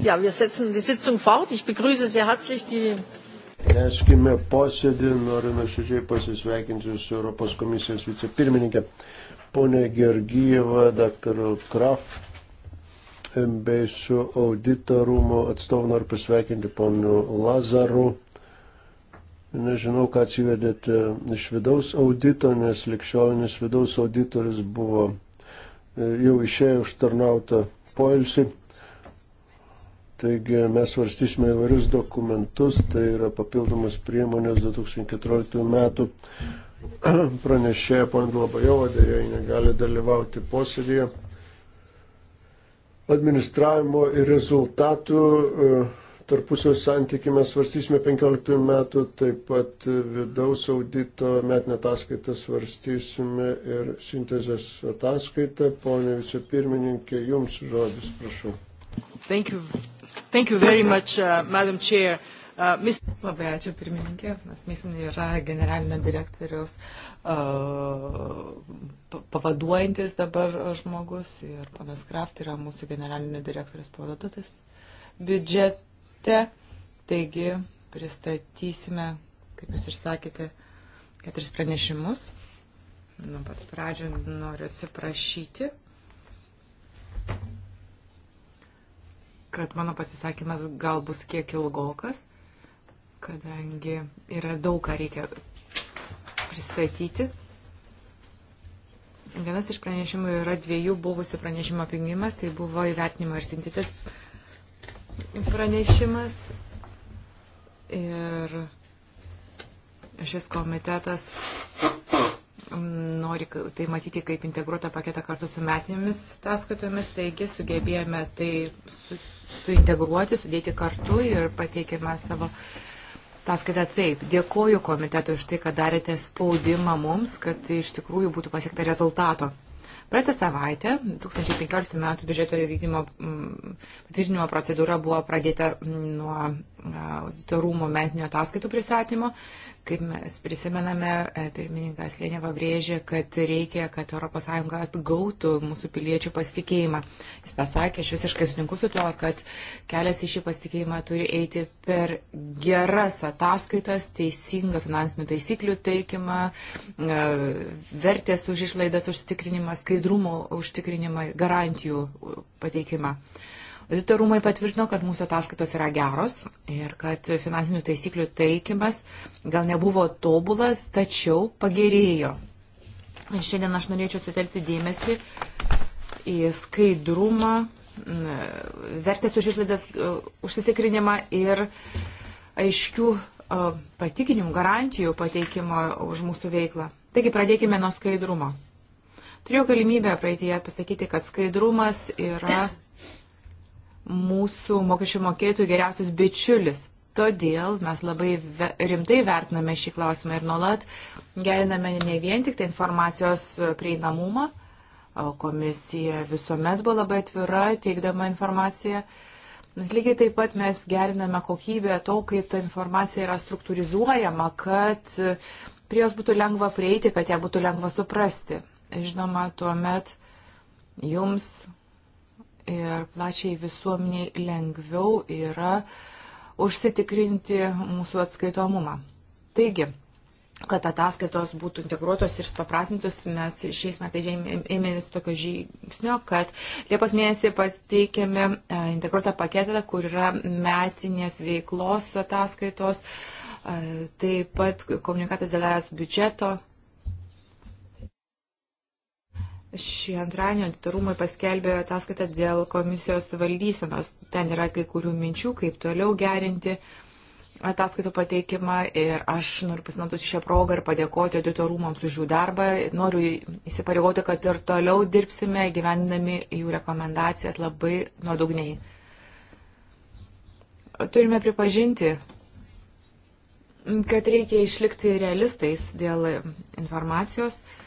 Ja, wir setzen die Sitzung fort. Ich begrüße sehr herzlich die. Tęskime posėdį, noriu nuoširdžiai pasisveikinti su Europos komisijos vicepirmininkė, ponė Georgijeva, dr. Kraft, bei su auditorumo atstovu noriu pasveikinti poniu Lazaru. Nežinau, ką atsivedėte iš vidaus audito, nes likščiolinis vidaus auditorius buvo e, jau išėjo užtarnautą poilsį. Taigi mes svarstysime įvairius dokumentus, tai yra papildomas priemonės 2014 metų pranešėja ponė Labajova, dėja jie negali dalyvauti posėdėje. Administravimo ir rezultatų e, tarpusio santykių mes svarstysime 15 metų, taip pat vidaus audito metinę ataskaitą svarstysime ir sintezės ataskaitą. Pone vicepirmininkė, jums žodis, prašau. Thank you. Thank you very much, uh, Madam Chair. Uh, mis... Labai ačiū pirmininkė, nes Misin yra generalinio direktoriaus uh, pavaduojantis dabar uh, žmogus ir panas Kraft yra mūsų generalinio direktoriaus pavaduotis biudžete. Taigi pristatysime, kaip jūs išsakėte, keturis pranešimus. Nuo pat pradžio noriu atsiprašyti kad mano pasisakymas gal bus kiek ilgokas, kadangi yra daug ką reikia pristatyti. Vienas iš pranešimų yra dviejų buvusių pranešimų apjungimas, tai buvo įvertinimo ir sintetės pranešimas. Ir šis komitetas nori tai matyti kaip integruotą paketą kartu su metinėmis ataskaitomis, taigi sugebėjome tai su, suintegruoti, sudėti kartu ir pateikėme savo ataskaitą taip. Dėkoju komitetui už tai, kad darėte spaudimą mums, kad iš tikrųjų būtų pasiekta rezultato. Praeitą savaitę 2015 m. biudžeto įvykdymo patvirtinimo mm, procedūra buvo pradėta nuo tarų momentinių ataskaitų pristatymo. Uh, Kaip mes prisimename, e, pirmininkas Lėnė pabrėžė, kad reikia, kad ES atgautų mūsų piliečių pasitikėjimą. Jis pasakė, aš visiškai sutinku su tuo, kad kelias į šį pasitikėjimą turi eiti per geras ataskaitas, teisingą finansinių taisyklių teikimą, e, vertės už išlaidas užtikrinimą, skaidrumo užtikrinimą ir garantijų pateikimą. Uh, Auditorumai patvirtino, kad mūsų ataskaitos yra geros ir kad finansinių taisyklių taikymas gal nebuvo tobulas, tačiau pagerėjo. Šiandien aš norėčiau sutelkti dėmesį į skaidrumą, vertės už išlaidas e, užsitikrinimą ir aiškių e, patikinimų, garantijų pateikimo už mūsų veiklą. Taigi pradėkime nuo skaidrumo. Turėjau galimybę praeitėje pasakyti, kad skaidrumas yra mūsų mokesčių mokėtojų geriausias bičiulis. Todėl mes labai rimtai vertiname šį klausimą ir nuolat geriname ne vien tik tai informacijos prieinamumą, komisija visuomet buvo labai atvira, teikdama informaciją. Bet lygiai taip pat mes geriname kokybę to, kaip ta informacija yra struktūrizuojama, kad prie jos būtų lengva prieiti, kad ją būtų lengva suprasti. Žinoma, tuomet jums ir plačiai visuomeniai lengviau yra užsitikrinti mūsų atskaitomumą. Taigi, kad ataskaitos būtų integruotos ir supaprasintos, mes šiais metais ėmėmės tokio žingsnio, kad Liepos mėnesį pateikėme e, integruotą paketą, kur yra metinės veiklos ataskaitos, e, taip pat komunikatas dėl es biudžeto Šį antradienį auditorumai paskelbė ataskaitą dėl komisijos valdysenos. Ten yra kai kurių minčių, kaip toliau gerinti ataskaitų pateikimą ir aš noriu pasinaudoti šią progą ir padėkoti auditorumams už jų darbą. Noriu įsipareigoti, kad ir toliau dirbsime gyvendami jų rekomendacijas labai nuodugniai. Turime pripažinti, kad reikia išlikti realistais dėl informacijos. Uh,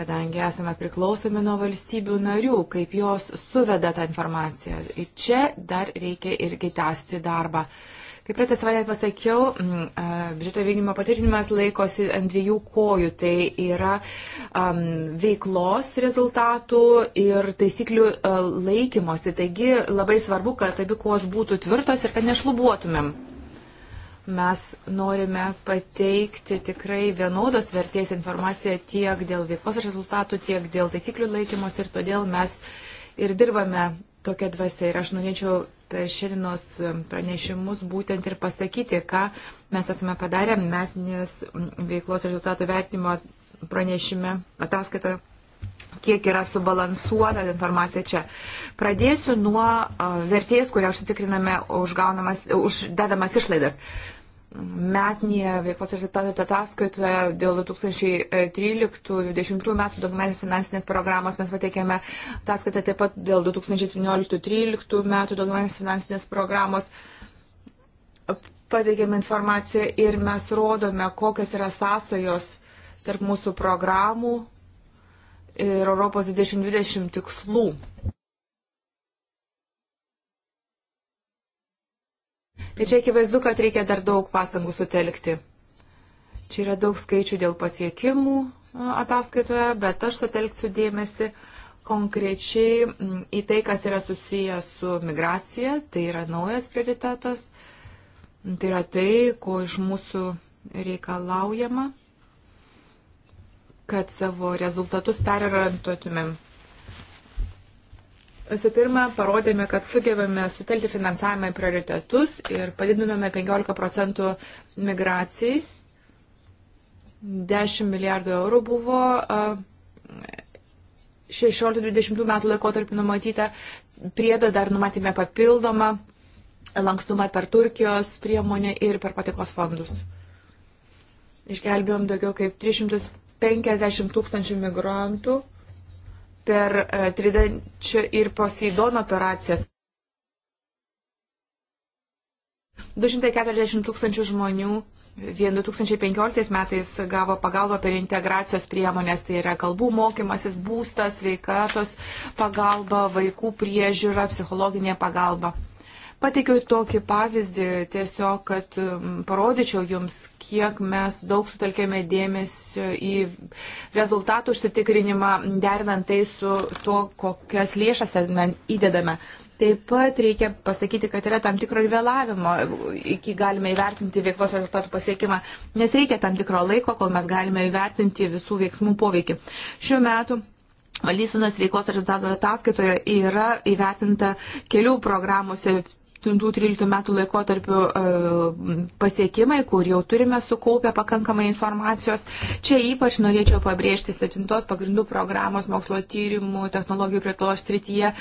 kadangi esame priklausomi nuo valstybių narių, kaip jos suveda tą informaciją. Ir čia dar reikia irgi tęsti darbą. Kaip praeitą savaitę pasakiau, mm, biudžeto vykdymo patvirtinimas laikosi ant dviejų kojų. Tai yra um, veiklos rezultatų ir taisyklių uh, laikymosi. Taigi labai svarbu, kad abi kojos būtų tvirtos ir kad nešlubuotumėm mes norime pateikti tikrai vienodos vertės informaciją tiek dėl veiklos rezultatų, tiek dėl taisyklių laikymos ir todėl mes ir dirbame tokia dvasia. Ir aš norėčiau per šiandienos pranešimus būtent ir pasakyti, ką mes esame padarę metinės veiklos rezultatų vertinimo pranešime ataskaitoje kiek yra subalansuota informacija čia. Pradėsiu nuo vertės, kurią užsitikriname uždedamas išlaidas. Metinėje veiklos rezultatų ataskaitoje dėl 2013-2020 metų dokumentinės finansinės programos mes pateikėme ataskaitą taip pat dėl 2017-2013 metų dokumentinės finansinės programos pateikėme informaciją ir mes rodome, kokios yra sąsajos tarp mūsų programų, ir Europos 2020 tikslų. Ir čia akivaizdu, kad reikia dar daug pasangų sutelkti. Čia yra daug skaičių dėl pasiekimų ataskaitoje, bet aš sutelksiu dėmesį konkrečiai į tai, kas yra susiję su migracija. Tai yra naujas prioritetas. Tai yra tai, ko iš mūsų reikalaujama kad savo rezultatus perorientuotumėm. Visų pirma, parodėme, kad sugebame sutelti finansavimą į prioritetus ir padidinome 15 procentų migracijai. 10 milijardų eurų buvo 16-20 metų laikotarpį numatyta. Priedo dar numatėme papildomą lankstumą per Turkijos priemonę ir per patikos fondus. Išgelbėjom daugiau kaip 300 50 tūkstančių migrantų per e, Tridančio ir Poseidono operacijas. 240 tūkstančių žmonių vien 2015 metais gavo pagalbą per integracijos priemonės, tai yra kalbų mokymasis, būstas, sveikatos pagalba, vaikų priežiūra, psichologinė pagalba. Pateikiau tokį pavyzdį tiesiog, kad parodyčiau jums, kiek mes daug sutelkėme dėmesio į rezultatų užsitikrinimą, derinant tai su tuo, kokias lėšas mes įdedame. Taip pat reikia pasakyti, kad yra tam tikro ir vėlavimo, iki galime įvertinti veiklos rezultatų pasiekimą, nes reikia tam tikro laiko, kol mes galime įvertinti visų veiksmų poveikį. Šiuo metu Valdysenos veiklos rezultatų ataskaitoje yra įvertinta kelių programuose 7-13 metų laikotarpių e, pasiekimai, kur jau turime sukaupę pakankamai informacijos. Čia ypač norėčiau pabrėžti 7 pagrindų programos mokslo tyrimų, technologijų plėtos srityje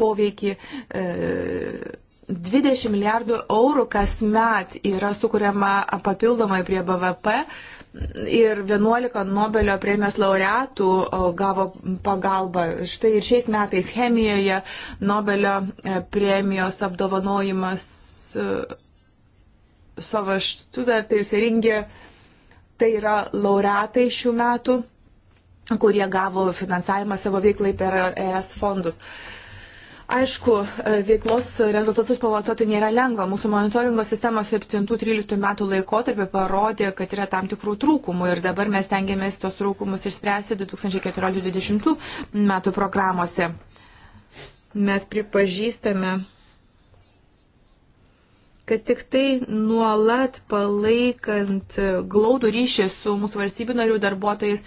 poveikį. 20 e, milijardų eurų kasmet yra sukuriama papildomai prie BVP ir 11 Nobelio premijos laureatų gavo pagalbą. Štai ir šiais metais chemijoje Nobelio e, premijos apdovanojimas e, savo študartai ir feringė. Tai yra laureatai šių metų kurie gavo finansavimą savo veiklai per ES fondus. Uh, Aišku, e, veiklos rezultatus pamatuoti nėra lengva. Mūsų monitoringo sistema 7-13 metų laikotarpį parodė, kad yra tam tikrų trūkumų ir dabar mes tengiamės tos trūkumus išspręsti 2014-2020 metų programuose. Mes pripažįstame kad tik tai nuolat palaikant glaudų ryšį su mūsų valstybių narių darbuotojais,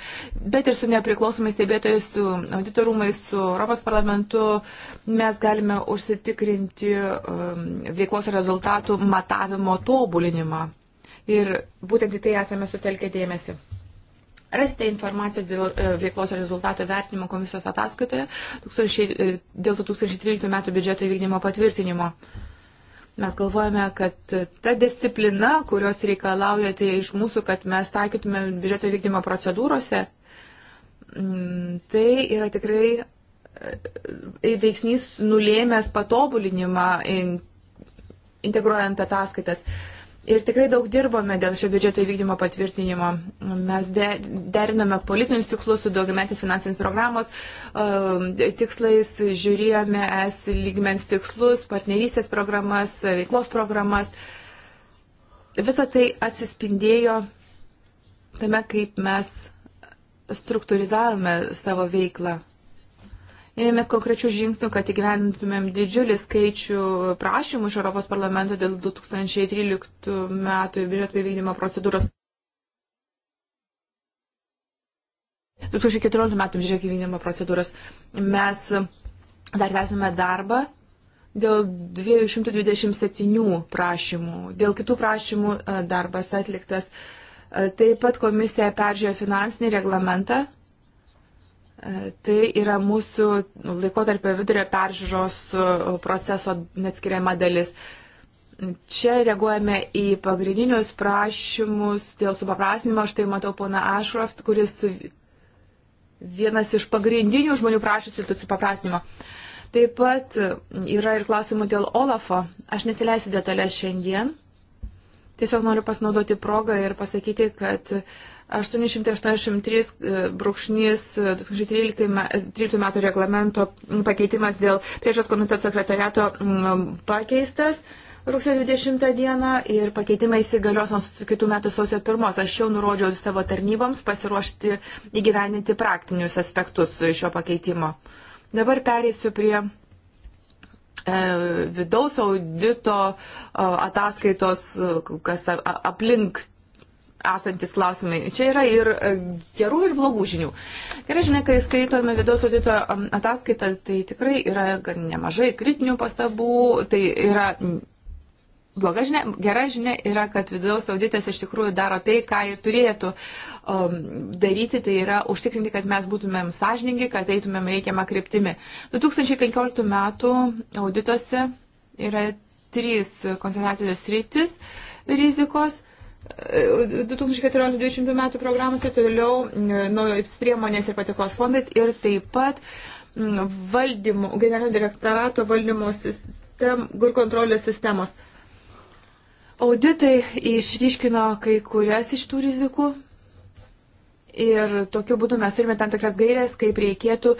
bet ir su nepriklausomais stebėtojais, su auditorumais, su Europos parlamentu, mes galime užsitikrinti um, veiklos rezultatų matavimo tobulinimą. Ir būtent į tai esame sutelkę dėmesį. Rasite informacijos dėl e, veiklos rezultato vertinimo komisijos ataskaitoje e, dėl 2013 metų biudžeto įvykdymo patvirtinimo. Mes galvojame, kad ta disciplina, kurios reikalaujate iš mūsų, kad mes taikytume biudžeto vykdymo procedūrose, mm, tai yra tikrai e, e, veiksnys nulėmęs patobulinimą integruojant ataskaitas. Ir tikrai daug dirbome dėl šio biudžeto įvykdymo patvirtinimo. Mes de, derinome politinius tikslus su daugiametės finansinės programos um, tikslais, žiūrėjome es lygmens tikslus, partnerystės programas, veiklos programas. Visą tai atsispindėjo tame, kaip mes struktūrizavome savo veiklą ėmėmės konkrečių žingsnių, kad įgyvendintumėm didžiulį skaičių prašymų iš Europos parlamento dėl 2013 metų biudžeto įvykdymo procedūros. 2014 metų biudžeto įvykdymo procedūros mes dar tęsime darbą dėl 227 prašymų. Dėl kitų prašymų e, darbas atliktas. E, taip pat komisija peržiūrėjo finansinį reglamentą Tai yra mūsų laikotarpio vidurio peržiūros e, proceso neatskiriama dalis. Čia reaguojame į pagrindinius prašymus dėl supaprasnimo. Štai matau pona Ashraft, kuris vienas iš pagrindinių žmonių prašysiu tų supaprasnimo. Taip pat yra ir klausimų dėl Olafo. Aš nesileisiu detalės šiandien. Tiesiog noriu pasinaudoti progą ir pasakyti, kad uh, 883-2013 e, e, metų reglamento pakeitimas dėl priežios komiteto sekretariato pakeistas rugsėjo 20 dieną ir pakeitimai įsigalios nuo kitų metų sausio 1. Aš jau nurodžiau savo tarnyboms pasiruošti įgyveninti praktinius aspektus šio pakeitimo. Dabar pereisiu prie e, vidaus audito ataskaitos, kas aplink esantis klausimai. Čia yra ir e, gerų, ir blogų žinių. Gerai, žinai, kai skaitome vidaus audito ataskaitą, tai tikrai yra gan nemažai kritinių pastabų, tai yra bloga žinia, gera žinia yra, kad vidaus auditas iš tikrųjų daro tai, ką ir turėtų um, daryti, tai yra užtikrinti, kad mes būtumėm sąžiningi, kad eitumėm reikiamą kryptimį. 2015 metų audituose yra trys koncentracijos rytis rizikos. 2014-2020 metų programos ir toliau e, naujos priemonės ir patikos fondai ir taip pat valdymo, generalinio direktorato valdymo sistem, ir kontrolės sistemos. Auditai išryškino kai kurias iš tų rizikų, Ir tokiu būdu mes turime tam tikras gairias, kaip reikėtų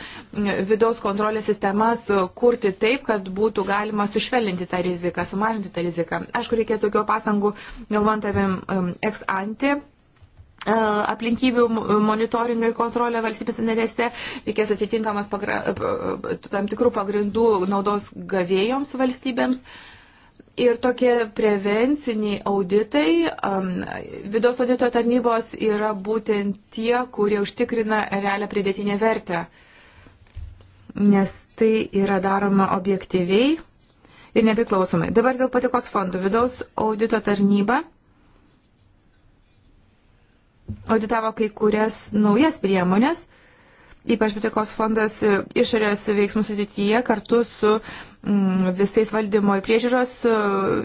vidaus kontrolės sistemas kurti taip, kad būtų galima sušvelninti tą riziką, sumažinti tą riziką. Aišku, reikėtų daugiau pasangų, galvant apie ex ante e, aplinkybių monitoringą ir kontrolę valstybės narėse, reikės atitinkamas pagra, tam tikrų pagrindų naudos gavėjoms valstybėms. Uh, Ir tokie prevenciniai auditai, um, vidaus audito tarnybos yra būtent tie, kurie užtikrina realią pridėtinę vertę. Nes tai yra daroma objektyviai ir nepriklausomai. Dabar dėl patikos fondų. Vidaus audito tarnyba auditavo kai kurias naujas priemonės, ypač patikos fondas išorės veiksmų susityje kartu su uh, Mm, visais valdymo ir priežiūros e,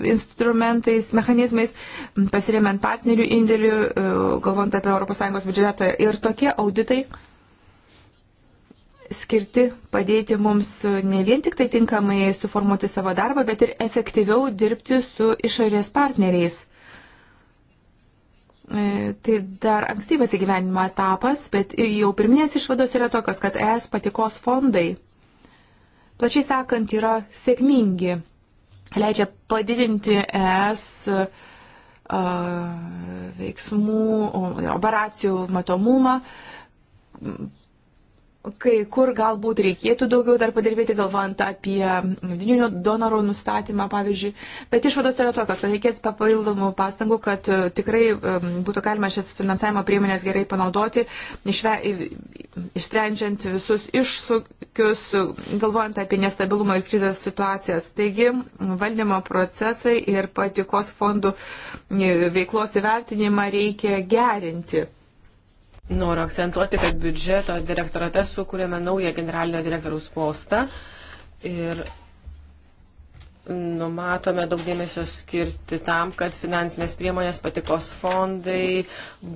instrumentais, mechanizmais, mm, pasiremiant partnerių indėlių, e, galvojant apie ES biudžetą. Ir tokie auditai skirti padėti mums e, ne vien tik tai tinkamai suformuoti savo darbą, bet ir efektyviau dirbti su išorės partneriais. Tai dar ankstyvas įgyvenimo etapas, bet jau pirminės išvados yra tokios, kad ES patikos fondai plačiai sakant, yra sėkmingi, leidžia padidinti ES e, veiksmų, operacijų matomumą, kai kur galbūt reikėtų daugiau dar padirbėti, galvant apie vidinių donorų nustatymą, pavyzdžiui. Bet išvados yra tokios, kad reikės papildomų pastangų, kad e, tikrai būtų galima šias finansavimo priemonės gerai panaudoti, išve, išsprendžiant visus iššūkius, galvojant apie nestabilumą ir krizės situacijas. Taigi, valdymo procesai ir patikos fondų e, veiklos įvertinimą reikia gerinti. Noriu akcentuoti, kad biudžeto direktorate sukūrėme naują generalinio direktoriaus postą ir numatome daug dėmesio skirti tam, kad finansinės priemonės patikos fondai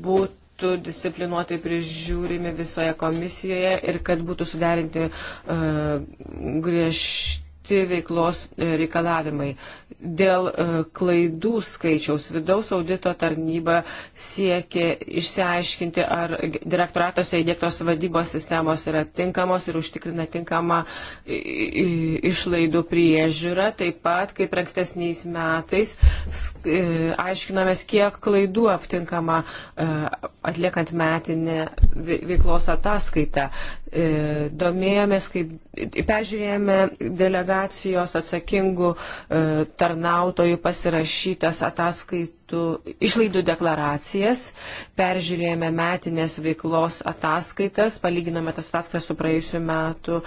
būtų disciplinuotai prižiūrimi visoje komisijoje ir kad būtų suderinti uh, griežti apibriežti veiklos e, reikalavimai. Dėl e, klaidų skaičiaus vidaus audito tarnyba siekia išsiaiškinti, ar direktoratuose įdėktos vadybos sistemos yra tinkamos ir užtikrina tinkamą išlaidų priežiūrą. Taip pat, kaip ankstesniais metais, e, aiškinomės, kiek klaidų aptinkama atliekant metinę veiklos ataskaitą. Domėjomės, kaip peržiūrėjome delegaciją administracijos atsakingų e, tarnautojų pasirašytas ataskaitų išlaidų deklaracijas, peržiūrėjome metinės veiklos ataskaitas, palyginome tas ataskaitas su praėjusiu metu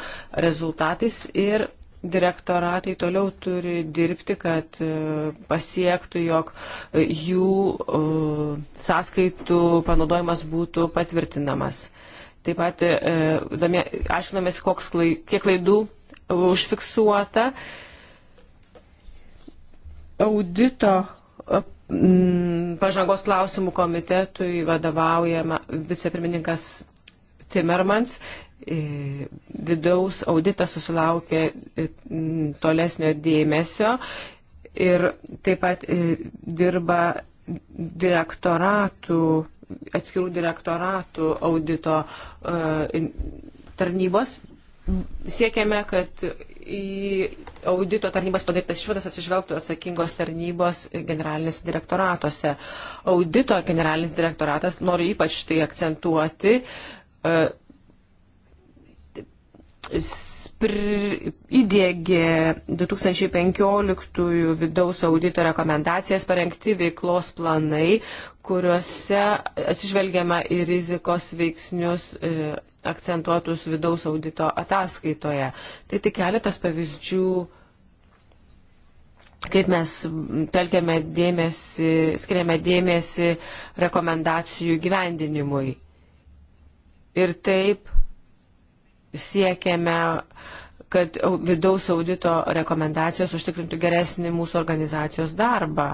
rezultatais ir direktoratai toliau turi dirbti, kad e, pasiektų, jog jų e, sąskaitų panaudojimas būtų patvirtinamas. Taip pat e, aiškinomės, klai, kiek klaidų užfiksuota. Audito pažangos klausimų komitetui vadovaujama vicepirmininkas Timmermans. E, vidaus auditas susilaukė e, tolesnio dėmesio ir taip pat e, dirba direktoratų, atskirų direktoratų audito tarnybos Siekiame, kad į audito tarnybos padarytas išvadas atsižvelgtų atsakingos tarnybos generalinis direktoratuose. Audito generalinis direktoratas nori ypač tai akcentuoti. E, Įdėgė 2015 vidaus audito rekomendacijas parengti veiklos planai, kuriuose atsižvelgiama į rizikos veiksnius e, akcentuotus vidaus audito ataskaitoje. Tai tik keletas pavyzdžių, kaip mes telkėme dėmesį, skiriame dėmesį rekomendacijų gyvendinimui. Ir taip siekiame kad vidaus audito rekomendacijos užtikrintų geresnį mūsų organizacijos darbą.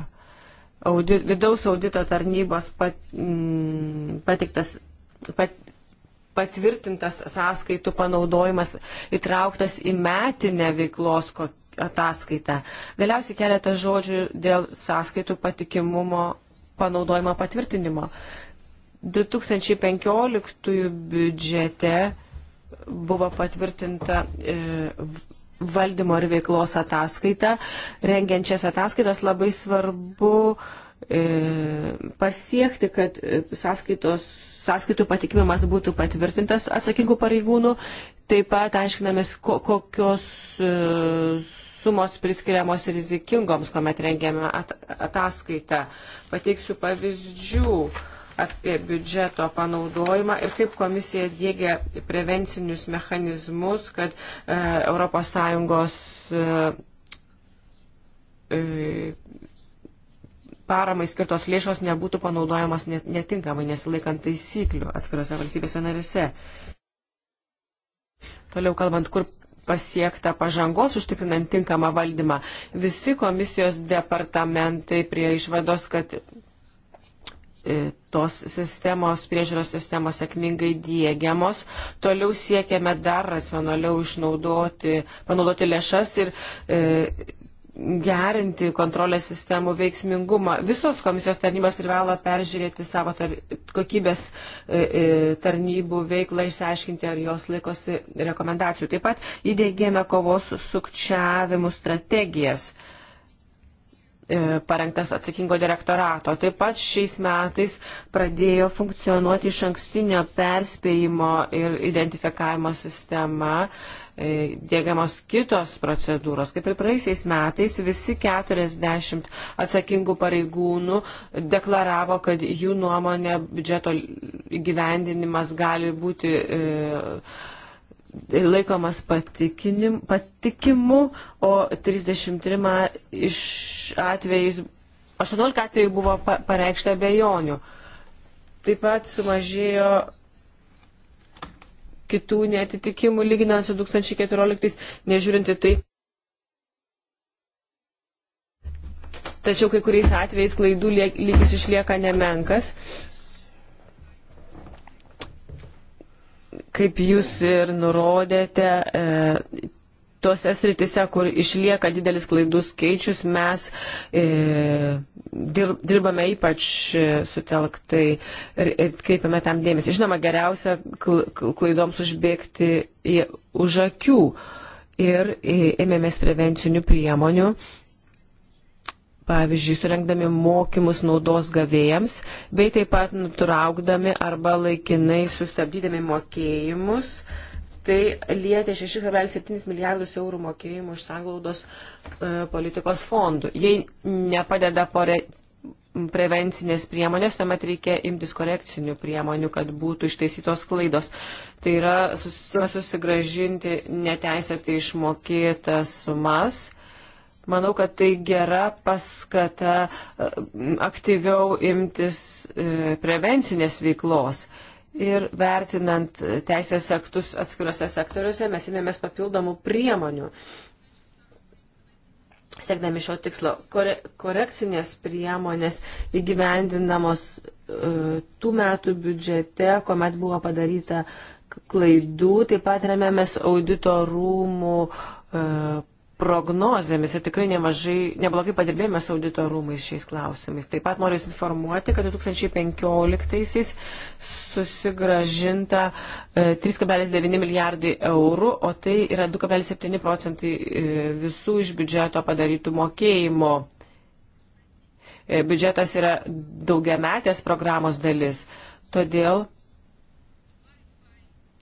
Audit, vidaus audito tarnybos pat, m, mm, patiktas, pat, patvirtintas sąskaitų panaudojimas įtrauktas į metinę veiklos ataskaitą. Galiausiai keletą žodžių dėl sąskaitų patikimumo panaudojimo patvirtinimo. 2015 biudžete buvo patvirtinta e, valdymo ir veiklos ataskaita. Rengiančias ataskaitas labai svarbu e, pasiekti, kad e, sąskaitos sąskaitų patikimumas būtų patvirtintas atsakingų pareigūnų. Taip pat aiškinamės, ko, kokios e, sumos priskiriamos rizikingoms, kuomet rengiame ataskaitą. Pateiksiu pavyzdžių apie biudžeto panaudojimą ir kaip komisija dėgia prevencinius mechanizmus, kad e, ES e, paramai skirtos lėšos nebūtų panaudojamas netinkamai, nesilaikant taisyklių atskirose valstybėse narise. Toliau kalbant, kur pasiekta pažangos užtikrinant tinkamą valdymą, visi komisijos departamentai prie išvados, kad e, tos sistemos, priežiūros sistemos sėkmingai dėgiamos. Toliau siekiame dar racionaliau išnaudoti, panaudoti lėšas ir e, gerinti kontrolės sistemų veiksmingumą. Visos komisijos tarnybos privalo peržiūrėti savo tar kokybės e, e, tarnybų veiklą, išsiaiškinti, ar jos laikosi rekomendacijų. Taip pat įdėgėme kovos su sukčiavimu strategijas. Uh, E, parengtas atsakingo direktorato. Taip pat šiais metais pradėjo funkcionuoti iš ankstinio perspėjimo ir identifikavimo sistema, e, dėgiamos kitos procedūros. Kaip ir praeisiais metais visi 40 atsakingų pareigūnų deklaravo, kad jų nuomonė biudžeto gyvendinimas gali būti e, laikomas patikinim, patikimu, o 33 iš atvejais, 18 atvejų buvo pareikšta bejonių. Taip pat sumažėjo kitų netitikimų lyginant su 2014, nežiūrinti tai. Tačiau kai kuriais atvejais klaidų lygis išlieka nemenkas Kaip jūs ir nurodėte, e, tuose sritise, kur išlieka didelis klaidų skaičius, mes e, dirbame ypač e, sutelktai ir, ir kreipiame tam dėmesį. Žinoma, geriausia klaidoms užbėgti į, už akių ir ėmėmės prevencinių priemonių. E, pavyzdžiui, surengdami mokymus naudos gavėjams, bei taip pat nutraukdami arba laikinai sustabdydami mokėjimus. Tai lietė 6,7 milijardus eurų mokėjimų iš sanglaudos e, politikos fondų. Jei nepadeda pore, prevencinės priemonės, tuomet reikia imtis korekcinių priemonių, kad būtų ištaisytos klaidos. Tai yra susigražinti neteisėtai išmokėtas sumas Manau, kad tai gera paskata e, aktyviau imtis e, prevencinės veiklos. Ir vertinant teisės aktus atskiriuose sektoriuose, mes įmėmės papildomų priemonių. Siekdami šio tikslo, kore, korekcinės priemonės įgyvendinamos e, tų metų biudžete, kuomet buvo padaryta klaidų, taip pat remiamės audito rūmų e, prognozėmis ir tikrai nemažai, neblogai padirbėjome su audito rūmais šiais klausimais. Taip pat noriu informuoti, kad 2015-aisiais susigražinta 3,9 e, milijardai eurų, o tai yra 2,7 procentai e, visų iš biudžeto padarytų mokėjimo. E, biudžetas yra daugiametės programos dalis, todėl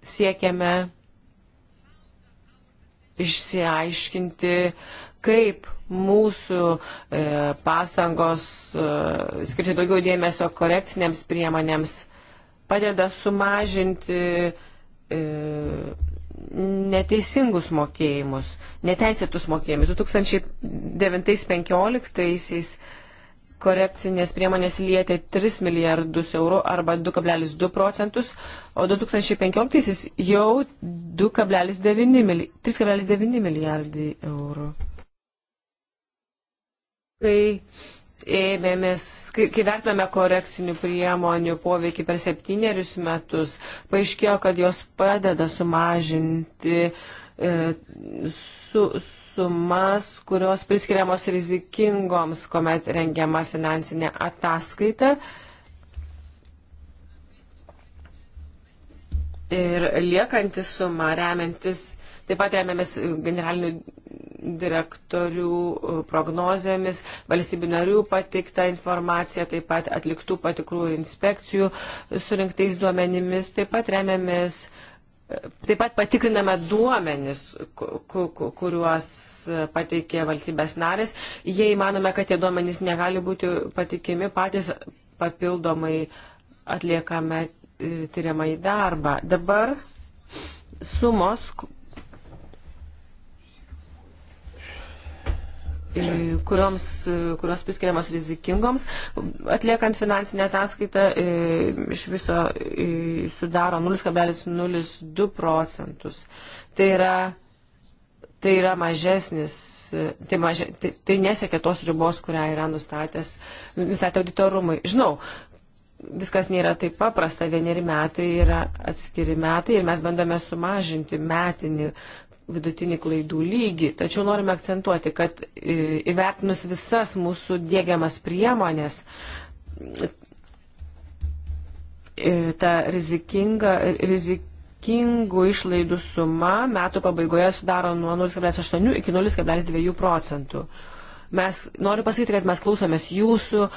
siekiame išsiaiškinti, kaip mūsų e, pastangos e, skirti daugiau dėmesio korekcinėms priemonėms padeda sumažinti e, neteisingus mokėjimus, neteisėtus mokėjimus. 2009-2015 korekcinės priemonės lietė 3 milijardus eurų arba 2,2 procentus, o 2015 jau 2,9 mili 3,9 milijardai eurų. Kai ėmėmės, kai, kai vertiname korekcinių priemonių poveikį per septynerius metus, paaiškėjo, kad jos padeda sumažinti e, su, sumas, kurios priskiriamos rizikingoms, kuomet rengiama finansinė ataskaita. Ir liekantis suma remiantis, taip pat remiamės generalinių direktorių e, prognozėmis, valstybių narių patiktą informaciją, taip pat atliktų patikrų ir inspekcijų surinktais duomenimis, taip pat remiamės uh, Taip pat patikriname duomenis, kuriuos pateikė valstybės narės. Jei manome, kad tie duomenys negali būti patikimi, patys papildomai atliekame e, tyriamą į darbą. Dabar sumos, kurioms, kurios priskiriamos rizikingoms, atliekant finansinę ataskaitą e, iš viso e, sudaro 0,02 procentus. Tai yra, tai yra mažesnis, tai, maže, tai, tai nesiekia tos ribos, kurią yra nustatęs, nustatę auditorumai. Žinau, viskas nėra taip paprasta, vieneri metai yra atskiri metai ir mes bandome sumažinti metinį vidutinį klaidų lygį. Tačiau norime akcentuoti, kad e, įvertinus visas mūsų dėgiamas priemonės, e, ta rizikinga, rizikingų išlaidų suma metų pabaigoje sudaro nuo 0,8 iki 0,2 procentų. Mes noriu pasakyti, kad mes klausomės jūsų e,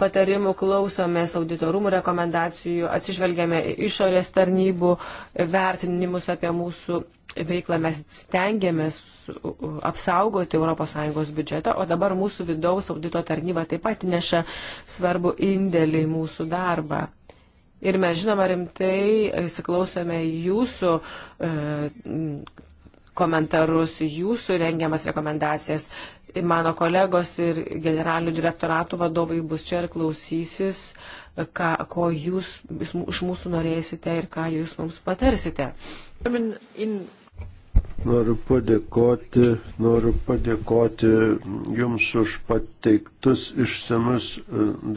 patarimų, klausomės auditorumų rekomendacijų, atsižvelgiame išorės tarnybų vertinimus apie mūsų veiklą mes stengiamės apsaugoti ES biudžetą, o dabar mūsų vidaus audito tarnyba taip pat neša svarbu indėlį į mūsų darbą. Ir mes žinoma rimtai įsiklausome jūsų e, komentarus, jūsų rengiamas rekomendacijas. Mano kolegos ir generalinių direktoratų vadovai bus čia ir klausysis, e, ką, ko jūs iš mūsų norėsite ir ką jūs mums patarsite. In, in... Noriu padėkoti, noriu padėkoti Jums už pateiktus išsamius e,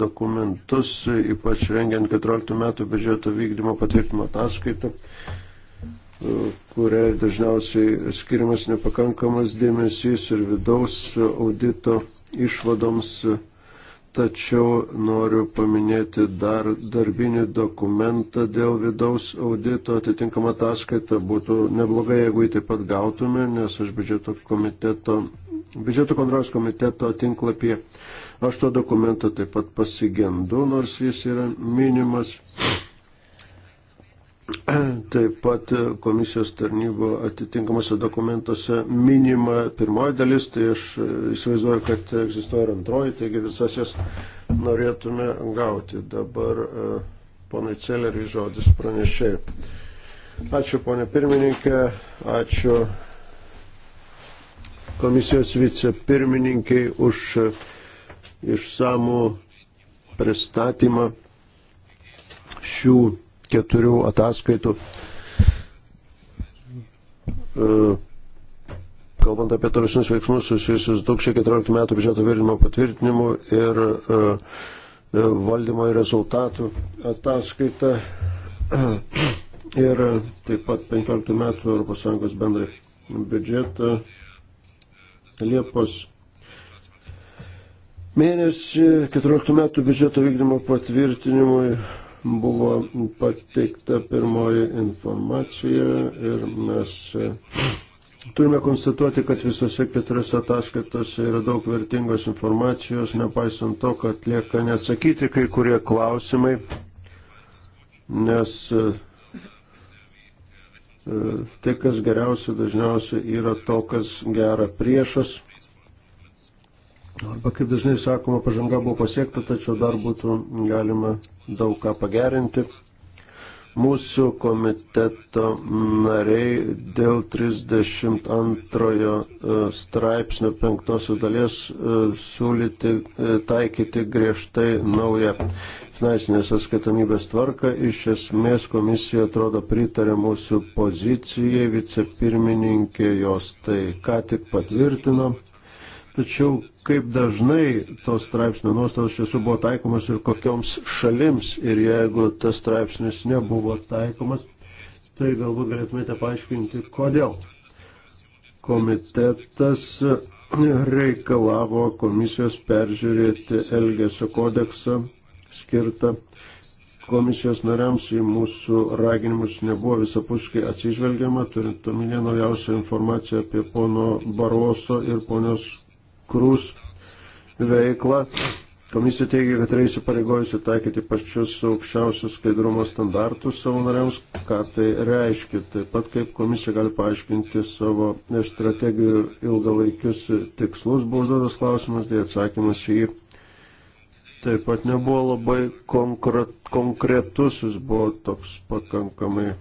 dokumentus, ypač rengiant 14 metų biudžeto vykdymo patvirtimo ataskaitą, e, kuriai dažniausiai skiriamas nepakankamas dėmesys ir vidaus audito išvadoms Tačiau noriu paminėti dar darbinį dokumentą dėl vidaus audito atitinkama ataskaita. Būtų neblogai, jeigu jį taip pat gautume, nes aš biudžeto komiteto, biudžeto kontrolės komiteto tinklapyje aš to dokumento taip pat pasigendu, nors jis yra minimas Taip pat komisijos tarnybo atitinkamuose dokumentuose minima pirmoji dalis, tai aš įsivaizduoju, kad egzistuoja ir antroji, taigi visas jas norėtume gauti. Dabar e, ponai Celeriai žodis pranešėjai. Ačiū ponė pirmininkė, ačiū komisijos vicepirmininkiai už išsamų pristatymą šių keturių ataskaitų. E, kalbant apie tolesnius veiksmus susijusius 2014 metų biudžeto vėlinimo patvirtinimu ir e, e, valdymo rezultatų ataskaita ir taip pat 15 metų ES bendrai biudžetą Liepos mėnesį 14 metų biudžeto vykdymo patvirtinimui buvo pateikta pirmoji informacija ir mes e, Turime konstatuoti, kad visose keturiose ataskaitose yra daug vertingos informacijos, nepaisant to, kad lieka neatsakyti kai kurie klausimai, nes e, e, tai, kas geriausia, dažniausiai yra to, kas gera priešas. Arba, kaip dažnai sakoma, pažanga buvo pasiekta, tačiau dar būtų galima daug ką pagerinti. Mūsų komiteto nariai dėl 32 e, straipsnio penktosios dalies e, siūlyti e, taikyti griežtai naują finansinės atskaitomybės tvarką. Iš esmės komisija atrodo pritarė mūsų pozicijai, vicepirmininkė jos tai ką tik patvirtino. Tačiau kaip dažnai tos straipsnio nuostatos iš tiesų buvo taikomas ir kokioms šalims. Ir jeigu tas straipsnis nebuvo taikomas, tai galbūt galėtumėte paaiškinti, kodėl. Komitetas reikalavo komisijos peržiūrėti Elgesio kodeksą skirtą komisijos nariams į mūsų raginimus nebuvo visapuškai atsižvelgiama, turint omenyje naujausią informaciją apie pono Baroso ir ponios Krūs veiklą. Komisija teigia, kad yra įsipareigojusi taikyti pačius aukščiausius skaidrumo standartus savo nariams. Ką tai reiškia? Taip pat kaip komisija gali paaiškinti savo strategijų ilgalaikius tikslus, buvo užduotas klausimas, tai atsakymas į jį taip pat nebuvo labai konkret, konkretus, jis buvo toks pakankamai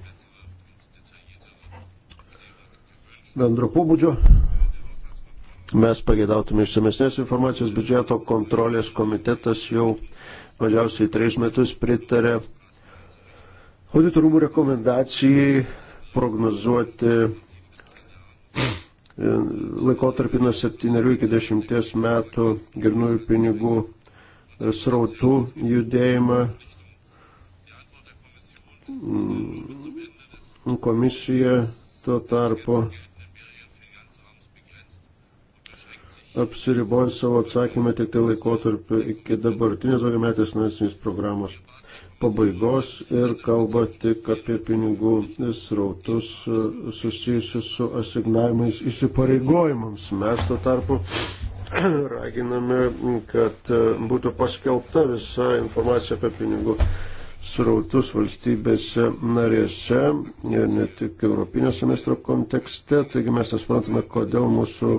bendro pobūdžio. Mes pagėdautume išsamesnės informacijos, biudžeto kontrolės komitetas jau mažiausiai trejus metus pritarė auditorumų rekomendacijai prognozuoti laikotarpį nuo 7 iki 10 metų grinųjų pinigų srautų judėjimą. Mm, komisija tuo tarpu apsiriboju savo atsakymą tik tai laikotarpiu iki dabartinės daugiametės finansinės programos pabaigos ir kalba tik apie pinigų srautus susijusius su asignavimais įsipareigojimams. Mes tuo tarpu raginame, kad būtų paskelbta visa informacija apie pinigų srautus valstybėse narėse ir ne tik Europinio semestro kontekste. Taigi mes nesprantame, kodėl mūsų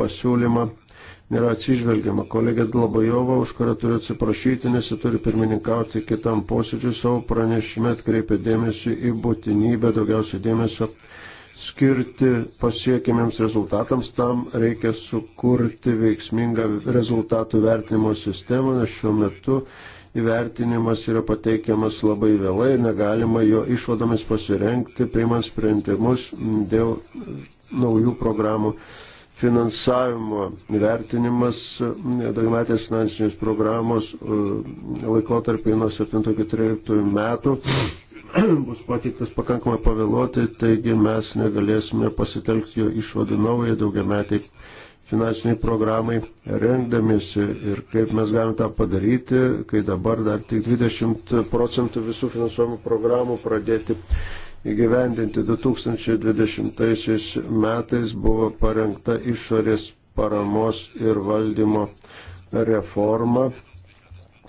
pasiūlymą nėra atsižvelgiama. Kolegė Dlabajova, už kurią turiu atsiprašyti, nes ji turi pirmininkauti kitam posėdžiui, savo pranešime atkreipė dėmesį į būtinybę daugiausiai dėmesio skirti pasiekiamiems rezultatams, tam reikia sukurti veiksmingą rezultatų vertinimo sistemą, nes šiuo metu įvertinimas yra pateikiamas labai vėlai ir negalima jo išvadomis pasirenkti, priimant sprendimus dėl naujų programų finansavimo vertinimas e, daugmetės finansinės programos e, laikotarpiai nuo 7-14 metų bus pateiktas pakankamai pavėluotai, taigi mes negalėsime pasitelkti jo išvadų naujai daugiametiai finansiniai programai rengdamiesi ir kaip mes galime tą padaryti, kai dabar dar tik 20 procentų visų finansuojamų programų pradėti įgyvendinti 2020 metais buvo parengta išorės paramos ir valdymo reforma.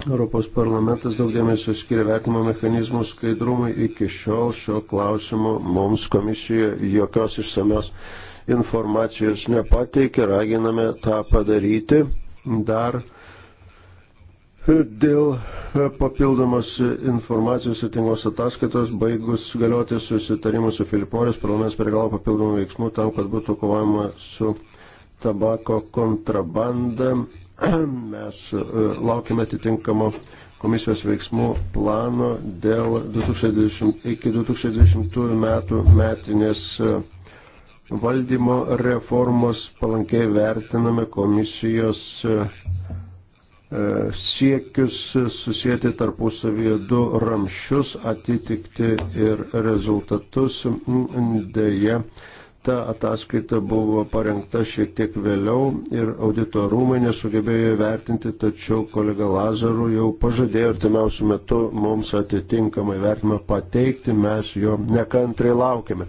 Europos parlamentas daug dėmesio skiria vertimo mechanizmų skaidrumui. Iki šiol šio klausimu mums komisijoje jokios išsamios informacijos nepateikė, raginame tą padaryti. Dar Dėl e, papildomos e, informacijos atingos ataskaitos baigus galioti susitarimų su Filiporės, parlamentas pareigalavo papildomų veiksmų tam, kad būtų kovojama su tabako kontrabanda. Mes e, laukime atitinkamo komisijos veiksmų plano dėl 2020, iki 2020 metų metinės valdymo reformos palankiai vertiname komisijos E, siekius susijęti tarpusavyje du ramščius, atitikti ir rezultatus. Mm, Deja, ta ataskaita buvo parengta šiek tiek vėliau ir audito rūmai nesugebėjo vertinti, tačiau kolega Lazarų jau pažadėjo artimiausių metų mums atitinkamai vertimą pateikti, mes jo nekantrai laukiame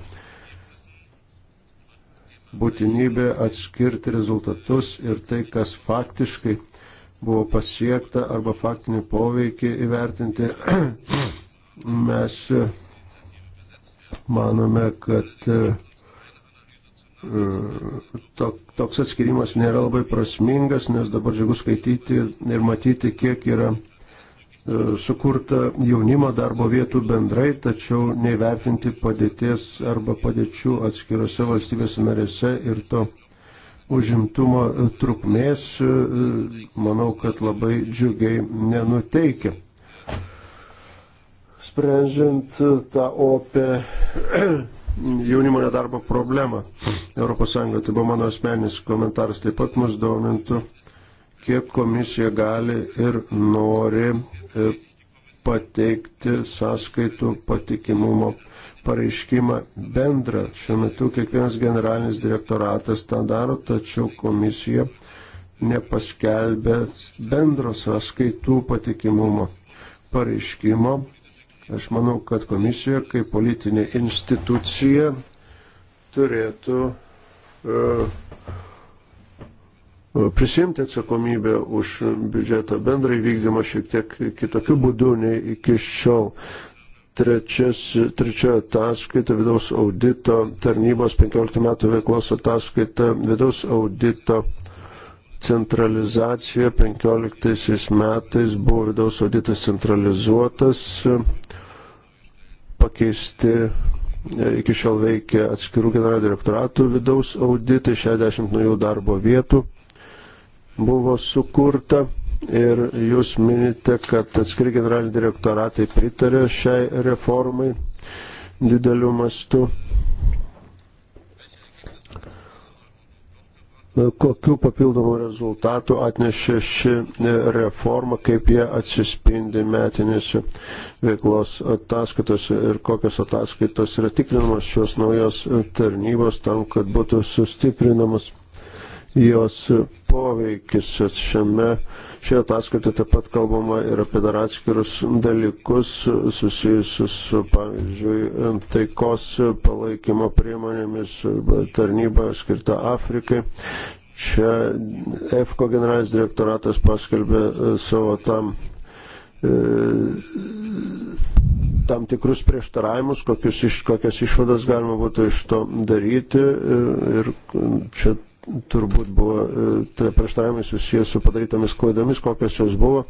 būtinybė atskirti rezultatus ir tai, kas faktiškai buvo pasiekta arba faktinį poveikį įvertinti. Mes e, manome, kad e, toks atskirimas nėra labai prasmingas, nes dabar džiugu skaityti ir matyti, kiek yra e, sukurta jaunimo darbo vietų bendrai, tačiau neįvertinti padėties arba padėčių atskirose valstybėse narėse ir to užimtumo trukmės, e, manau, kad labai džiugiai nenuteikia. Sprendžiant tą opę jaunimo nedarbo problemą ES, tai buvo mano asmeninis komentaras, taip pat mus domintų, kiek komisija gali ir nori e, pateikti sąskaitų patikimumo pareiškimą bendrą. Šiuo metu kiekvienas generalinis direktoratas tą daro, tačiau komisija nepaskelbė bendro sąskaitų patikimumo pareiškimo. Aš manau, kad komisija kaip politinė institucija turėtų uh, prisimti atsakomybę už biudžeto bendrą įvykdymą šiek tiek kitokiu būdu nei iki šiol. Uh, trečias, trečioji ataskaita, vidaus audito tarnybos 15 metų veiklos ataskaita, vidaus audito centralizacija 15 metais buvo vidaus auditas centralizuotas, pakeisti e, iki šiol veikia atskirų generalinio direktoratų vidaus auditai, 60 naujų darbo vietų buvo sukurta ir jūs minite, kad atskiri generaliniai direktoratai pritarė šiai reformai dideliu mastu. Kokių papildomų rezultatų atnešė ši e, reforma, kaip jie atsispindi metinėse veiklos ataskaitose ir kokios ataskaitos yra tikrinamos šios naujos e, tarnybos tam, kad būtų sustiprinamas jos poveikis. Šiame, šioje ataskaitoje taip pat kalbama ir apie dar atskirus dalykus susijusius su, pavyzdžiui, taikos palaikymo priemonėmis tarnyba skirta Afrikai. Čia EFKO generalinis direktoratas paskelbė e, savo tam e, tam tikrus prieštaravimus, kokius iš, kokias išvadas galima būtų iš to daryti. E, ir čia turbūt buvo e, tie prieštaravimai susijęs su padarytomis klaidomis, kokios jos buvo,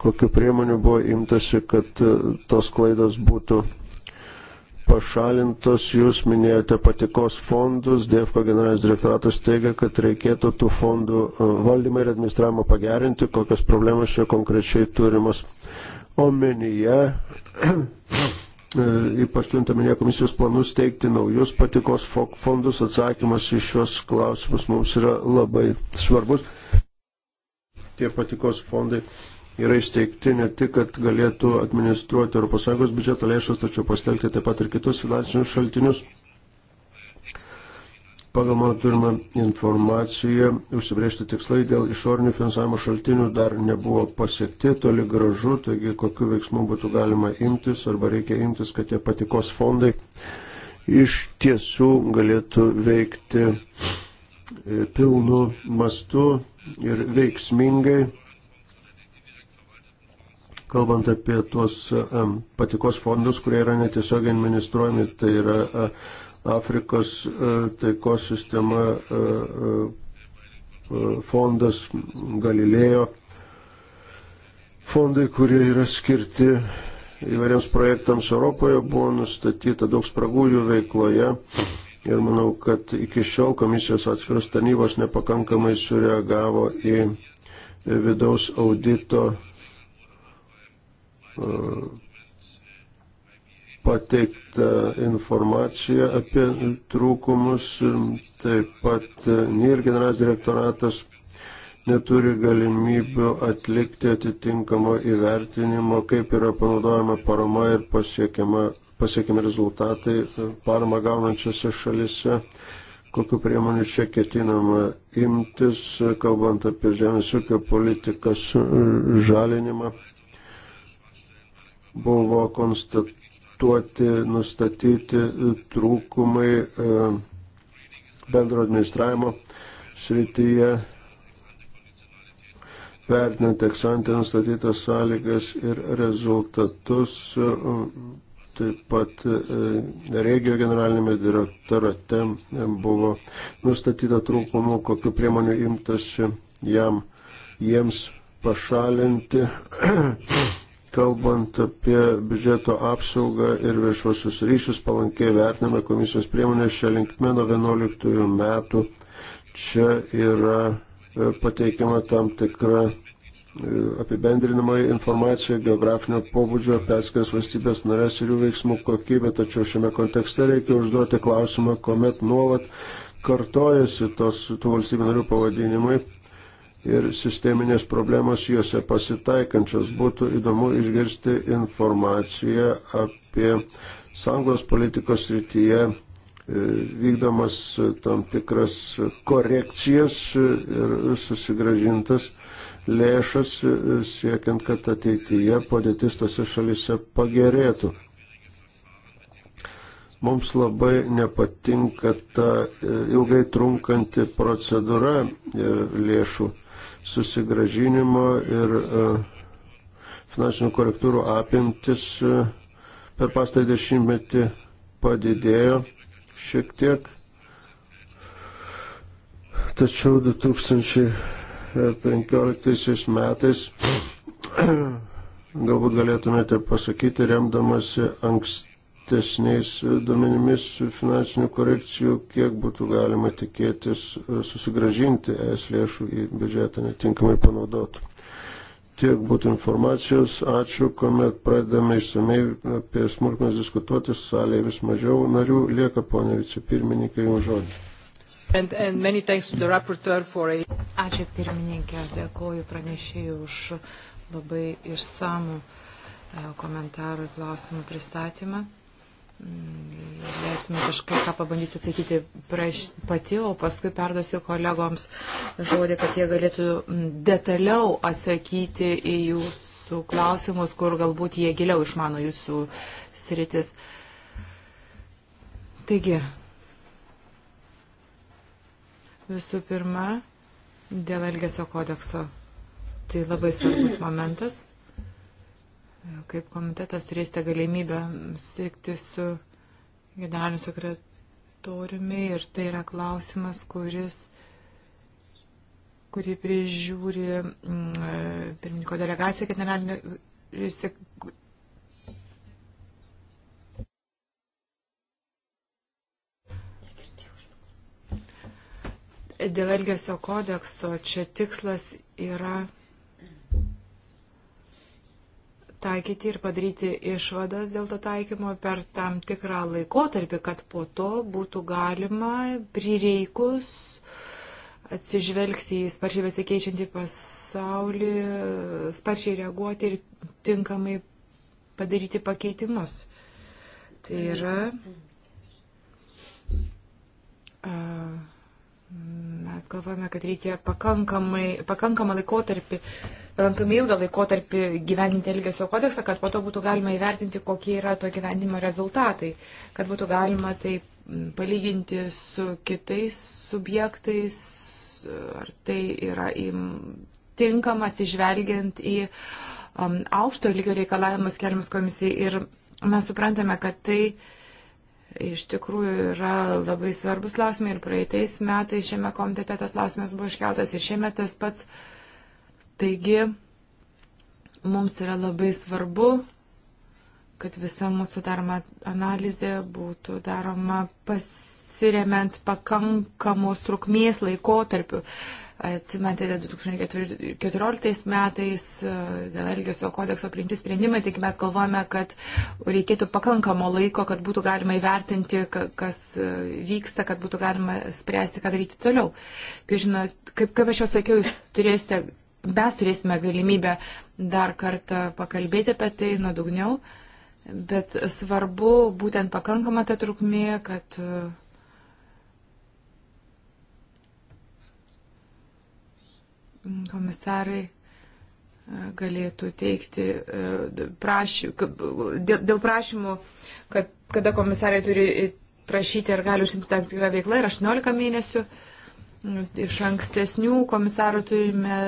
kokiu priemonių buvo imtasi, kad e, tos klaidos būtų pašalintos. Jūs minėjote patikos fondus, DFK generalinis direktoratas teigia, kad reikėtų tų fondų e, valdymą ir administravimą pagerinti, kokias problemas čia konkrečiai turimos omenyje. E, ypač turintaminė komisijos planus teikti naujus patikos fondus, atsakymas iš šios klausimus mums yra labai svarbus. Tie patikos fondai yra įsteigti ne tik, kad galėtų administruoti ES biudžeto lėšas, tačiau pastelgti taip pat ir kitus finansinius šaltinius Pagal mano turimą informaciją, užsibriežti tikslai dėl išorinių finansavimo šaltinių dar nebuvo pasiekti toli gražu, taigi kokiu veiksmu būtų galima imtis arba reikia imtis, kad tie patikos fondai iš tiesų galėtų veikti e, pilnu mastu ir veiksmingai. Kalbant apie tuos e, patikos fondus, kurie yra netiesiogiai administruojami, tai yra e, Afrikos e, taikos sistema e, e, fondas Galilėjo fondai, kurie yra skirti įvairiems projektams Europoje, buvo nustatyta daug spragų jų veikloje. Ir manau, kad iki šiol komisijos atskiros tarnybos nepakankamai sureagavo į vidaus audito pateikta informacija apie trūkumus, taip pat e, NIR generalinis direktoratas neturi galimybių atlikti atitinkamo įvertinimo, kaip yra panaudojama parama ir pasiekiama, pasiekiami rezultatai e, parama gaunančiose šalise, kokiu priemonių čia ketinama imtis, e, kalbant apie žemės ūkio politikos žalinimą. Buvo konstat, akcentuoti, nustatyti e, trūkumai e, bendro administravimo srityje, vertinant eksantį nustatytas sąlygas ir rezultatus, e, taip pat regio generalinėme direktorate buvo nustatyta trūkumų, kokiu priemoniu imtasi jam, jiems pašalinti. Kalbant apie biudžeto apsaugą ir viešuosius ryšius, palankiai vertiname komisijos priemonės šią linkmę nuo 11 metų. Čia yra e, pateikiama tam tikra e, apibendrinama informacija geografinio pobūdžio apie atskiras valstybės narės ir jų veiksmų kokybę, tačiau šiame kontekste reikia užduoti klausimą, kuomet nuolat kartojasi tos tų valstybių narių pavadinimai ir sisteminės problemos juose pasitaikančios. Būtų įdomu išgirsti informaciją apie sąjungos politikos rytyje e, vykdomas tam tikras korekcijas ir susigražintas lėšas, e, siekiant, kad ateityje padėtis tose šalise pagerėtų. Mums labai nepatinka ta e, ilgai trunkanti procedūra lėšų susigražinimo ir e, finansinių korektūrų apimtis e, per pastarį dešimtmetį padidėjo šiek tiek. Tačiau 2015 metais galbūt galėtumėte pasakyti, remdamasi anksti ankstesniais duomenimis finansinių korekcijų, kiek būtų galima tikėtis e, susigražinti es lėšų į biudžetą netinkamai panaudotų. Tiek būtų informacijos. Ačiū, kuomet pradedame išsamei apie smulkmes diskutuoti, salėje vis mažiau narių lieka, ponė vicepirmininkė, jums žodžiu. And, and a... Ačiū pirmininkė, aš dėkoju pranešėjai už labai išsamų e, komentarų ir klausimų pristatymą. Leisime kažką, ką pabandysiu atsakyti praš, pati, o paskui perduosiu kolegoms žodį, kad jie galėtų detaliau atsakyti į jūsų klausimus, kur galbūt jie giliau išmano jūsų sritis. Taigi, visų pirma, dėl Elgesio kodekso. Tai labai svarbus momentas kaip komitetas turėsite galimybę siekti su generaliniu sekretoriumi ir tai yra klausimas, kuris kurį prižiūri mm, e, pirmininko delegacija generalinio Dėl Elgesio kodekso čia tikslas yra taikyti ir padaryti išvadas dėl to taikymo per tam tikrą laikotarpį, kad po to būtų galima prireikus atsižvelgti į sparčiai besikeičiantį pasaulį, sparčiai reaguoti ir tinkamai padaryti pakeitimus. Tai yra. A, mes galvojame, kad reikia pakankamai, pakankamą laikotarpį pakankamai ilgą laikotarpį gyveninti Elgesio kodeksą, kad po to būtų galima įvertinti, kokie yra to gyvenimo rezultatai, kad būtų galima tai palyginti su kitais subjektais, ar tai yra tinkama atsižvelgiant į um, aukšto lygio reikalavimus keliamus komisijai. Ir mes suprantame, kad tai iš tikrųjų yra labai svarbus klausimai ir praeitais metais šiame komitete tas klausimas buvo iškeltas ir šiemet tas pats uh, Taigi, mums yra labai svarbu, kad visa mūsų daroma analizė būtų daroma pasiremiant pakankamos trukmės laikotarpiu. Atsimentėte 2014 metais e, dėl Elgesio kodekso priimti sprendimai, tik mes galvojame, kad reikėtų pakankamo laiko, kad būtų galima įvertinti, kas e, vyksta, kad būtų galima spręsti, ką daryti toliau. Kai žinot, kaip, kaip aš jau sakiau, jūs turėsite mes turėsime galimybę dar kartą pakalbėti apie tai nuodugniau, bet svarbu būtent pakankama ta trukmė, kad mm, komisarai e, galėtų teikti e, prašy, dėl prašymų, kad kada komisarai turi prašyti, ar gali užsimti tam tikrą veiklą ir 18 mėnesių. Iš ankstesnių komisarų turime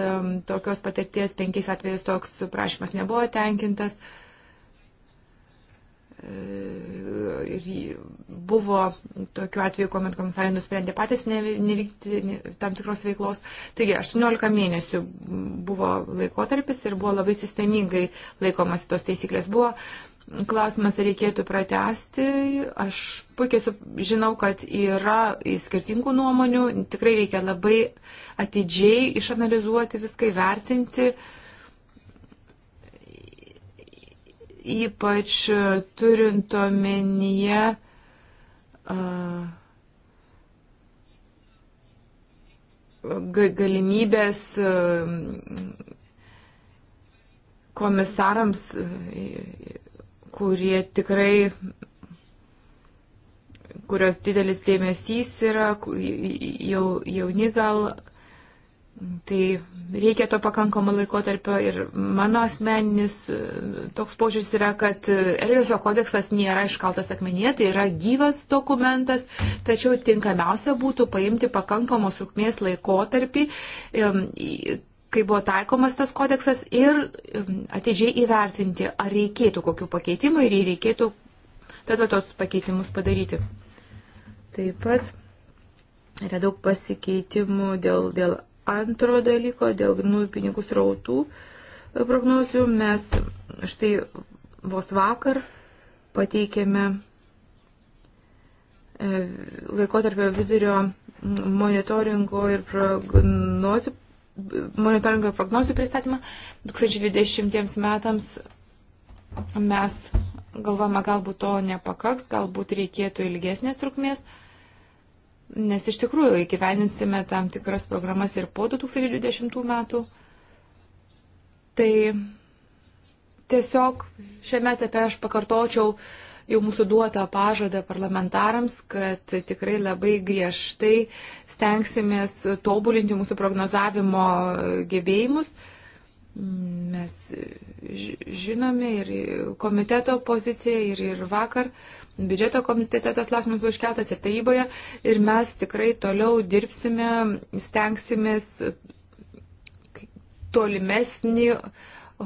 tokios patirties, penkiais atvejais toks prašymas nebuvo tenkintas. E, ir buvo tokiu atveju, kuomet komisarai nusprendė patys nevykti tam tikros veiklos. Taigi 18 mėnesių buvo laikotarpis ir buvo labai sistemingai laikomas tos taisyklės. Buvo Klausimas, ar reikėtų pratesti. Aš puikiai žinau, kad yra skirtingų nuomonių. Tikrai reikia labai atidžiai išanalizuoti viską, įvertinti. Ypač turint omenyje. Uh, galimybės komisarams kurie tikrai kurios didelis dėmesys yra, jau, jauni gal, tai reikia to pakankamo laikotarpio ir mano asmeninis toks požiūris yra, kad Elgesio kodeksas nėra iškaltas akmenyje, tai yra gyvas dokumentas, tačiau tinkamiausia būtų paimti pakankamos sukmės laikotarpį, kai buvo taikomas tas kodeksas ir um, atidžiai įvertinti, ar reikėtų kokių pakeitimų ir jei reikėtų, tada tos pakeitimus padaryti. Taip pat yra daug pasikeitimų dėl, dėl antro dalyko, dėl grinųjų pinigų srautų e, prognozių. Mes štai vos vakar pateikėme e, laikotarpio vidurio monitoringo ir prognozių monitoringo ir prognozių pristatymą. 2020 metams mes galvojame, galbūt to nepakaks, galbūt reikėtų ilgesnės trukmės, nes iš tikrųjų įgyveninsime tam tikras programas ir po 2020 metų. Tai tiesiog šiame etape aš pakartočiau uh, jau mūsų duotą pažadą parlamentarams, kad tikrai labai griežtai stengsimės tobulinti mūsų prognozavimo gebėjimus. Mes žinome ir komiteto poziciją, ir, ir vakar biudžeto komitete tas klausimas buvo iškeltas ir taryboje, ir mes tikrai toliau dirbsime, stengsimės tolimesnį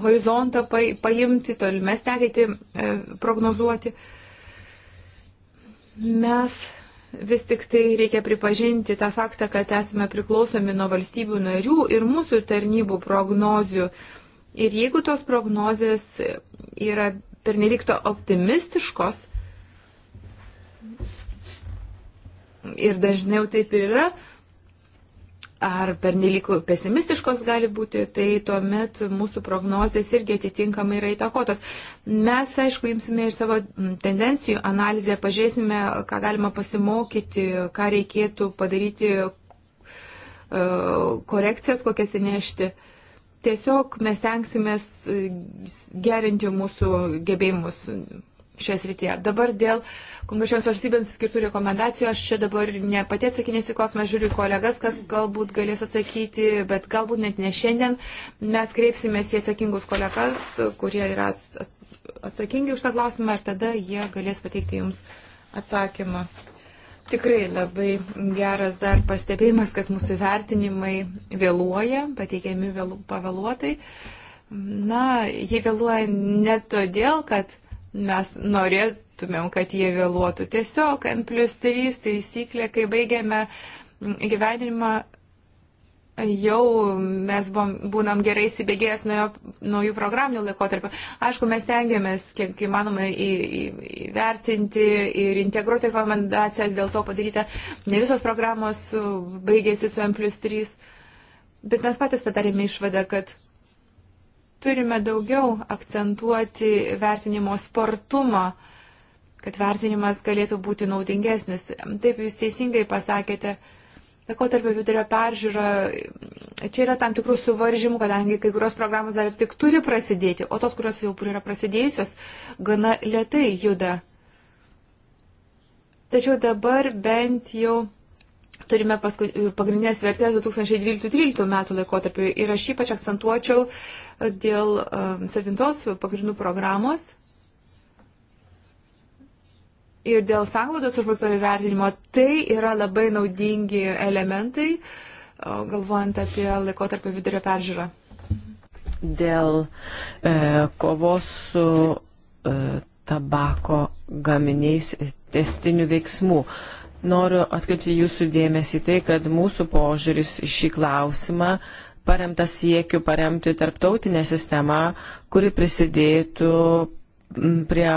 horizontą paimti, tolimesnį ateitį e, prognozuoti. Mes vis tik tai reikia pripažinti tą faktą, kad esame priklausomi nuo valstybių narių ir mūsų tarnybų prognozių. Ir jeigu tos prognozijas yra pernelygto optimistiškos, ir dažniau taip ir yra, ar pernelyg pesimistiškos gali būti, tai tuomet mūsų prognozijas irgi atitinkamai yra įtakotos. Mes, aišku, imsime ir savo tendencijų analizę, pažiūrėsime, ką galima pasimokyti, ką reikėtų padaryti, e, korekcijas kokias įnešti. Tiesiog mes tenksimės gerinti mūsų gebėjimus šioje srityje. Dabar dėl konkrečioms valstybėms skirtų rekomendacijų, aš čia dabar ne pati atsakinėsiu klausimą, žiūriu kolegas, kas galbūt galės atsakyti, bet galbūt net ne šiandien. Mes kreipsimės į atsakingus kolegas, kurie yra atsakingi už tą klausimą ir tada jie galės pateikti jums atsakymą. Tikrai labai geras dar pastebėjimas, kad mūsų vertinimai vėluoja, pateikiami vėlu, pavėluotai. Na, jie vėluoja ne todėl, kad mes norėtumėm, kad jie vėluotų. Tiesiog N plus 3 taisyklė, kai baigėme gyvenimą, jau mes buvom, būnam gerai įsibėgėjęs nuo naujų programinių laikotarpių. Aišku, mes tengiamės, kiek įmanoma, įvertinti ir integruoti rekomendacijas dėl to padaryta. Ne visos programos baigėsi su M plus 3, bet mes patys padarėme išvadą, kad turime daugiau akcentuoti vertinimo spartumą, kad vertinimas galėtų būti naudingesnis. Taip, jūs teisingai pasakėte, laikotarpio vidurio peržiūra, čia yra tam tikrų suvaržymų, kadangi kai kurios programos dar tik turi prasidėti, o tos, kurios jau yra prasidėjusios, gana lietai juda. Tačiau dabar bent jau turime paskui, pagrindinės vertės 2012-2013 metų laikotarpiu. Ir aš ypač akcentuočiau e, dėl e, septintos pagrindų programos ir dėl sanglaudos užbaigto įvertinimo. Tai yra labai naudingi elementai, galvojant apie laikotarpio vidurio peržiūrą. Dėl e, kovos su e, tabako gaminiais testinių veiksmų. E, Noriu atkreipti jūsų dėmesį tai, kad mūsų požiūris į šį klausimą paremtas siekiu paremti tarptautinę sistemą, kuri prisidėtų prie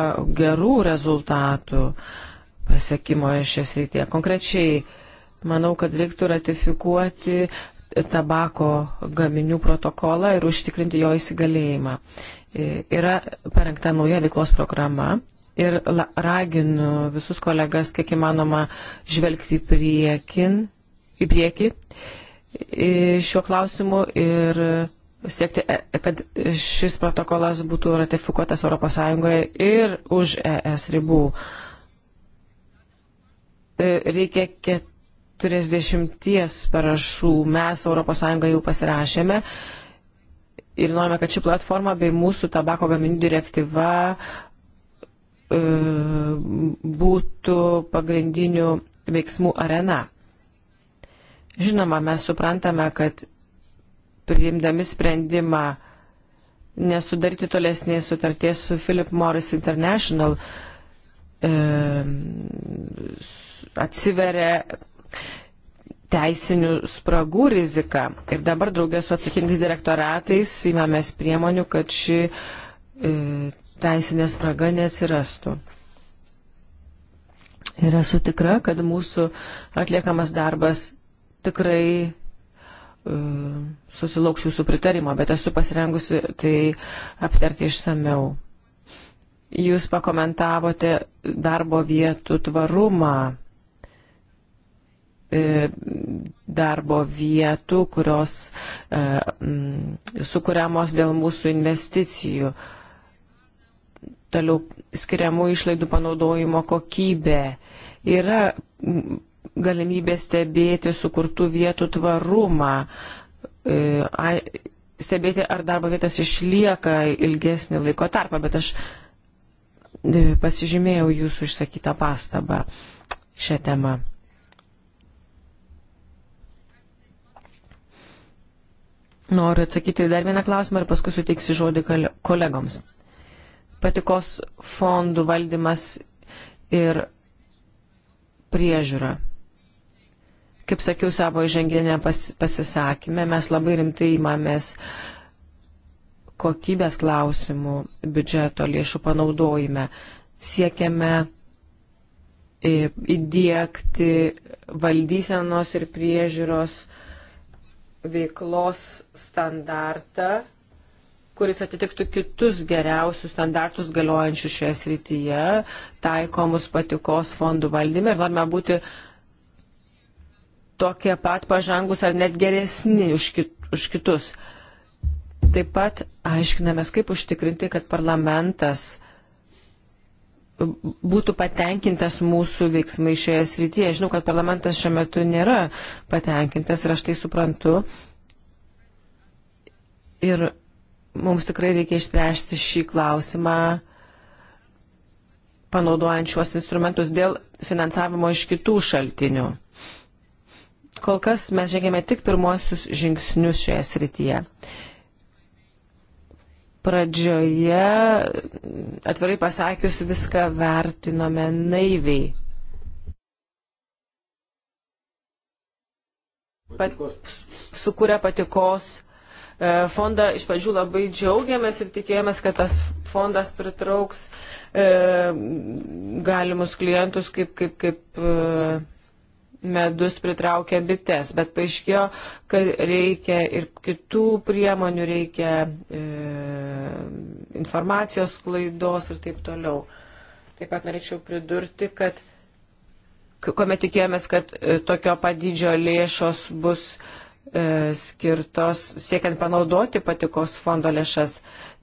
gerų rezultatų pasiekimo šias rytėje. Konkrečiai, manau, kad reiktų ratifikuoti tabako gaminių protokolą ir užtikrinti jo įsigalėjimą. E, yra parengta nauja veiklos programa ir raginu visus kolegas, kiek įmanoma, žvelgti priekin, į priekį šiuo klausimu ir siekti, e, kad šis protokolas būtų ratifikuotas ES ir už ES ribų. E, reikia 40 parašų. Mes ES jau pasirašėme ir norime, kad ši platforma bei mūsų tabako gaminių direktyva E, būtų pagrindinių veiksmų arena. Žinoma, mes suprantame, kad priimdami sprendimą nesudaryti tolesnės sutarties su Philip Morris International e, atsiveria teisinių spragų rizika. Ir dabar draugės su atsakingais direktoratais įmamės priemonių, kad ši e, teisinė spraga neatsirastų. Ir esu tikra, kad mūsų atliekamas darbas tikrai uh, susilauks jūsų pritarimo, bet esu pasirengusi tai aptarti išsameu. Jūs pakomentavote darbo vietų tvarumą, e, darbo vietų, kurios uh, e, sukūriamos dėl mūsų investicijų. Uh, toliau skiriamų išlaidų panaudojimo kokybė. Yra galimybė stebėti sukurtų vietų tvarumą, e, stebėti, ar darbo vietas išlieka ilgesnį laiko tarpą, bet aš e, pasižymėjau jūsų išsakytą pastabą šią temą. Noriu atsakyti dar vieną klausimą ir paskui suteiksiu žodį kolegoms patikos fondų valdymas ir priežiūra. Kaip sakiau savo įženginę pas, pasisakymę, mes labai rimtai įmamės kokybės klausimų biudžeto lėšų panaudojime. Siekiame e, įdėkti valdysenos ir priežiūros veiklos standartą kuris atitiktų kitus geriausius standartus galiojančius šioje srityje, taikomus patikos fondų valdyme ir norime būti tokie pat pažangus ar net geresni už, kit, už kitus. Taip pat aiškinamės, kaip užtikrinti, kad parlamentas būtų patenkintas mūsų veiksmai šioje srityje. Žinau, kad parlamentas šiuo metu nėra patenkintas ir aš tai suprantu. Ir Mums tikrai reikia išspręsti šį klausimą, panaudojant šiuos instrumentus dėl finansavimo iš kitų šaltinių. Kol kas mes žengėme tik pirmosius žingsnius šioje srityje. Pradžioje, atvirai pasakius, viską vertinome naiviai. Pat, sukūrė patikos E, fondą iš pradžių labai džiaugiamės ir tikėjomės, kad tas fondas pritrauks e, galimus klientus kaip, kaip, kaip e, medus pritraukia bites, bet paaiškėjo, kad reikia ir kitų priemonių, reikia e, informacijos klaidos ir taip toliau. Taip pat norėčiau pridurti, kad kuomet tikėjomės, kad e, tokio padydžio lėšos bus e, E, skirtos siekiant panaudoti patikos fondo lėšas.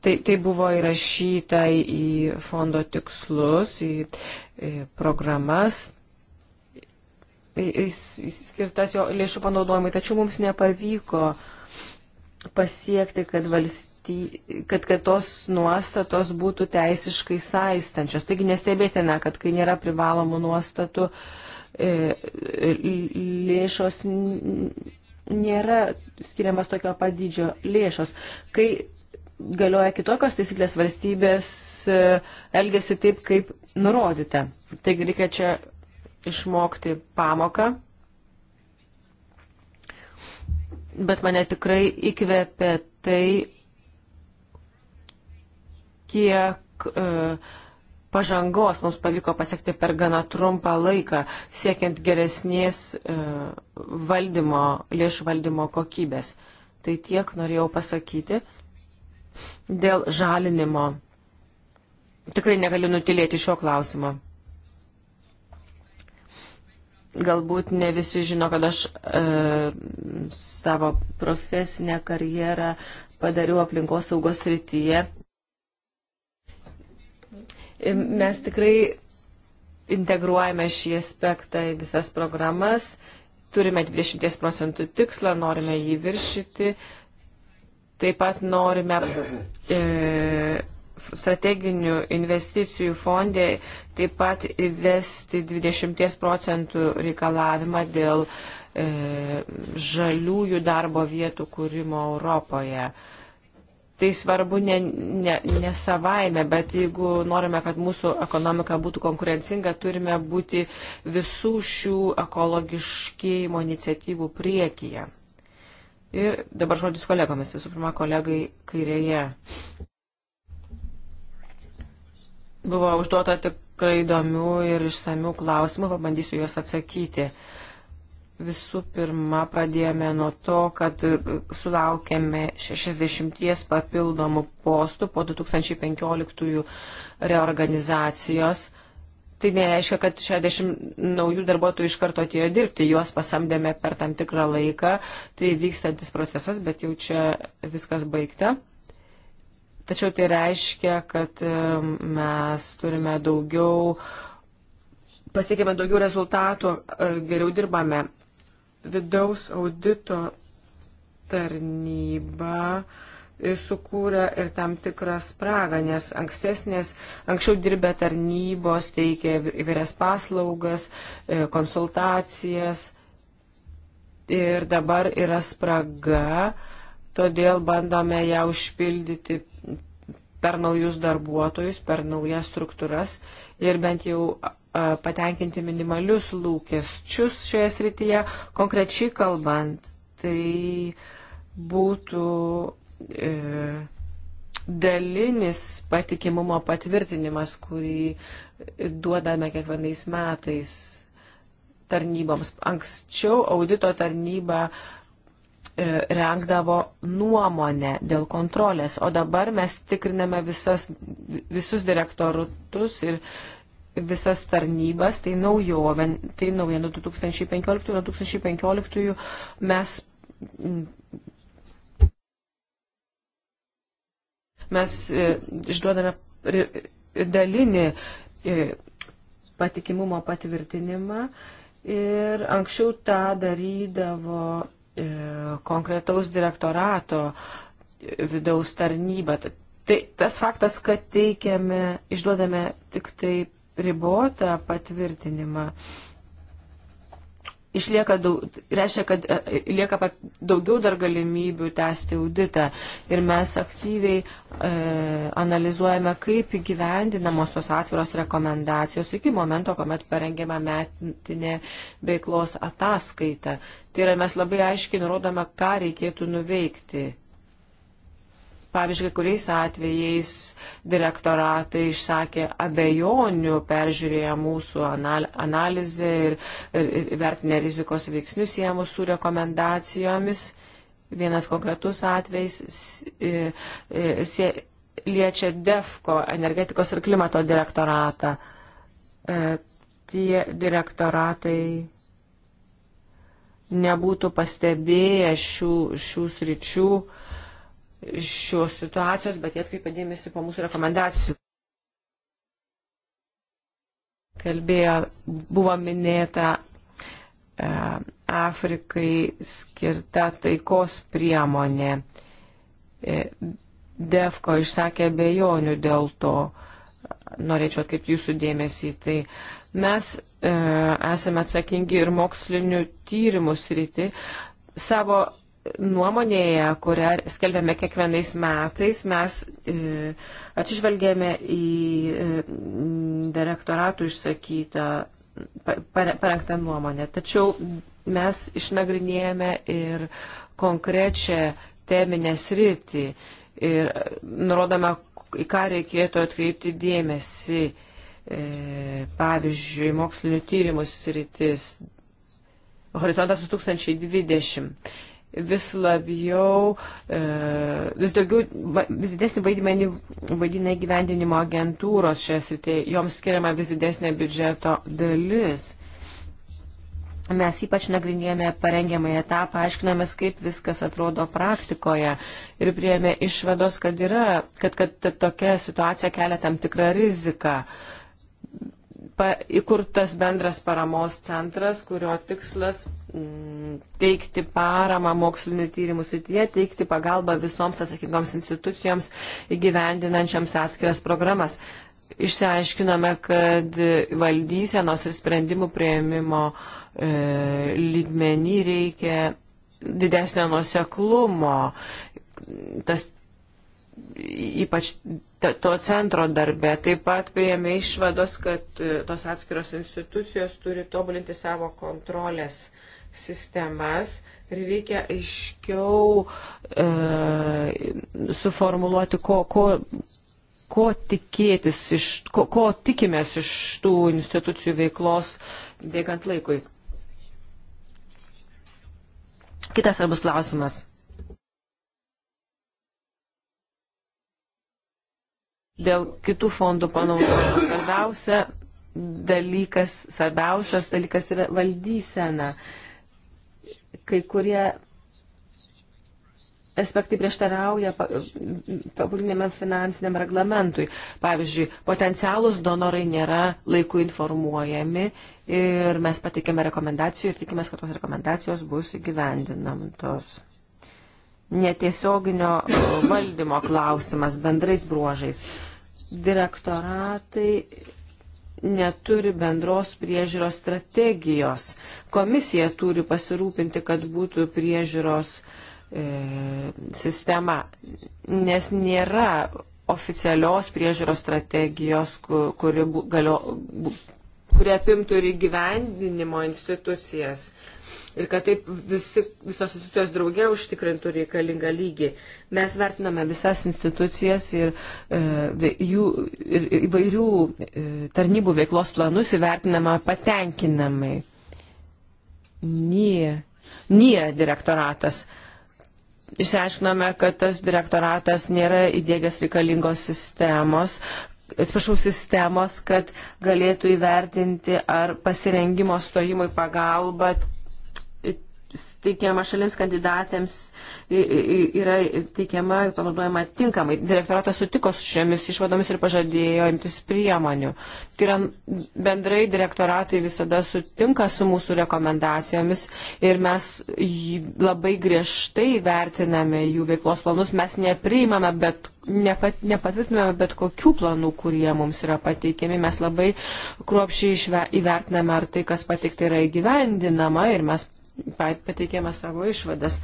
Tai, tai buvo įrašyta į fondo tikslus, į, į programas, į, į, į skirtas jo lėšų panaudojimui. Tačiau mums nepavyko pasiekti, kad valstybė kad, kad tos nuostatos būtų teisiškai saistančios. Taigi nestebėtina, kad kai nėra privalomų nuostatų, e, lėšos nėra skiriamas tokio padydžio lėšos. Kai galioja kitokios taisyklės, valstybės e, elgesi taip, kaip nurodyta. Taigi reikia čia išmokti pamoką. Bet mane tikrai įkvėpė tai, kiek uh, pažangos mums pavyko pasiekti per gana trumpą laiką, siekiant geresnės e, valdymo, lėšų valdymo kokybės. Tai tiek norėjau pasakyti dėl žalinimo. Tikrai negaliu nutilėti šio klausimo. Galbūt ne visi žino, kad aš e, savo profesinę karjerą padariau aplinkosaugos rytyje Mes tikrai integruojame šį aspektą į visas programas, turime 20 procentų tikslą, norime jį viršyti, taip pat norime e, strateginių investicijų fondė taip pat įvesti 20 procentų reikalavimą dėl e, žaliųjų darbo vietų kūrimo Europoje. E, tai svarbu ne, ne, ne savaime, bet jeigu norime, kad mūsų ekonomika būtų konkurencinga, turime būti visų šių ekologiškėjimo iniciatyvų priekyje. Ir dabar žodis kolegomis, visų pirma, kolegai kairėje. Buvo užduota tikrai įdomių ir išsamių klausimų, pabandysiu juos atsakyti. Visų pirma, pradėjome nuo to, kad e, sulaukėme 60 papildomų postų po 2015 reorganizacijos. Tai nereiškia, kad 60 naujų darbuotojų iš karto atėjo dirbti, juos pasamdėme per tam tikrą laiką, tai vykstantis procesas, bet jau čia viskas baigta. Tačiau tai reiškia, kad e, mes turime daugiau pasiekėme daugiau rezultatų, e, geriau dirbame. Vidaus audito tarnyba sukūrė ir tam tikrą spragą, nes ankstesnės, anksčiau dirbę tarnybos teikė įvairias paslaugas, e, konsultacijas ir dabar yra spraga, todėl bandome ją užpildyti per naujus darbuotojus, per naujas struktūras ir bent jau patenkinti minimalius lūkesčius šioje srityje. Konkrečiai kalbant, tai būtų e, dalinis patikimumo patvirtinimas, kurį duodame kiekvienais metais tarnyboms. Anksčiau audito tarnyba e, renkdavo nuomonę dėl kontrolės, o dabar mes tikriname visas, visus direktorutus ir visas tarnybas, tai naujovė, tai nauja nuo 2015, nuo 2015 mes mes e, išduodame dalinį e, patikimumo patvirtinimą ir anksčiau tą darydavo e, konkretaus direktorato vidaus tarnyba. Tai tas faktas, kad teikiame, išduodame tik tai ribotą patvirtinimą, išlieka daug, reiškia, kad e, lieka daugiau dar galimybių tęsti auditą ir mes aktyviai e, analizuojame, kaip įgyvendinamos tos atviros rekomendacijos iki momento, kuomet parengėme metinę veiklos ataskaitą. Tai yra, mes labai aiškiai nurodome, ką reikėtų nuveikti Pavyzdžiui, kuriais atvejais direktoratai išsakė abejonių, peržiūrėję mūsų analizę ir, ir, ir vertinę rizikos veiksnius jiemus su rekomendacijomis. Vienas konkretus atvejs sie, liečia DEFCO energetikos ir klimato direktoratą. E, tie direktoratai nebūtų pastebėję šių, šių sričių šios situacijos, bet jie atkreipė dėmesį po mūsų rekomendacijų. Kalbėjo, buvo minėta e, Afrikai skirta taikos priemonė. E, Defko išsakė bejonių dėl to. Norėčiau atkreipti jūsų dėmesį. Tai mes e, esame atsakingi ir mokslinių tyrimų srity. Savo nuomonėje, kurią skelbėme kiekvienais metais, mes e, atsižvelgėme į e, direktoratų išsakytą, parengtą nuomonę. Tačiau mes išnagrinėjame ir konkrečią teminę sritį ir nurodome, į ką reikėtų atkreipti dėmesį. E, pavyzdžiui, mokslinio tyrimų sritis, horizontas 2020 vis labiau, e, vis daugiau, vis didesnį vaidmenį vaidina gyvendinimo agentūros šioje srityje, joms skiriama vis didesnė biudžeto dalis. Mes ypač nagrinėjome parengiamąją etapą, aiškinamės, kaip viskas atrodo praktikoje ir prieėmė išvados, kad yra, kad, kad tokia situacija kelia tam tikrą riziką. Uh, pa, įkurtas bendras paramos centras, kurio tikslas m, mm, teikti paramą mokslinių tyrimų srityje, teikti pagalbą visoms atsakingoms institucijoms įgyvendinančiams atskiras programas. Išsiaiškinome, kad valdysenos ir sprendimų prieimimo e, lygmenį reikia didesnio nuseklumo. Tas ypač to centro darbe. Taip pat prieėmė išvados, kad e, tos atskiros institucijos turi tobulinti savo kontrolės sistemas ir reikia aiškiau e, suformuluoti, ko, ko, ko tikėtis, iš, ko, ko tikimės iš tų institucijų veiklos dėkant laikui. Kitas svarbus klausimas dėl kitų fondų panaudojimo. Svarbiausia dalykas, svarbiausias dalykas yra valdysena. Kai kurie aspektai prieštarauja pagrindiniam finansiniam reglamentui. Pavyzdžiui, potencialus donorai nėra laiku informuojami ir mes pateikėme rekomendacijų ir tikimės, kad tos rekomendacijos bus įgyvendinamos netiesioginio e, valdymo klausimas bendrais bruožais. Direktoratai neturi bendros priežiūros strategijos. Komisija turi pasirūpinti, kad būtų priežiūros e, sistema, nes nėra oficialios priežiūros strategijos, kuri, galio, kuri apimtų ir įgyvendinimo institucijas. E, ir kad taip visi, visos institucijos draugė užtikrintų reikalingą lygį. Mes vertiname visas institucijas ir, e, jų, ir įvairių e, tarnybų veiklos planus įvertinama patenkinamai. Nie, nie direktoratas. Išsiaiškiname, kad tas direktoratas nėra įdėgęs reikalingos sistemos, atsiprašau, sistemos, kad galėtų įvertinti, ar pasirengimo stojimui pagalba teikiama šalims kandidatėms yra teikiama ir panaudojama tinkamai. Direktoratas sutiko su šiomis išvadomis ir pažadėjo imtis priemonių. Tai yra bendrai direktoratai visada sutinka su mūsų rekomendacijomis ir mes labai griežtai vertiname jų veiklos planus. Mes nepriimame bet nepat, nepatvirtiname bet kokių planų, kurie mums yra pateikiami. Mes labai kruopšiai įvertiname, ar tai, kas pateikta, yra įgyvendinama ir mes pateikėme savo išvadas.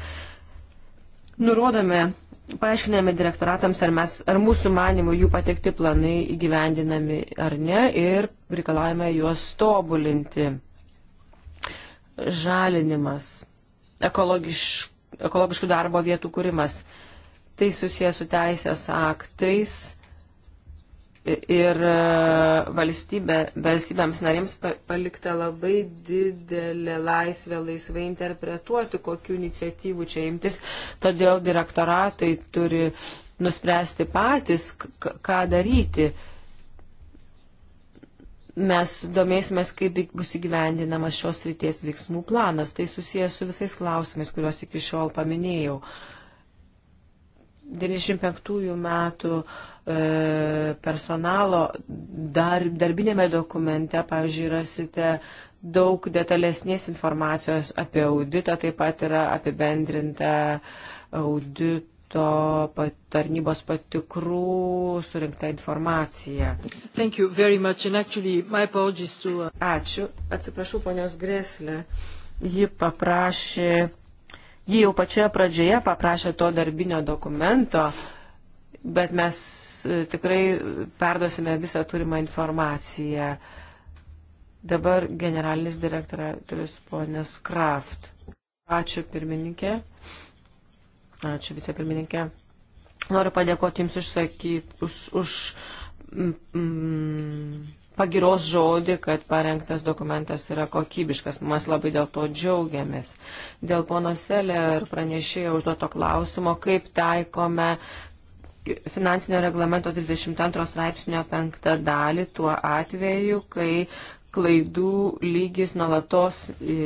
Nurodome, paaiškiname direktoratams, ar, mes, ar mūsų manimų jų patekti planai įgyvendinami ar ne ir reikalavome juos tobulinti. Žalinimas, ekologiš, ekologiškų darbo vietų kūrimas, tai susijęs su teisės aktais ir e, valstybė, valstybėms narėms palikta labai didelė laisvė laisvai interpretuoti, kokiu iniciatyvu čia imtis. Todėl direktoratai turi nuspręsti patys, ką daryti. Mes domėsimės, kaip bus įgyvendinamas šios ryties veiksmų planas. Tai susijęs su visais klausimais, kuriuos iki šiol paminėjau. 95 metų uh, E, personalo dar, darbinėme dokumente, pavyzdžiui, rasite daug detalesnės informacijos apie auditą, taip pat yra apibendrinta audito pat, tarnybos patikrų surinkta informacija. Actually, to... Uh, Ačiū. Atsiprašau, ponios Greslė. Ji paprašė, ji jau pačioje pradžioje paprašė to darbinio dokumento bet mes e, tikrai perduosime visą turimą informaciją. Dabar generalinis direktorius ponės Kraft. Ačiū pirmininkė. Ačiū vicepirmininkė. Noriu padėkoti Jums išsakyt, už, už mm, pagiros žodį, kad parengtas dokumentas yra kokybiškas. Mes labai dėl to džiaugiamės. Dėl pono Selė ir pranešėjo užduoto klausimo, kaip taikome finansinio reglamento 32 straipsnio 5 dalį tuo atveju, kai klaidų lygis nuolatos e,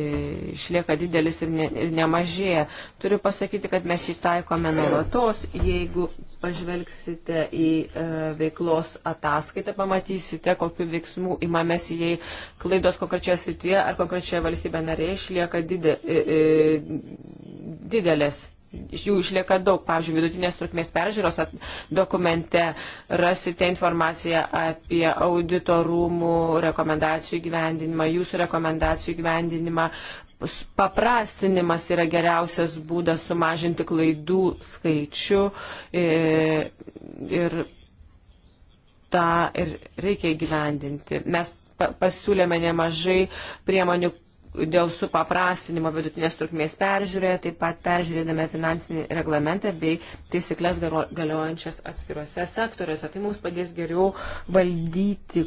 išlieka didelis ir, ne, ir nemažėja. Turiu pasakyti, kad mes jį taikome nuolatos. Jeigu pažvelgsite į e, veiklos ataskaitą, pamatysite, kokiu veiksmu imamės, jei klaidos konkrečioje srityje ar konkrečioje valstybė narėje išlieka didė, e, e, didelės iš jų išlieka daug. Pavyzdžiui, vidutinės trukmės peržiūros dokumente rasite informaciją apie audito rūmų rekomendacijų gyvendinimą, jūsų rekomendacijų gyvendinimą. Paprastinimas yra geriausias būdas sumažinti klaidų skaičių ir, e, ir tą ir reikia įgyvendinti. Mes pasiūlėme nemažai priemonių, dėl supaprastinimo vidutinės trukmės peržiūrėje, taip pat peržiūrėdame finansinį reglamentą bei taisyklės galiojančias atskiruose sektoriuose. Tai mums padės geriau valdyti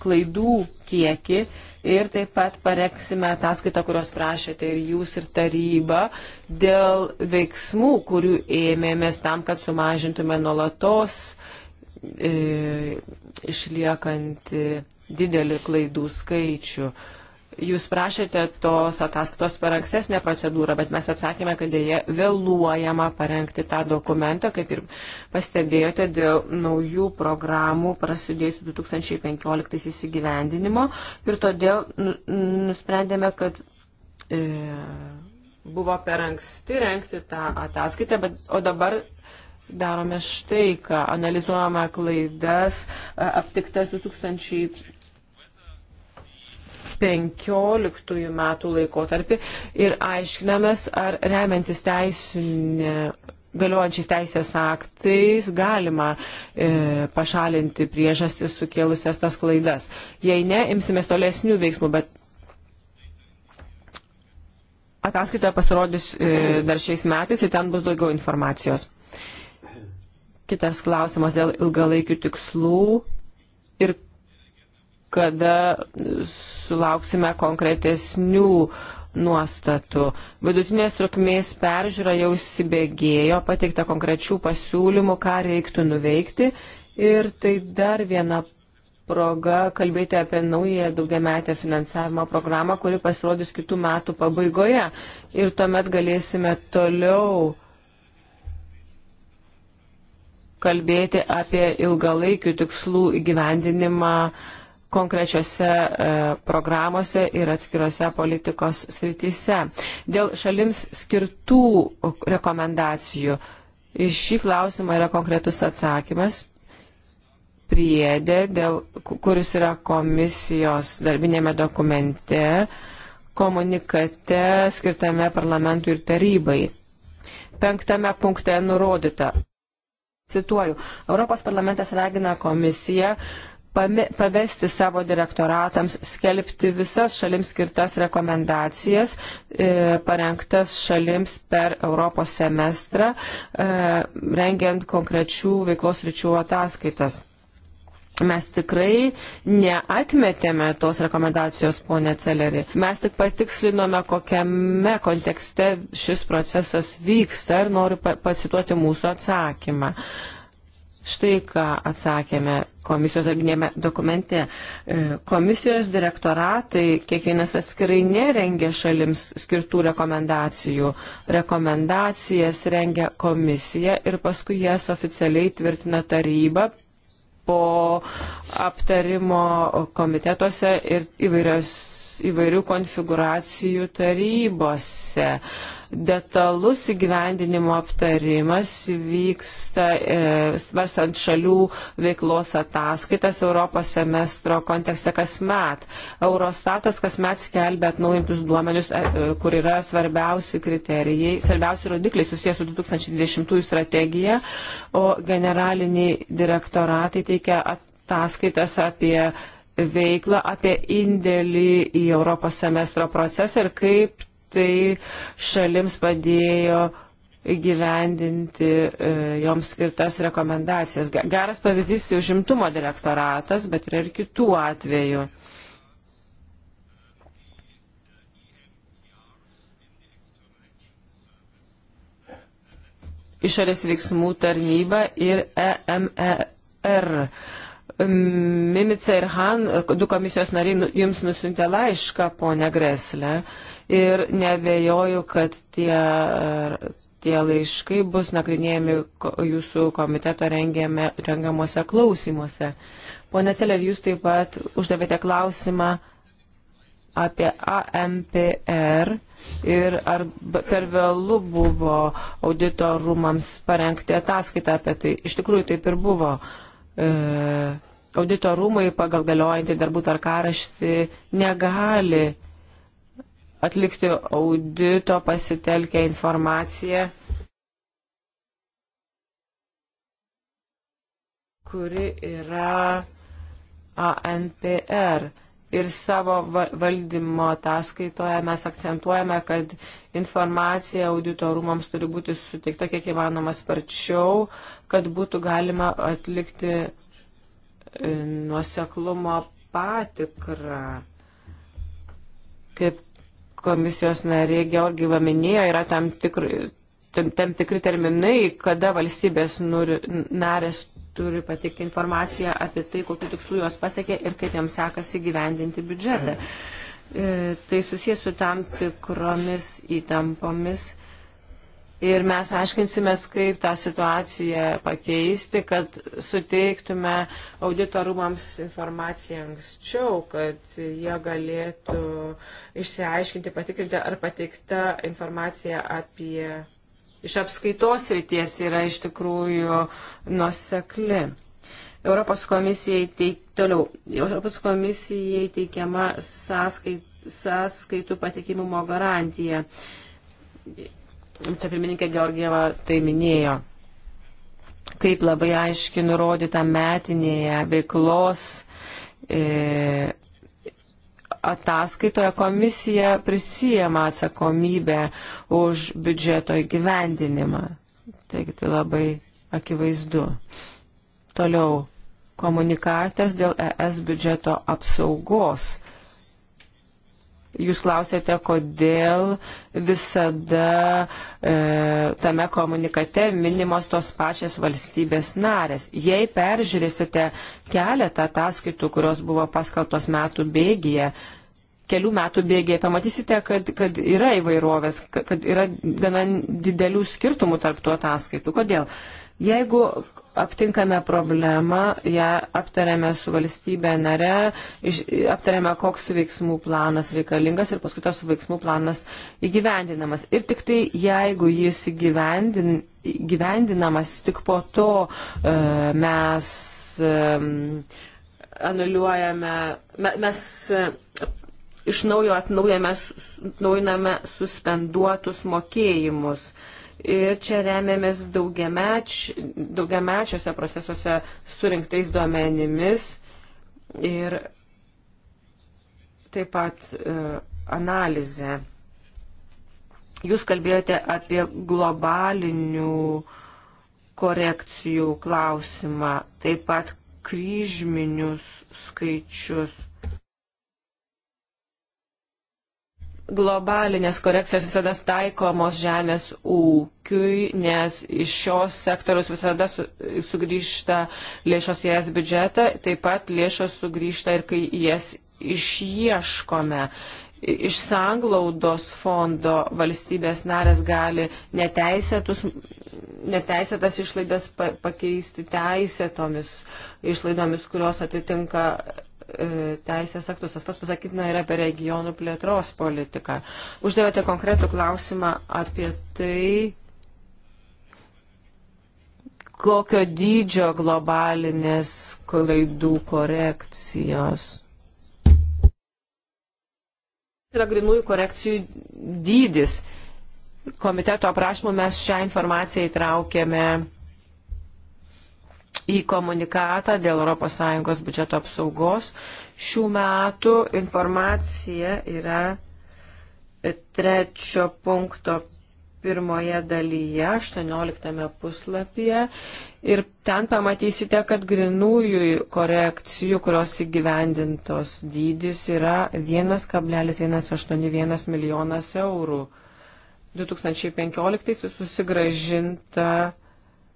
klaidų kiekį ir taip pat pareksime ataskaitą, kurios prašėte ir jūs ir taryba dėl veiksmų, kurių ėmėmės tam, kad sumažintume nuolatos e, išliekant didelį klaidų skaičių. E, Jūs prašėte tos ataskaitos per ankstesnę procedūrą, bet mes atsakėme, kad dėje vėluojama parengti tą dokumentą, kaip ir pastebėjote, dėl naujų programų prasidėjusių 2015 įsigyvendinimo ir todėl nusprendėme, kad. E, Buvo per anksti renkti tą ataskaitę, bet, o dabar darome štai ką, analizuojame klaidas aptiktas 2000. 15 metų laikotarpį ir aiškinamės, ar remiantis teisinė galiojančiais teisės aktais galima e, pašalinti priežastis sukėlusias tas klaidas. Jei ne, imsimės tolesnių veiksmų, bet ataskaita pasirodys e, dar šiais metais ir ten bus daugiau informacijos. Kitas klausimas dėl ilgalaikių tikslų ir kada sulauksime konkretesnių nuostatų. Vidutinės trukmės peržiūra jau įsibėgėjo, pateikta konkrečių pasiūlymų, ką reiktų nuveikti. Ir tai dar viena proga kalbėti apie naują daugiametę finansavimo programą, kuri pasirodys kitų metų pabaigoje. Ir tuomet galėsime toliau kalbėti apie ilgalaikių tikslų įgyvendinimą uh, konkrečiose e, programuose ir atskirose politikos srityse. Dėl šalims skirtų rekomendacijų. Iš šį klausimą yra konkretus atsakymas priedė, dėl, kuris yra komisijos darbinėme dokumente, komunikate skirtame parlamentui ir tarybai. Penktame punkte nurodyta. Cituoju, Europos parlamentas ragina komisiją pavesti savo direktoratams skelbti visas šalims skirtas rekomendacijas, e, parengtas šalims per Europos semestrą, e, rengiant konkrečių veiklos ryčių ataskaitas. Mes tikrai neatmetėme tos rekomendacijos, ponė Celeri. Mes tik patikslinome, kokiame kontekste šis procesas vyksta ir noriu pacituoti mūsų atsakymą. Uh, Štai ką atsakėme komisijos darbinėme dokumente. E, komisijos direktoratai kiekvienas atskirai nerengia šalims skirtų rekomendacijų. Rekomendacijas rengia komisija ir paskui jas oficialiai tvirtina taryba po aptarimo komitetuose ir įvairios įvairių konfiguracijų tarybose. Detalus įgyvendinimo aptarimas vyksta e, svarstant šalių veiklos ataskaitas Europos semestro kontekste kasmet. Eurostatas kasmet skelbia atnaujintus duomenius, e, e kur yra svarbiausi kriterijai, svarbiausi rodikliai susijęs su 2020 strategija, o generaliniai direktoratai teikia ataskaitas apie veiklą, apie indėlį į Europos semestro procesą ir kaip tai šalims padėjo įgyvendinti e, joms skirtas rekomendacijas. Geras pavyzdys - užimtumo direktoratas, bet yra ir kitų atvejų. Išorės veiksmų tarnyba ir EMER Mimica ir Han, du komisijos nariai, nu, jums nusintė laišką, ponia Greslė, ir nebejoju, kad tie, tie laiškai bus nagrinėjami jūsų komiteto rengiame, rengiamuose klausimuose. Pone Celer, jūs taip pat uždavėte klausimą apie AMPR ir ar per vėlų buvo auditorumams parengti ataskaitą apie tai. Iš tikrųjų taip ir buvo. E, Auditorumai pagal galiojantį darbų tvarkaraštį negali atlikti audito pasitelkę informaciją, kuri yra ANPR. Ir savo valdymo ataskaitoje mes akcentuojame, kad informacija auditorumams turi būti suteikta kiek įmanoma sparčiau, kad būtų galima atlikti nuoseklumo patikrą. Kaip komisijos narė Georgieva minėjo, yra tam tikri, tam, tam tikri terminai, kada valstybės nuri, narės turi patikti informaciją apie tai, kokiu tikslu jos pasiekė ir kaip jiems sekasi gyvendinti biudžetą. E, tai susijęs su tam tikromis įtampomis Ir mes aiškinsimės, kaip tą situaciją pakeisti, kad suteiktume auditorumams informaciją anksčiau, kad jie galėtų išsiaiškinti, patikrinti, ar pateikta informacija apie iš apskaitos ryties yra iš tikrųjų nusekli. Europos komisijai, teik, toliau, Europos komisijai teikiama sąskait, sąskaitų patikimumo garantija vicepirmininkė Georgieva tai minėjo, kaip labai aiškiai nurodyta metinėje veiklos e, ataskaitoje komisija prisijama atsakomybę už biudžeto įgyvendinimą. Taigi tai labai akivaizdu. Toliau komunikatas dėl ES biudžeto apsaugos. Jūs klausėte, kodėl visada e, tame komunikate minimos tos pačias valstybės narės. Jei peržiūrėsite keletą ataskaitų, kurios buvo paskaltos metų bėgyje, kelių metų bėgyje, pamatysite, kad, kad yra įvairovės, kad, kad yra gana didelių skirtumų tarp tų ataskaitų. Kodėl? E, Jeigu aptinkame problemą, ją aptariame su valstybė nare, iš, aptariame, koks veiksmų planas reikalingas ir paskui tas veiksmų planas įgyvendinamas. Ir tik tai jeigu jis įgyvendin, įgyvendinamas, tik po to e, mes e, anuliuojame, me, mes. E, Iš naujo atnaujame, suspenduotus mokėjimus. Uh, Ir čia remiamės daugiameč, daugiamečiuose procesuose surinktais duomenimis ir taip pat uh, e, analizę. Jūs kalbėjote apie globalinių korekcijų klausimą, taip pat kryžminius skaičius globalinės korekcijos visada taikomos žemės ūkiui, nes iš šios sektoriaus visada su, sugrįžta lėšos į es biudžetą, taip pat lėšos sugrįžta ir kai jas išieškome. Iš sanglaudos fondo valstybės narės gali neteisėtas išlaidas pakeisti teisėtomis išlaidomis, kurios atitinka E, teisės aktus. Tas pas pasakytina yra apie regionų plėtros politiką. Uždavėte konkretų klausimą apie tai, kokio dydžio globalinės klaidų korekcijos. Tai yra grinųjų korekcijų dydis. Komiteto aprašymų mes šią informaciją įtraukėme į komunikatą dėl ES biudžeto apsaugos. Šių metų informacija yra trečio punkto pirmoje dalyje, 18 puslapyje. Ir ten pamatysite, kad grinųjų korekcijų, kurios įgyvendintos dydis yra 1,181 milijonas eurų. 2015 susigražinta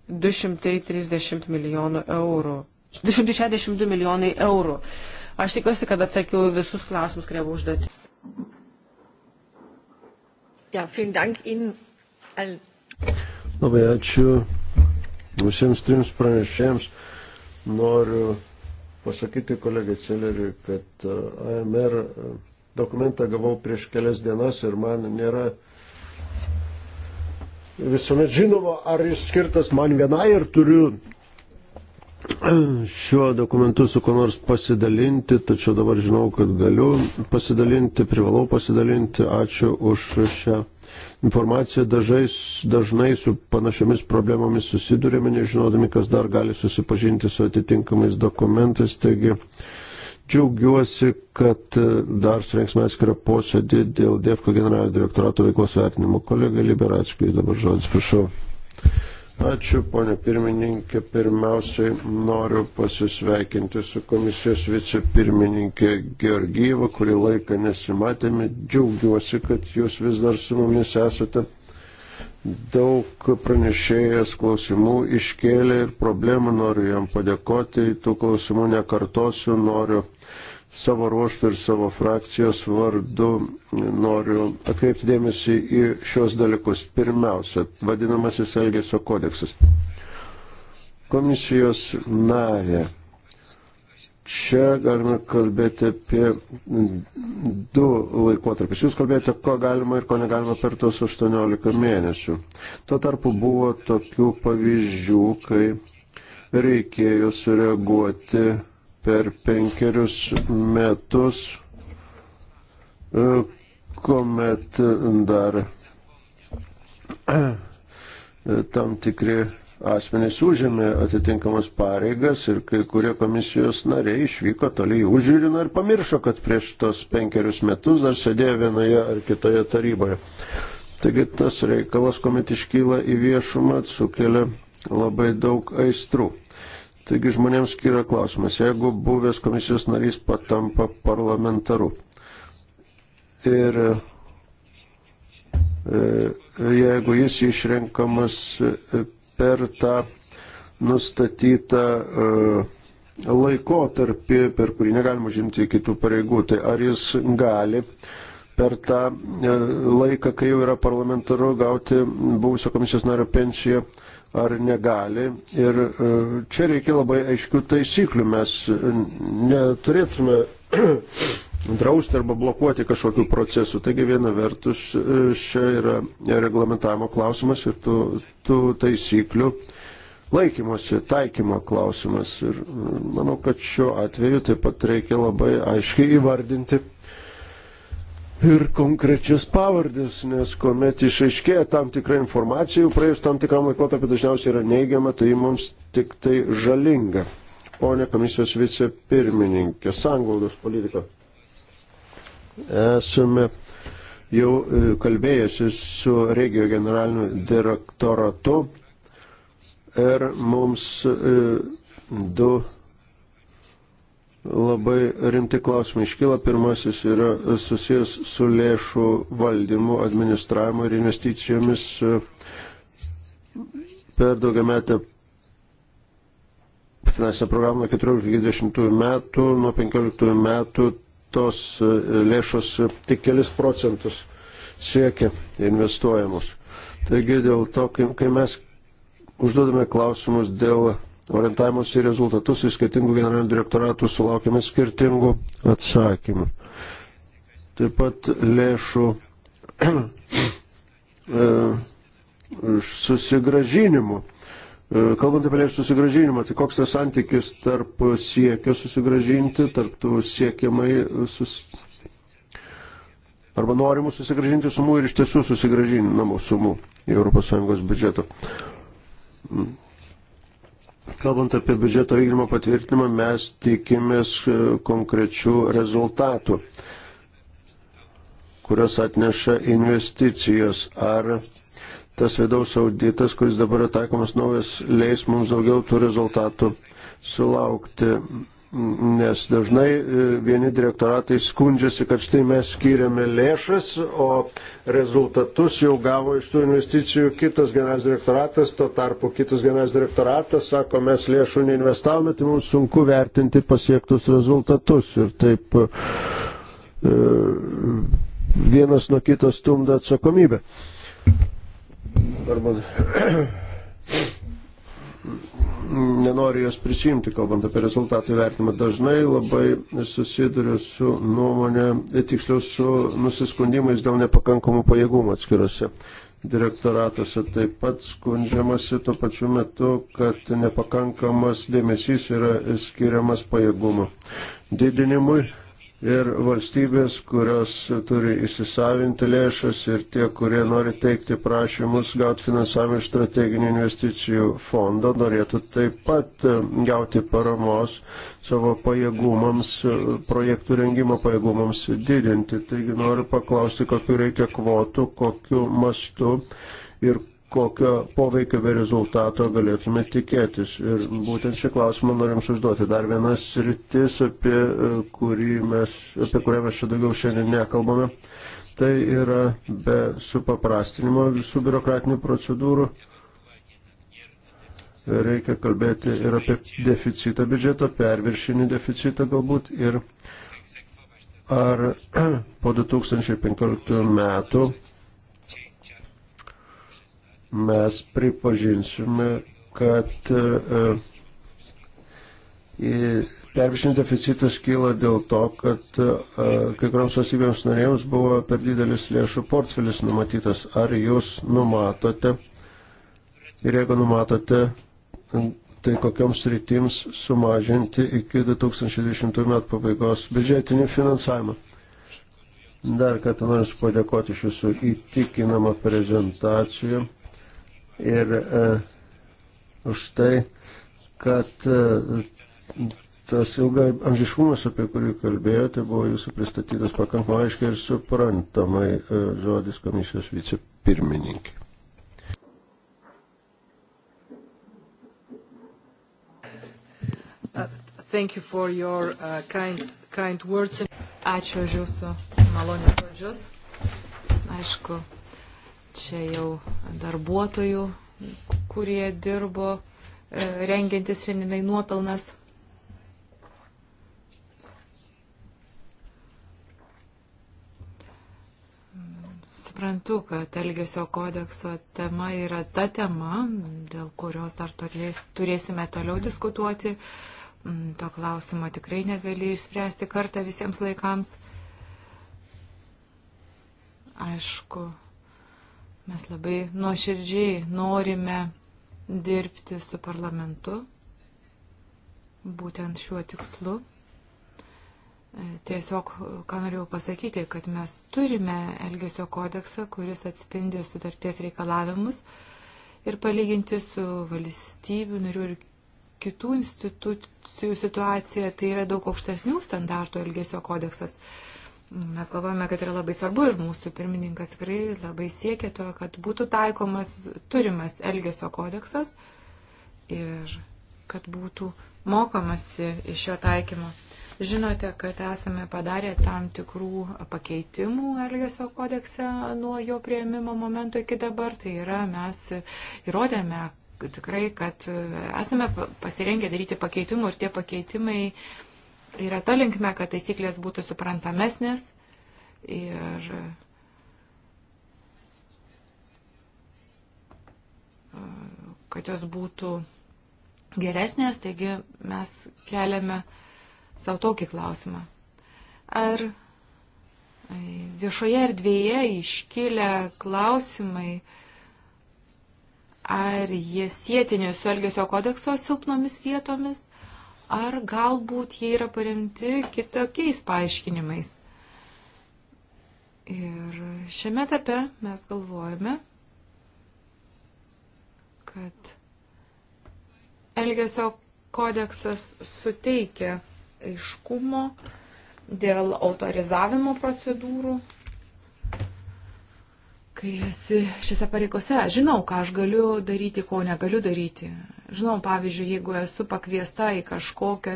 230 milijonų eurų. 262 milijonai eurų. Aš tikiuosi, kad atsakiau visus klausimus, kurie buvo užduoti. Ja, dank Ihnen. Labai ačiū visiems trims pranešėjams. Noriu pasakyti kolegai Celeriui, kad e, AMR e, dokumentą gavau prieš kelias dienas ir man nėra visuomet žinoma, ar jis skirtas man vienai ir turiu šiuo dokumentu su kuo nors pasidalinti, tačiau dabar žinau, kad galiu pasidalinti, privalau pasidalinti. Ačiū už šią informaciją. Dažais, dažnai su panašiomis problemomis susidurėme, nežinodami, kas dar gali susipažinti su atitinkamais dokumentais. Taigi, Džiaugiuosi, kad e, dar surinksime atskirą posėdį dėl DEFCO generalinio direktorato veiklos vertinimo. Kolega Liberatskui dabar žodis, prašau. Ačiū, ponė pirmininkė. Pirmiausiai noriu pasisveikinti su komisijos vicepirmininkė Georgyva, kurį laiką nesimatėme. Džiaugiuosi, kad jūs vis dar su mumis esate. Daug pranešėjas klausimų iškėlė ir problemų noriu jam padėkoti. Tų klausimų nekartosiu, noriu savo ruoštų ir savo frakcijos vardu noriu atkreipti dėmesį į šios dalykus. Pirmiausia, vadinamasis Elgesio kodeksas. Komisijos narė. Čia galime kalbėti apie du laikotarpius. Jūs kalbėjote, ko galima ir ko negalima per tos 18 mėnesių. Tuo tarpu buvo tokių pavyzdžių, kai reikėjo sureaguoti per penkerius metus, e, kuomet dar e, tam tikri asmenys užėmė atitinkamas pareigas ir kai kurie komisijos nariai išvyko toliai užžiūrino ir pamiršo, kad prieš tos penkerius metus dar sėdėjo vienoje ar kitoje taryboje. Taigi tas reikalas, kuomet iškyla į viešumą, sukelia labai daug aistrų. Taigi žmonėms kyra klausimas, jeigu buvęs komisijos narys patampa parlamentaru ir e, jeigu jis išrenkamas e, per tą nustatytą e, laikotarpį, per kurį negalima žimti kitų pareigų, tai ar jis gali per tą laiką, kai jau yra parlamentaru, gauti buvusio komisijos nario pensiją ar negali. Ir e, čia reikia labai aiškių taisyklių. Mes e, neturėtume drausti arba blokuoti kažkokių procesų. Taigi viena vertus e, čia yra reglamentavimo klausimas ir tų, tų taisyklių laikymosi, taikymo klausimas. Ir manau, kad šiuo atveju taip pat reikia labai aiškiai įvardinti ir konkrečias pavardės, nes kuomet išaiškėja tam tikra informacija, jau praėjus tam tikram laikotarpiu dažniausiai yra neigiama, tai mums tik tai žalinga. Pone komisijos vicepirmininkė, sanglaudos politika. Esame jau e, kalbėjęsi su regio generaliniu direktoratu ir mums e, du labai rimti klausimai iškyla. Pirmasis yra susijęs su lėšų valdymu, administravimu ir investicijomis e, per daugiametę finansinę programą 14-20 metų, nuo 15 metų tos e, lėšos tik kelis procentus siekia investuojamos. Taigi dėl to, kai mes užduodame klausimus dėl orientavimus į rezultatus iš skirtingų generalinių direktoratų sulaukėme skirtingų atsakymų. Taip pat lėšų e, susigražinimu. E, kalbant apie lėšų susigražinimą, tai koks yra santykis tarp siekio susigražinti, tarp tų siekiamai sus... arba norimų susigražinti sumų ir iš tiesų susigražinamų sumų į ES biudžetą. Kalbant apie biudžeto vykdymo patvirtinimą, mes tikimės e, konkrečių rezultatų, kurios atneša investicijos. Ar tas vidaus auditas, kuris dabar yra taikomas naujas, leis mums daugiau tų rezultatų sulaukti nes dažnai e, vieni direktoratai skundžiasi, kad štai mes skiriame lėšas, o rezultatus jau gavo iš tų investicijų kitas generalinis direktoratas, tuo tarpu kitas generalinis direktoratas sako, mes lėšų neinvestavome, tai mums sunku vertinti pasiektus rezultatus. Ir taip e, vienas nuo kito stumda atsakomybę. Arba... nenori jos prisimti, kalbant apie rezultatų įvertinimą. Dažnai labai susiduriu su nuomonė, tiksliau su nusiskundimais dėl nepakankamų pajėgumų atskirose direktoratuose. Taip pat skundžiamasi tuo pačiu metu, kad nepakankamas dėmesys yra skiriamas pajėgumų didinimui ir valstybės, kurios turi įsisavinti lėšas ir tie, kurie nori teikti prašymus gauti finansavimą iš strateginių investicijų fondo, norėtų taip pat e, gauti paramos savo pajėgumams, e, projektų rengimo pajėgumams didinti. Taigi noriu paklausti, kokiu reikia kvotų, kokiu mastu ir kokio poveikio bei rezultato galėtume tikėtis. Ir būtent šį klausimą norim užduoti. Dar vienas rytis, apie, e, mes, apie kurią mes čia daugiau šiandien nekalbame, tai yra be supaprastinimo visų biurokratinių procedūrų. Reikia kalbėti ir apie deficitą biudžeto, perviršinį deficitą galbūt ir ar po 2015 metų mes pripažinsime, kad e, e, perviršinis deficitas kyla dėl to, kad e, kai kurioms valstybėms narėms buvo per didelis lėšų portfelis numatytas. Ar jūs numatote ir jeigu numatote, tai kokioms rytims sumažinti iki 2020 metų pabaigos biudžetinį finansavimą? Dar kartą noriu padėkoti iš jūsų įtikinamą prezentaciją ir e, už tai, kad e, tas ilgai amžiškumas, apie kurį kalbėjote, buvo jūsų pristatytas pakankamai aiškiai ir suprantamai e, žodis komisijos vicepirmininkė. Uh, thank you for your uh, kind, kind words. Ačiū už jūsų malonius žodžius. Aišku, Čia jau darbuotojų, kurie dirbo e, rengiantis šiandienai nuopelnas. suprantu, kad Elgesio kodekso tema yra ta tema, dėl kurios dar turėsime toliau diskutuoti. Mm, to klausimo tikrai negali išspręsti kartą visiems laikams. Aišku, Mes labai nuoširdžiai norime dirbti su parlamentu būtent šiuo tikslu. E, tiesiog, ką norėjau pasakyti, kad mes turime Elgesio kodeksą, kuris atspindi sutarties reikalavimus ir palyginti su valstybių narių ir kitų institucijų situacija, tai yra daug aukštesnių standartų Elgesio kodeksas. Mes galvojame, kad yra labai svarbu ir mūsų pirmininkas tikrai labai siekia to, kad būtų taikomas turimas Elgesio kodeksas ir kad būtų mokomasi iš jo taikymo. Žinote, kad esame padarę tam tikrų pakeitimų Elgesio kodekse nuo jo prieimimo momento iki dabar. Tai yra, mes įrodėme tikrai, kad esame pasirengę daryti pakeitimų ir tie pakeitimai uh, yra ta linkme, kad taisyklės būtų suprantamesnės ir e, kad jos būtų geresnės, taigi mes keliame savo tokį klausimą. Ar e, viešoje erdvėje iškilę klausimai, ar jie sėtini su Elgesio kodekso silpnomis vietomis, ar galbūt jie yra paremti kitokiais paaiškinimais. Ir šiame etape mes galvojame, kad Elgesio kodeksas suteikia aiškumo dėl autorizavimo procedūrų. Kai esi šiose pareigose, žinau, ką aš galiu daryti, ko negaliu daryti. Žinau, pavyzdžiui, jeigu esu pakviesta į kažkokią,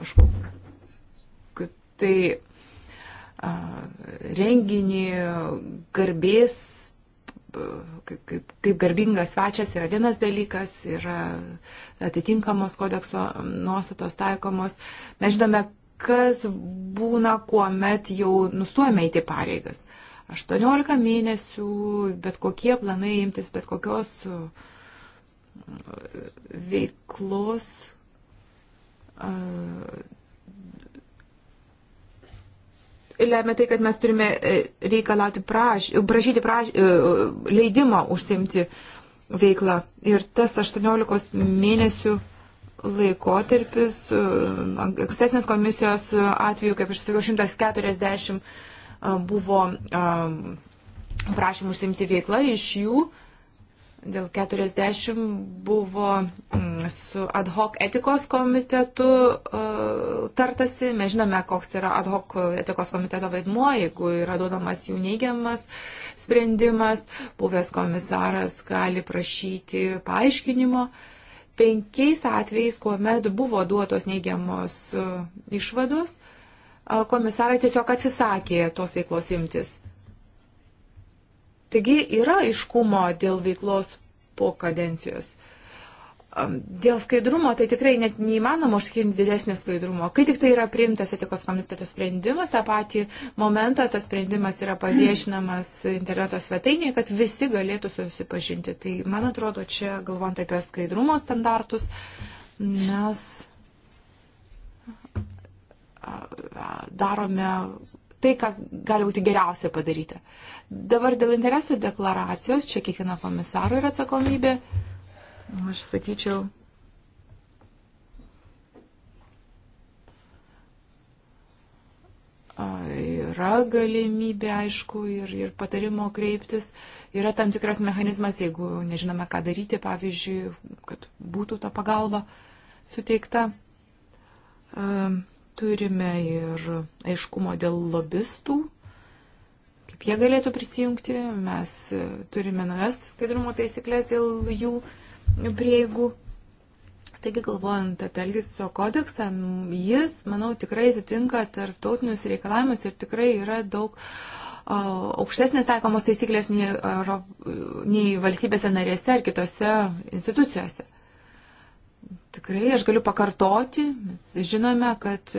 kažkokią tai a, renginį garbės, kaip, kaip, kaip garbingas svečias yra vienas dalykas, yra atitinkamos kodekso nuostatos taikomos. Mes žinome, kas būna, kuomet jau nustojame įti pareigas. 18 mėnesių, bet kokie planai imtis, bet kokios uh, veiklos lemia tai, kad mes turime e, reikalauti praš, prašyti praš, e, leidimą užsimti veiklą. Ir tas 18 mėnesių laikotarpis, e, ankstesnės komisijos atveju, kaip aš sakiau, 140 buvo prašymų užsimti veiklą, iš jų dėl 40 buvo mm, su ad hoc etikos komitetu e, tartasi. Mes žinome, koks yra ad hoc etikos komiteto vaidmuo, jeigu yra duodamas jų neigiamas sprendimas, buvęs komisaras gali prašyti paaiškinimo. Penkiais atvejais, kuomet buvo duotos neigiamos e, išvados, e, komisarai tiesiog atsisakė tos veiklos imtis. Taigi yra iškumo dėl veiklos po kadencijos. Dėl skaidrumo tai tikrai net neįmanoma užtikrinti didesnio skaidrumo. Kai tik tai yra priimtas etikos komiteto sprendimas, tą patį momentą tas sprendimas yra paviešinamas interneto svetainėje, kad visi galėtų susipažinti. Tai man atrodo, čia galvant apie skaidrumo standartus, mes darome tai, kas gali būti geriausia padaryti. Dabar dėl interesų deklaracijos, čia kiekvieno komisaro yra atsakomybė. Aš sakyčiau. Yra galimybė, aišku, ir, ir patarimo kreiptis. Yra tam tikras mechanizmas, jeigu nežinome, ką daryti, pavyzdžiui, kad būtų ta pagalba suteikta. Um, Turime ir aiškumo dėl lobistų, kaip jie galėtų prisijungti. Mes turime naujas skaidrumo taisyklės dėl jų prieigų. Taigi, galvojant apie Elgesio kodeksą, jis, manau, tikrai atitinka tarptautinius reikalavimus ir tikrai yra daug aukštesnės taikomos taisyklės nei, nei valstybėse narėse ar kitose institucijose. Tikrai aš galiu pakartoti, mes žinome, kad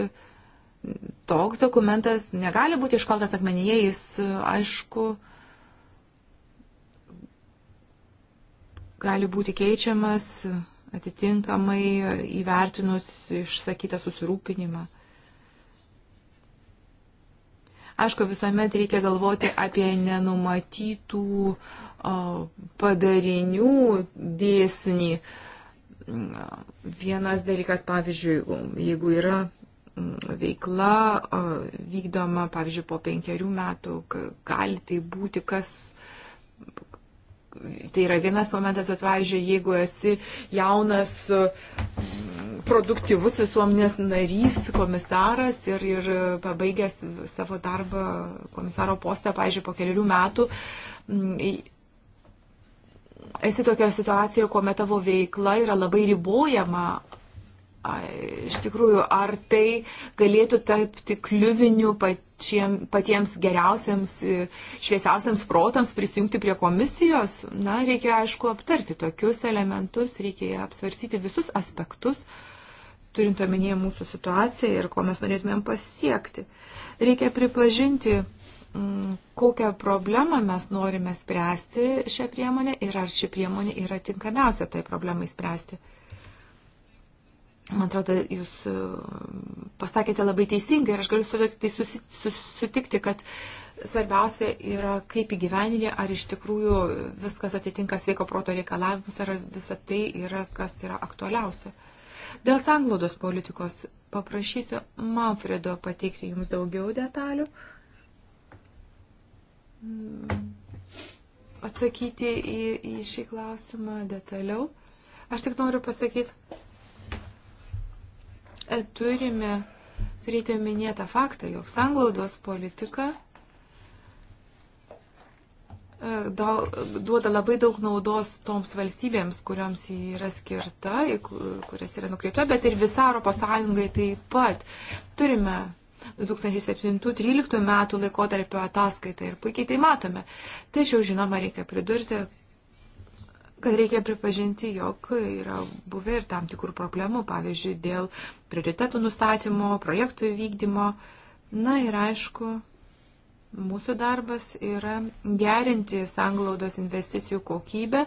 toks dokumentas negali būti iškaltas akmenyje, jis aišku gali būti keičiamas atitinkamai įvertinus išsakytą susirūpinimą. Aišku, visuomet reikia galvoti apie nenumatytų padarinių dėsnį. Uh, Vienas dalykas, pavyzdžiui, jeigu yra mm, veikla vykdoma, pavyzdžiui, po penkerių metų, gali tai būti, kas. Tai yra vienas momentas, bet, pavyzdžiui, jeigu esi jaunas, mm, produktyvus visuomenės narys, komisaras ir, ir pabaigęs savo darbą komisaro postą, pavyzdžiui, po keliarių metų, mm, esi tokioje situacijoje, kuomet tavo veikla yra labai ribojama. Iš tikrųjų, ar tai galėtų tapti kliuviniu pačiem, patiems geriausiams, e, šviesiausiams protams prisijungti prie komisijos? Na, reikia, aišku, aptarti tokius elementus, reikia apsvarsyti visus aspektus, turint omenyje mūsų situaciją ir ko mes norėtumėm pasiekti. Reikia pripažinti Mm, kokią problemą mes norime spręsti šią priemonę ir ar ši priemonė yra tinkamiausia tai problemai spręsti. Man atrodo, jūs e, pasakėte labai teisingai ir aš galiu su tai susi, sus, sutikti, kad svarbiausia yra kaip įgyveninė, ar iš tikrųjų viskas atitinka sveiko proto reikalavimus, ar visa tai yra, kas yra aktualiausia. Dėl sanglaudos politikos paprašysiu Manfredo pateikti jums daugiau detalių. Uh, Mm. atsakyti į, į šį klausimą detaliau. Aš tik noriu pasakyti, e, turime turėti omenyje tą faktą, jog sanglaudos politika e, duoda labai daug naudos toms valstybėms, kuriams jį yra skirta, kurias yra nukreipta, bet ir visą Europos Sąjungai taip pat. Turime 2007-2013 metų laikotarpio ataskaitą ir puikiai tai matome. Tačiau, žinoma, reikia pridurti, kad reikia pripažinti, jog yra buvę ir tam tikrų problemų, pavyzdžiui, dėl prioritetų nustatymo, projektų įvykdymo. Na ir aišku, mūsų darbas yra gerinti sanglaudos investicijų kokybę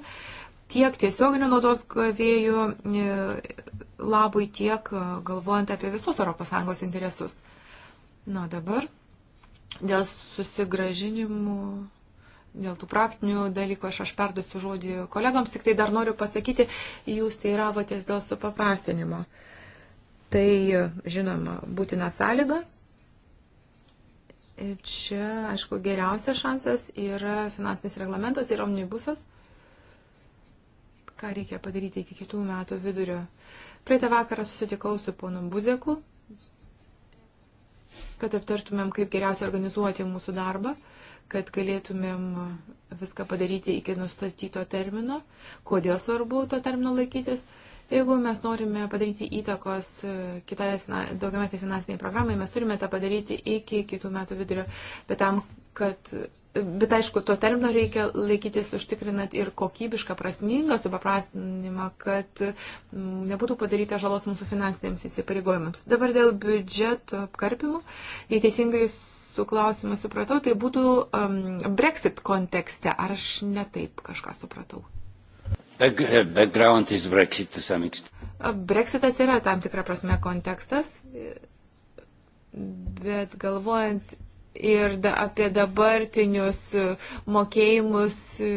tiek tiesioginių naudos gavėjų e, labui, tiek e, galvojant apie visus ES interesus. Na dabar dėl susigražinimų, dėl tų praktinių dalykų aš, aš perduosiu žodį kolegoms, tik tai dar noriu pasakyti, jūs teiravotės dėl supaprastinimo. Tai, žinoma, būtina sąlyga. Ir čia, aišku, geriausias šansas yra finansinis reglamentas ir omnibusas, ką reikia padaryti iki kitų metų vidurio. Praeitą vakarą susitikau su ponu Buzeku, kad aptartumėm, kaip geriausia organizuoti mūsų darbą, kad galėtumėm viską padaryti iki nustatyto termino, kodėl svarbu to termino laikytis. Jeigu mes norime padaryti įtakos e, kitai daugiametį finansiniai programai, mes turime tą padaryti iki kitų metų vidurio, bet tam, kad Bet aišku, to termino reikia laikytis užtikrinant ir kokybišką, prasmingą supaprastinimą, kad mm, nebūtų padaryta žalos mūsų finansiniams įsipareigojimams. Dabar dėl biudžeto apkarpimų, jei teisingai su klausimu supratau, tai būtų um, Brexit kontekste. Ar aš netaip kažką supratau? Eh, background is Brexit to some extent. Brexitas yra tam tikra prasme kontekstas, bet galvojant ir da, apie dabartinius e, mokėjimus e,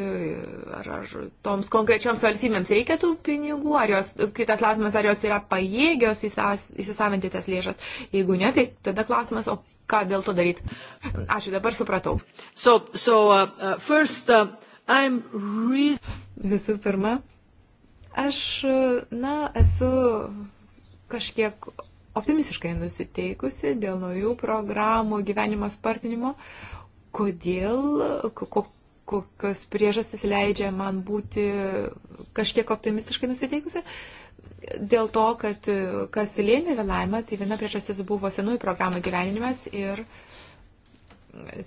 ar, ar toms konkrečioms valstybėms reikia tų pinigų, ar jos, kitas klausimas, ar jos yra pajėgios įsisavinti tas lėšas. Jeigu ne, tai tada klausimas, o ką dėl to daryti. Ačiū, dabar supratau. So, so, uh, uh first, uh, really... Visų pirma, aš, na, esu kažkiek optimistiškai nusiteikusi dėl naujų programų gyvenimo spartinimo. Kodėl, kokios priežastys leidžia man būti kažkiek optimistiškai nusiteikusi? Dėl to, kad kas lėmė vėlavimą, tai viena priežastis buvo senųjų programų gyvenimas ir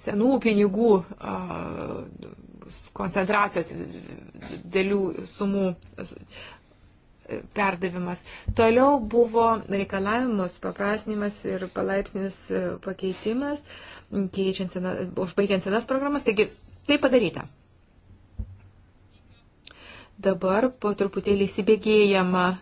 senų pinigų koncentracijos dėlių sumų perdavimas. Toliau buvo reikalavimus, paprasnimas ir palaipsnis e, pakeitimas, sena, užbaigiant senas programas. Taigi, tai padaryta. Dabar po truputėlį įsibėgėjama e,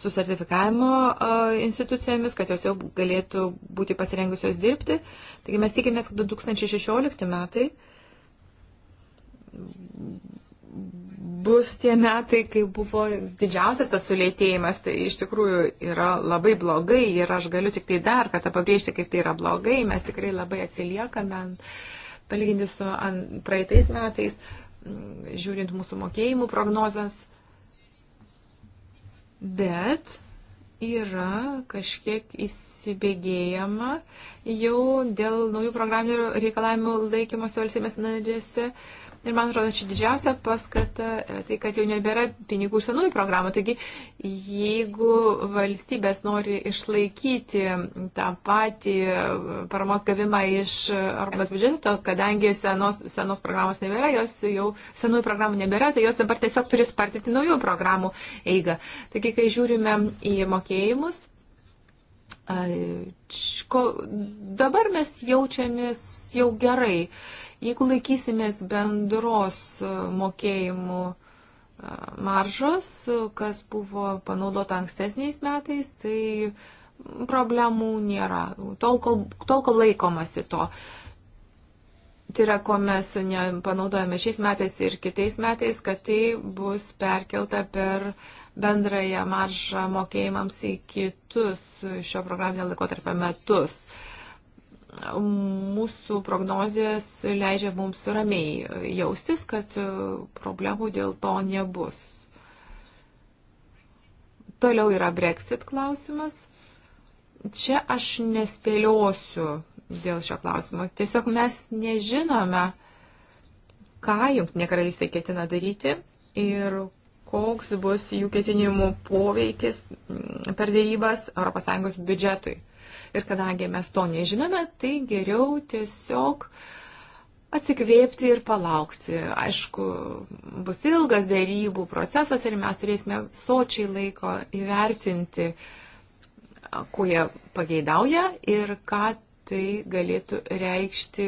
su sertifikavimo e, institucijomis, kad jos jau galėtų būti pasirengusios dirbti. Taigi mes tikimės, kad 2016 metai bus tie metai, kai buvo didžiausias tas sulėtėjimas, tai iš tikrųjų yra labai blogai ir aš galiu tik tai dar kartą pabrėžti, kaip tai yra blogai, mes tikrai labai atsiliekame, palyginti su praeitais metais, mm, žiūrint mūsų mokėjimų prognozas. Bet yra kažkiek įsibėgėjama jau dėl naujų programinių reikalavimų laikymosi valstybės narėse. Uh, Ir man atrodo, čia didžiausia paskata yra e, tai, kad jau nebėra pinigų iš senųjų programų. Taigi, jeigu valstybės nori išlaikyti tą patį paramos gavimą iš Europos biudžeto, kadangi senos, senos programos nebėra, jos jau senųjų programų nebėra, tai jos dabar tiesiog turi spartinti naujų programų eigą. Taigi, kai žiūrime į mokėjimus, dabar mes jaučiamės jau gerai. Uh, Jeigu laikysimės bendros e, mokėjimų e, maržos, e, kas buvo panaudota ankstesniais metais, tai problemų nėra, tol kol, tol, kol laikomasi to. Tai yra, ko mes panaudojame šiais metais ir kitais metais, kad tai bus perkelta per bendrąją maržą mokėjimams į kitus šio programinio laikotarpio metus. Uh, mūsų prognozijas leidžia mums ramiai jaustis, kad e, problemų dėl to nebus. Toliau yra Brexit klausimas. Čia aš nespėliosiu dėl šio klausimo. Tiesiog mes nežinome, ką Junktinė karalystė ketina daryti ir koks bus jų ketinimų poveikis per dėrybas ES biudžetui. Ir kadangi mes to nežinome, tai geriau tiesiog atsikvėpti ir palaukti. Aišku, bus ilgas dėrybų procesas ir mes turėsime sočiai laiko įvertinti, kuo jie pageidauja ir ką tai galėtų reikšti,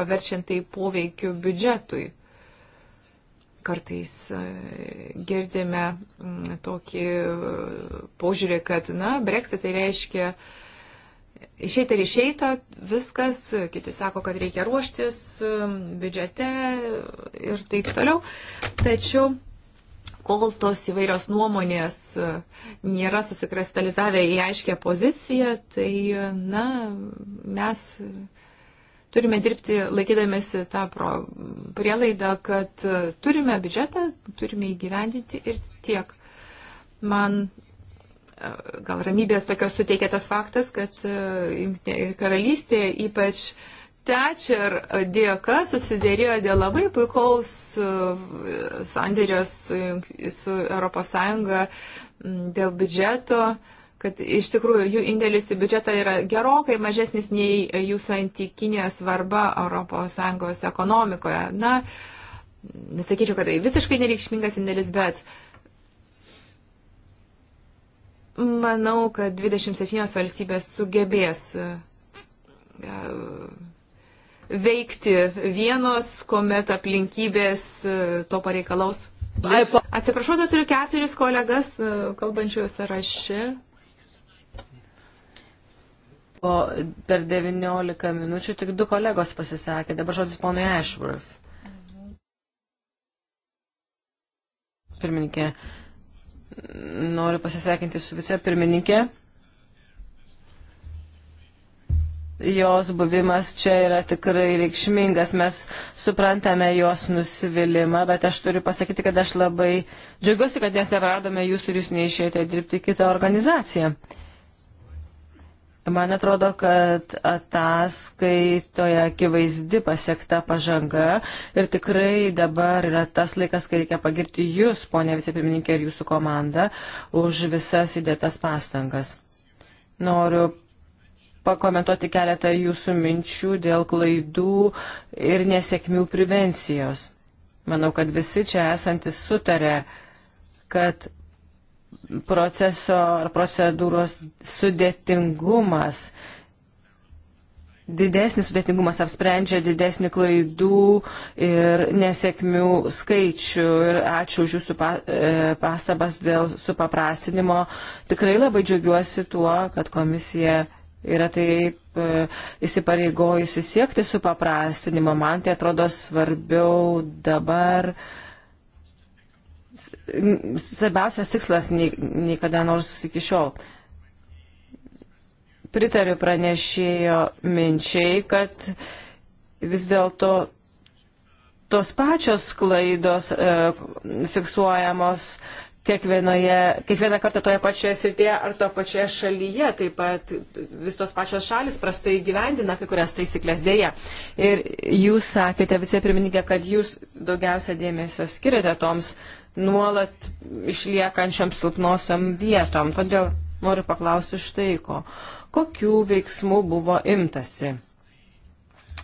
paverčiant tai poveikiu biudžetui kartais e, girdime mm, tokį e, požiūrį, kad, na, Brexit tai reiškia išeita ir išeita, viskas, kiti sako, kad reikia ruoštis e, biudžete ir taip toliau. Tačiau kol tos įvairios nuomonės nėra susikristalizavę į aiškę poziciją, tai, na, mes turime dirbti laikydamėsi tą pro, prielaidą, kad e, turime biudžetą, turime įgyvendinti ir tiek. Man e, gal ramybės tokios suteikia tas faktas, kad e, ir karalystė ypač Thatcher dėka susidėrėjo dėl labai puikaus sandėrios su ES dėl biudžeto. Uh, kad iš tikrųjų jų indėlis į biudžetą yra gerokai mažesnis nei jų santykinė svarba ES ekonomikoje. Na, nesakyčiau, kad tai visiškai nereikšmingas indėlis, bet manau, kad 27 valstybės sugebės e, veikti vienos, kuomet aplinkybės e, to pareikalaus. Atsiprašau, kad turiu keturis kolegas e, kalbančių sąraše. O per 19 minučių tik du kolegos pasisakė. Dabar žodis ponui Ashworth. Pirmininkė, noriu pasisveikinti su vicepirmininkė. Jos buvimas čia yra tikrai reikšmingas, mes suprantame jos nusivylimą, bet aš turiu pasakyti, kad aš labai džiaugiuosi, kad mes neradome jūsų ir jūs neišėjote dirbti kitą organizaciją. Uh, Man atrodo, kad ataskaitoje akivaizdi pasiekta pažanga ir tikrai dabar yra tas laikas, kai reikia pagirti Jūs, ponė vicepirmininkė, ir Jūsų komandą už visas įdėtas pastangas. Noriu pakomentuoti keletą Jūsų minčių dėl klaidų ir nesėkmių prevencijos. Manau, kad visi čia esantis sutarė, kad proceso ar procedūros sudėtingumas. Didesnis sudėtingumas ar sprendžia didesnį klaidų ir nesėkmių skaičių. Ir ačiū už jūsų e, pastabas dėl supaprastinimo. Tikrai labai džiaugiuosi tuo, kad komisija yra taip e, įsipareigojusi siekti supaprastinimo. Man tai atrodo svarbiau dabar. Uh, svarbiausias tikslas nei, nei kada nors iki šiol. Pritariu pranešėjo minčiai, kad vis dėlto tos pačios klaidos e, fiksuojamos kiekvienoje, kiekvieną kartą toje pačioje srityje ar to pačioje šalyje, taip pat vis tos pačios šalis prastai gyvendina kai kurias taisyklės dėja. Ir jūs sakėte, vice pirmininkė, kad jūs daugiausia dėmesio skiriate toms nuolat išliekančiam silpnosiam vietom. Todėl noriu paklausti štai ko. Kokių veiksmų buvo imtasi?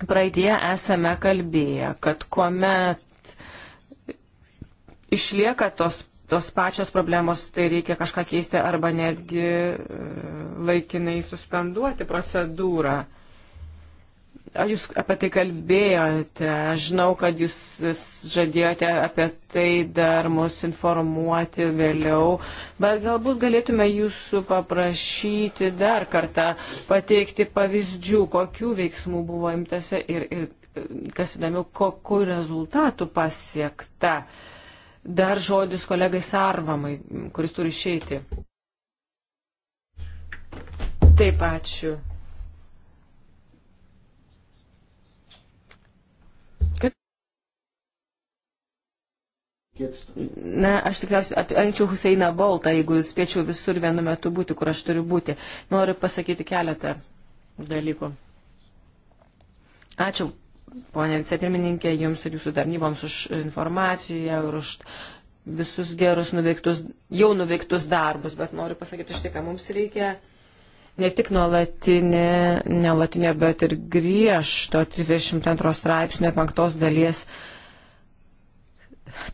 Praeitie esame kalbėję, kad kuomet išlieka tos, tos pačios problemos, tai reikia kažką keisti arba netgi e, laikinai suspenduoti procedūrą. Uh, Ar jūs apie tai kalbėjote? Aš žinau, kad jūs žadėjote apie tai dar mus informuoti vėliau, bet galbūt galėtume jūsų paprašyti dar kartą pateikti pavyzdžių, kokių veiksmų buvo imtasi ir, ir e, kas įdomiau, kokiu rezultatu pasiekta. Dar žodis kolegai Sarvamai, kuris turi išeiti. Taip, ačiū. Na, aš tikriausiai ančiau Huseiną Boltą, jeigu spėčiau visur vienu metu būti, kur aš turiu būti. Noriu pasakyti keletą dalykų. Ačiū, ponė vicepirmininkė, jums ir jūsų tarnyboms už informaciją ir už visus gerus nuveiktus, jau nuveiktus darbus, bet noriu pasakyti štai, ką mums reikia ne tik nuolatinė, nelatinė, bet ir griežto 32 straipsnio 5 dalies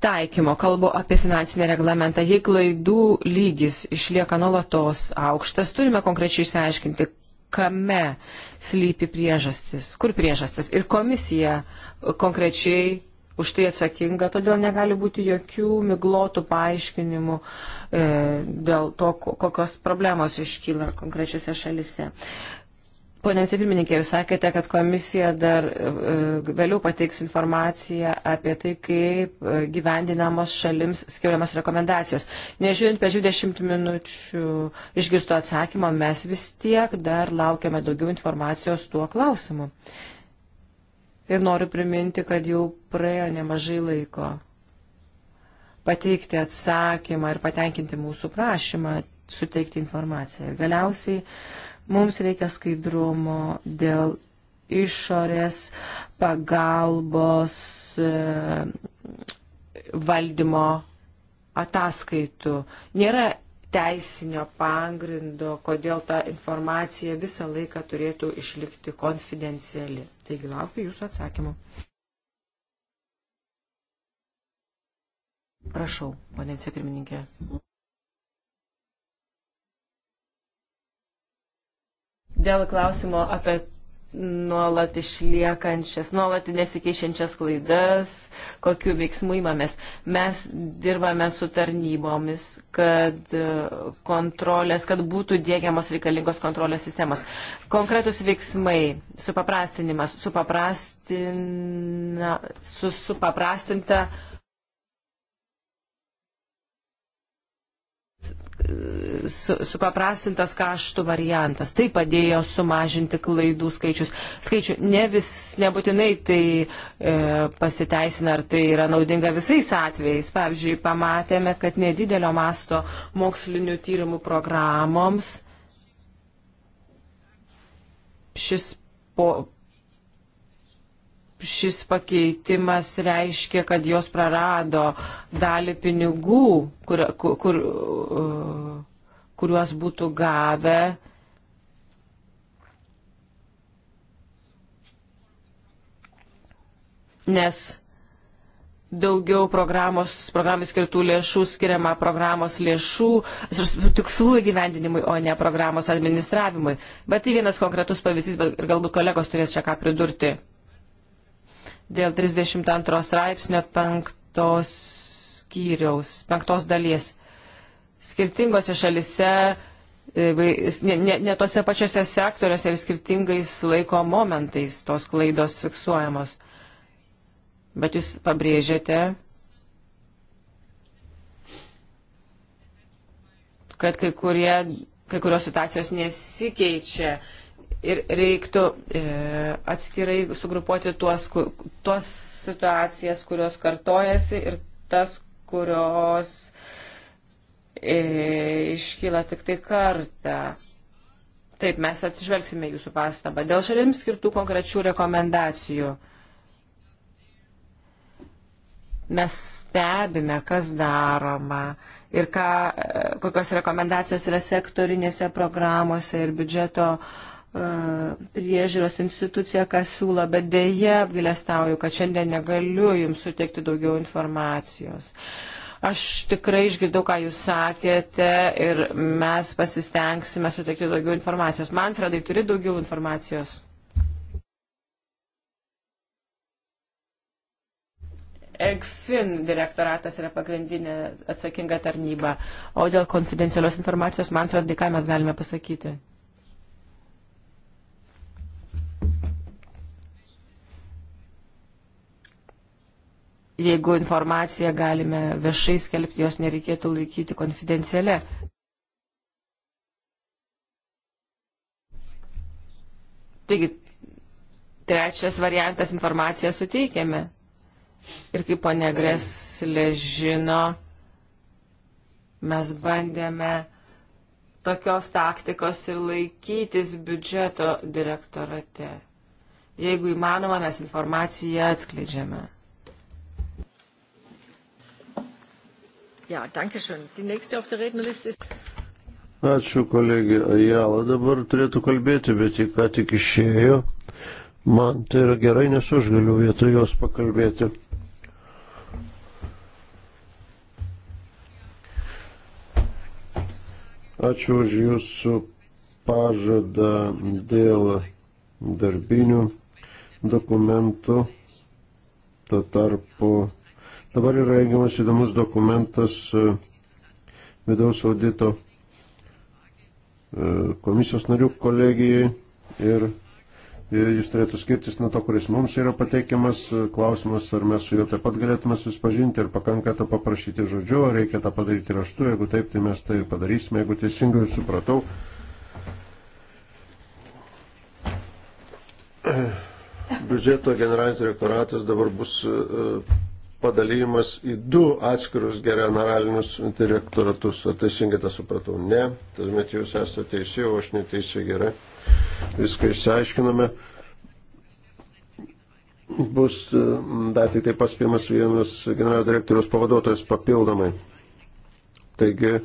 taikymo, kalbu apie finansinį reglamentą, jei klaidų lygis išlieka nuolatos aukštas, turime konkrečiai išsiaiškinti, kame slypi priežastis, kur priežastis. Ir komisija konkrečiai už tai atsakinga, todėl negali būti jokių miglotų paaiškinimų e, dėl to, kokios problemos iškyla konkrečiose šalise. Pone Civilmininkė, jūs sakėte, kad komisija dar e, e, vėliau pateiks informaciją apie tai, kaip e, gyvendinamos šalims skiriamas rekomendacijos. Nežiūrint per 20 minučių išgirsto atsakymo, mes vis tiek dar laukiame daugiau informacijos tuo klausimu. Ir noriu priminti, kad jau praėjo nemažai laiko pateikti atsakymą ir patenkinti mūsų prašymą suteikti informaciją. Ir galiausiai Mums reikia skaidrumo dėl išorės pagalbos e, valdymo ataskaitų. Nėra teisinio pagrindo, kodėl ta informacija visą laiką turėtų išlikti konfidenciali. Taigi laukiu jūsų atsakymų. Prašau, ponė vicepirmininkė. dėl klausimo apie nuolat išliekančias, nuolat nesikeičiančias klaidas, kokiu veiksmu įmamės. Mes dirbame su tarnybomis, kad e, kontrolės, kad būtų dėgiamos reikalingos kontrolės sistemos. Konkretus veiksmai, supaprastinimas, supaprastina, su, supaprastinta supaprastintas kaštų variantas. Tai padėjo sumažinti klaidų skaičius. Skaičių ne vis, nebūtinai tai e, pasiteisina, ar tai yra naudinga visais atvejais. Pavyzdžiui, pamatėme, kad nedidelio masto mokslinių tyrimų programoms šis po, šis pakeitimas reiškia, kad jos prarado dalį pinigų, kur, kur, uh, kur, kuriuos būtų gavę. Nes daugiau programos, programai skirtų lėšų skiriama programos lėšų tikslų įgyvendinimui, o ne programos administravimui. Bet tai vienas konkretus pavyzdys, bet ir galbūt kolegos turės čia ką pridurti dėl 32 straipsnio 5 skyriaus, 5 dalies. Skirtingose šalise, e, ne, ne, ne tose pačiose sektoriuose ir skirtingais laiko momentais tos klaidos fiksuojamos. Bet jūs pabrėžėte, kad kai, kurie, kai kurios situacijos nesikeičia ir reiktų e, atskirai sugrupuoti tuos, tuos situacijas, kurios kartojasi ir tas, kurios e, iškyla tik tai kartą. Taip, mes atsižvelgsime jūsų pastabą. Dėl šalims skirtų konkrečių rekomendacijų. Mes stebime, kas daroma ir ką, e, kokios rekomendacijos yra sektorinėse programuose ir biudžeto uh, E, priežiūros institucija, kas siūla, bet dėje apgailestauju, kad šiandien negaliu jums suteikti daugiau informacijos. Aš tikrai išgirdau, ką jūs sakėte ir mes pasistengsime suteikti daugiau informacijos. Manfredai, turi daugiau informacijos? EGFIN direktoratas yra pagrindinė atsakinga tarnyba, o dėl konfidencialios informacijos, Manfredai, ką mes galime pasakyti? jeigu informaciją galime viešai skelbti, jos nereikėtų laikyti konfidencialę. Taigi, trečias variantas informaciją suteikiame. Ir kaip ponė Greslė žino, mes bandėme tokios taktikos ir laikytis biudžeto direktorate. Jeigu įmanoma, mes informaciją atskleidžiame. Ja, danke schön. Die nächste auf der Rednerliste ist. Ačiū kolegė Ajala, dabar turėtų kalbėti, bet ji ką tik išėjo. Man tai yra gerai, nes aš galiu vietoj jos pakalbėti. Ačiū už jūsų pažadą dėl darbinių dokumentų. Tuo tarpu Dabar yra rengiamas įdomus dokumentas e, vidaus audito e, komisijos narių kolegijai ir e, jis turėtų skirtis nuo to, kuris mums yra pateikiamas. Klausimas, ar mes su juo taip pat galėtume susipažinti, ar pakanka to paprašyti žodžiu, ar reikia tą padaryti raštu. Jeigu taip, tai mes tai padarysime, jeigu teisingai supratau. Biudžeto generalinis direktoratas dabar bus padalymas į du atskirus generalinius direktoratus. Ar teisingai tą supratau? Ne. Tuomet jūs esate teisė, o aš neteisė gerai. Viską išsiaiškiname. Bus e, dar tik taip paspėjimas vienas generalinio direktoriaus pavaduotojas papildomai. Taigi,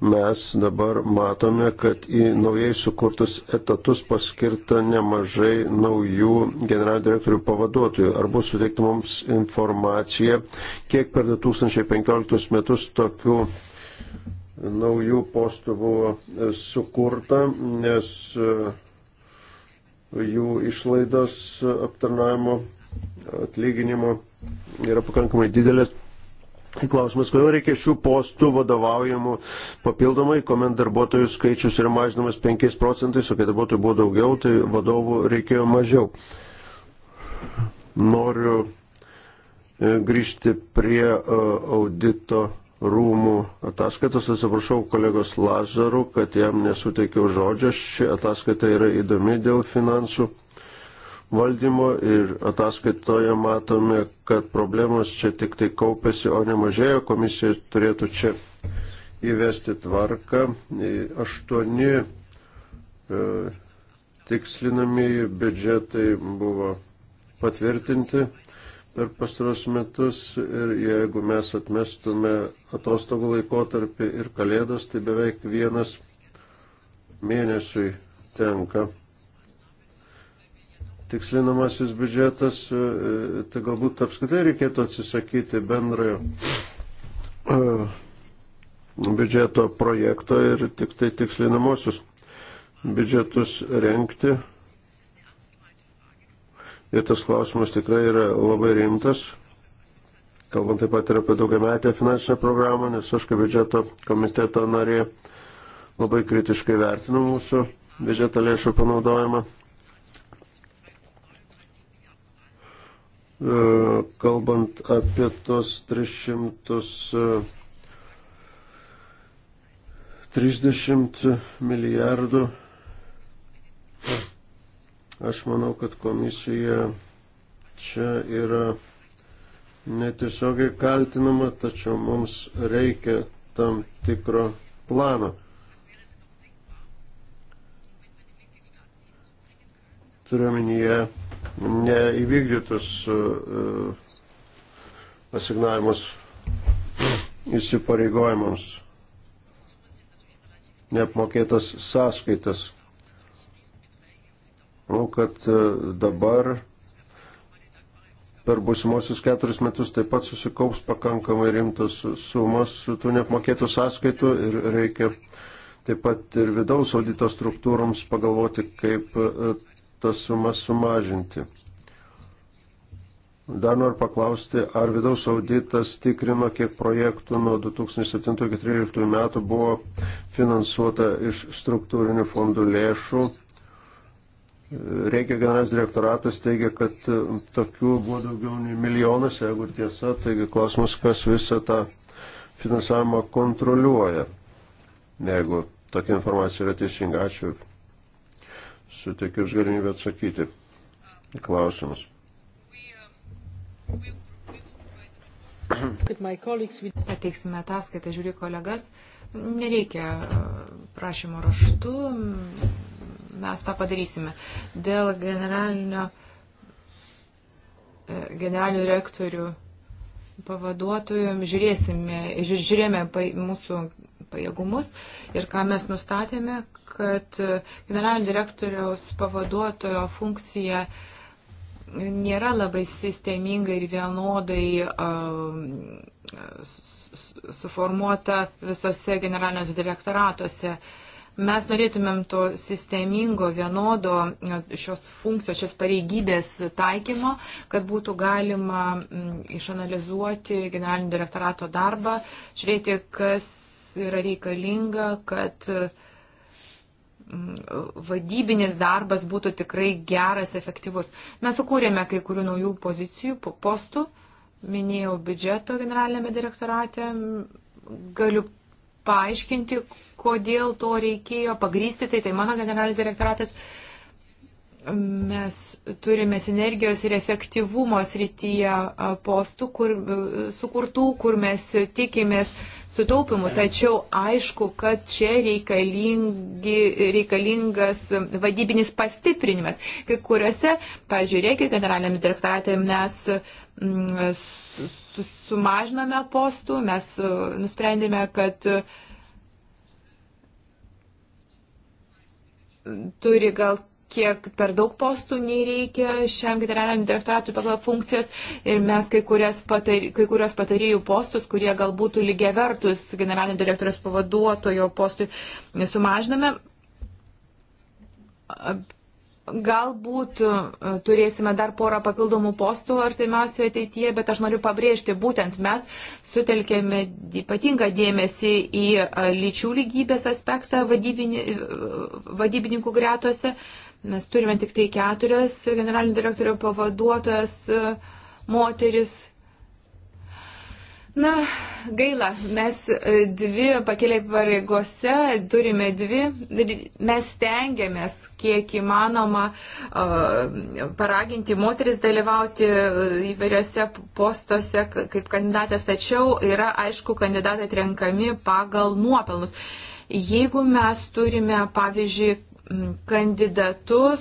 mes dabar matome, kad į naujai sukurtus etatus paskirta nemažai naujų generalinio direktorių pavaduotojų. Ar bus suteikta mums informacija, kiek per 2015 metus tokių naujų postų buvo sukurta, nes e, jų išlaidos aptarnavimo atlyginimo yra pakankamai didelės. Klausimas, kodėl reikia šių postų vadovaujamų papildomai, kuomet darbuotojų skaičius yra mažinamas 5 procentais, o kai darbuotojų buvo daugiau, tai vadovų reikėjo mažiau. Noriu e, grįžti prie e, audito rūmų ataskaitos. Atsiprašau kolegos Lazarų, kad jam nesuteikiau žodžio. Ši ataskaita yra įdomi dėl finansų valdymo ir ataskaitoje matome, kad problemos čia tik tai kaupėsi, o ne mažėjo. Komisija turėtų čia įvesti tvarką. Aštuoni e, tikslinamieji biudžetai buvo patvirtinti per pastaros metus ir jeigu mes atmestume atostogų laikotarpį ir kalėdas, tai beveik vienas mėnesiui tenka tikslinamasis biudžetas, e, e, tai galbūt apskritai reikėtų atsisakyti bendrojo e, biudžeto projekto ir tik tai tikslinamosius biudžetus renkti. Ir tas klausimas tikrai yra labai rimtas. Kalbant taip pat ir apie daugiametę finansinę programą, nes aš kaip biudžeto komiteto narė labai kritiškai vertinu mūsų biudžeto lėšų panaudojimą. E, kalbant apie tos 330 e, milijardų, aš manau, kad komisija čia yra netiesiogiai kaltinama, tačiau mums reikia tam tikro plano. turiuomenyje neįvykdytus e, e, asignavimus įsipareigojimams, neapmokėtas sąskaitas. Manau, kad e, dabar per busimuosius keturis metus taip pat susikaups pakankamai rimtos sumos tų neapmokėtų sąskaitų ir reikia taip pat ir vidaus audito struktūroms pagalvoti, kaip tas sumas sumažinti. Dar noriu paklausti, ar vidaus auditas tikrino, kiek projektų nuo 2007-2013 metų buvo finansuota iš struktūrinių fondų lėšų. Reikia generalinis direktoratas teigia, kad e, tokių buvo daugiau nei milijonas, jeigu tiesa, taigi klausimas, kas visą tą finansavimą kontroliuoja, jeigu tokia informacija yra teisinga. Ačiū suteikiu už galimybę atsakyti į klausimus. Pateiksime ataskaitą, žiūri kolegas. Nereikia e, prašymo raštu, mes tą padarysime. Dėl generalinio, e, generalinio rektorių pavaduotojų žiūrėsime, žiūrėjome mūsų pajėgumus. Ir ką mes nustatėme, kad generalinio direktoriaus pavaduotojo funkcija nėra labai sistemingai ir vienodai um, suformuota visose generaliniuose direktoratuose. Mes norėtumėm to sistemingo, vienodo šios funkcijos, šios pareigybės taikymo, kad būtų galima mm, išanalizuoti generalinio direktorato darbą, žiūrėti, kas yra reikalinga, kad mm, vadybinis darbas būtų tikrai geras, efektyvus. Mes sukūrėme kai kurių naujų pozicijų, postų, minėjau biudžeto generalinėme direktorate, galiu paaiškinti, kodėl to reikėjo, pagrysti tai, tai mano generalinis direktoratas. Mes turime sinergijos ir efektyvumo srityje postų kur, sukurtų, kur mes tikimės uh, sutaupimų, tačiau aišku, kad čia reikalingas vadybinis pastiprinimas. Kai kuriuose, pažiūrėkit, generaliniam direktoratė mes mm, sumažiname postų, mes nusprendėme, kad mm, turi gal kiek per daug postų nei reikia šiam generaliniam direktoratui pagal funkcijas ir mes kai, patar, kai kurios patarėjų postus, kurie galbūt lygiai vertus generalinio direktoriaus pavaduotojo postui sumažiname. Galbūt e, turėsime dar porą papildomų postų artimiausioje ateityje, bet aš noriu pabrėžti, būtent mes sutelkėme ypatingą dėmesį į e, lyčių lygybės aspektą vadybini, e, vadybininkų gretose. Uh, Mes turime tik tai keturias generalinio direktorio pavaduotojas moteris. Na, gaila, mes e, dvi pakeliai pareigose, turime dvi, mes tengiamės kiek įmanoma e, paraginti moteris dalyvauti e, įvairiose postuose kaip kandidatės, tačiau yra aišku kandidatai atrenkami pagal nuopelnus jeigu mes turime, pavyzdžiui, kandidatus,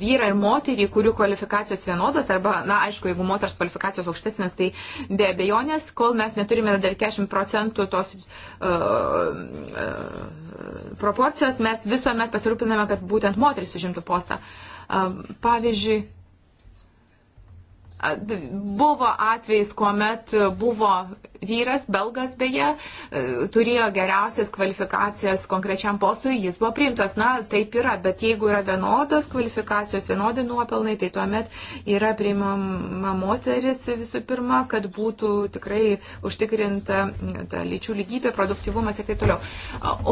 vyrą ir moterį, kurių kvalifikacijos vienodos, arba, na, aišku, jeigu moters kvalifikacijos aukštesnės, tai be abejonės, kol mes neturime dar 40 procentų tos uh, uh, proporcijos, mes visuomet pasirūpiname, kad būtent moteris užimtų postą. Uh, pavyzdžiui, Buvo atvejs, kuomet buvo vyras, belgas beje, e, turėjo geriausias kvalifikacijas konkrečiam postui, jis buvo priimtas. Na, taip yra, bet jeigu yra vienodos kvalifikacijos, vienodi nuopelnai, tai tuomet yra priimama moteris visų pirma, kad būtų tikrai užtikrinta ta lyčių lygybė, produktivumas ir taip toliau.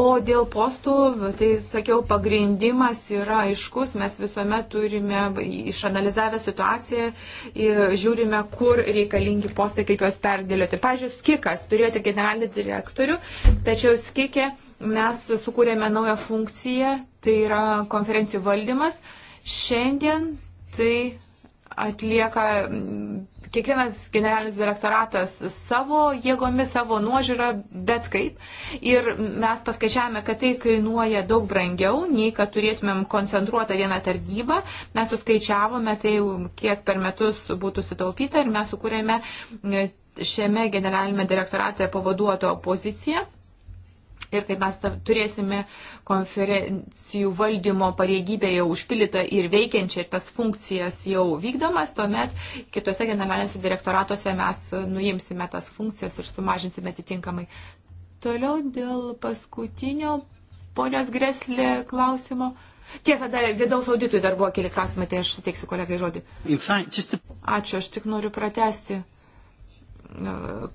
O dėl postų, tai sakiau, pagrindimas yra aiškus, mes visuomet turime išanalizavę situaciją ir žiūrime, kur reikalingi postai, kaip juos perdėlioti. Pavyzdžiui, Skikas turėjote generalinį direktorių, tačiau Skikė mes sukūrėme naują funkciją, tai yra konferencijų valdymas. Šiandien tai atlieka kiekvienas generalinis direktoratas savo jėgomis, savo nuožiūrą, bet kaip. Ir mes paskaičiavome, kad tai kainuoja daug brangiau, nei kad turėtumėm koncentruotą vieną tarnybą. Mes suskaičiavome tai, kiek per metus būtų sutaupyta ir mes sukūrėme šiame generalinėme direktorate pavaduoto poziciją Ir kai mes turėsime konferencijų valdymo pareigybę jau užpildytą ir veikiančią ir tas funkcijas jau vykdomas, tuomet kitose generaliniuose direktoratuose mes nuimsime tas funkcijas ir sumažinsime atitinkamai. Toliau dėl paskutinio ponios Greslė klausimo. Tiesa, dar vidaus auditui dar buvo keli klausimai, tai aš suteiksiu kolegai žodį. Ačiū, aš tik noriu pratesti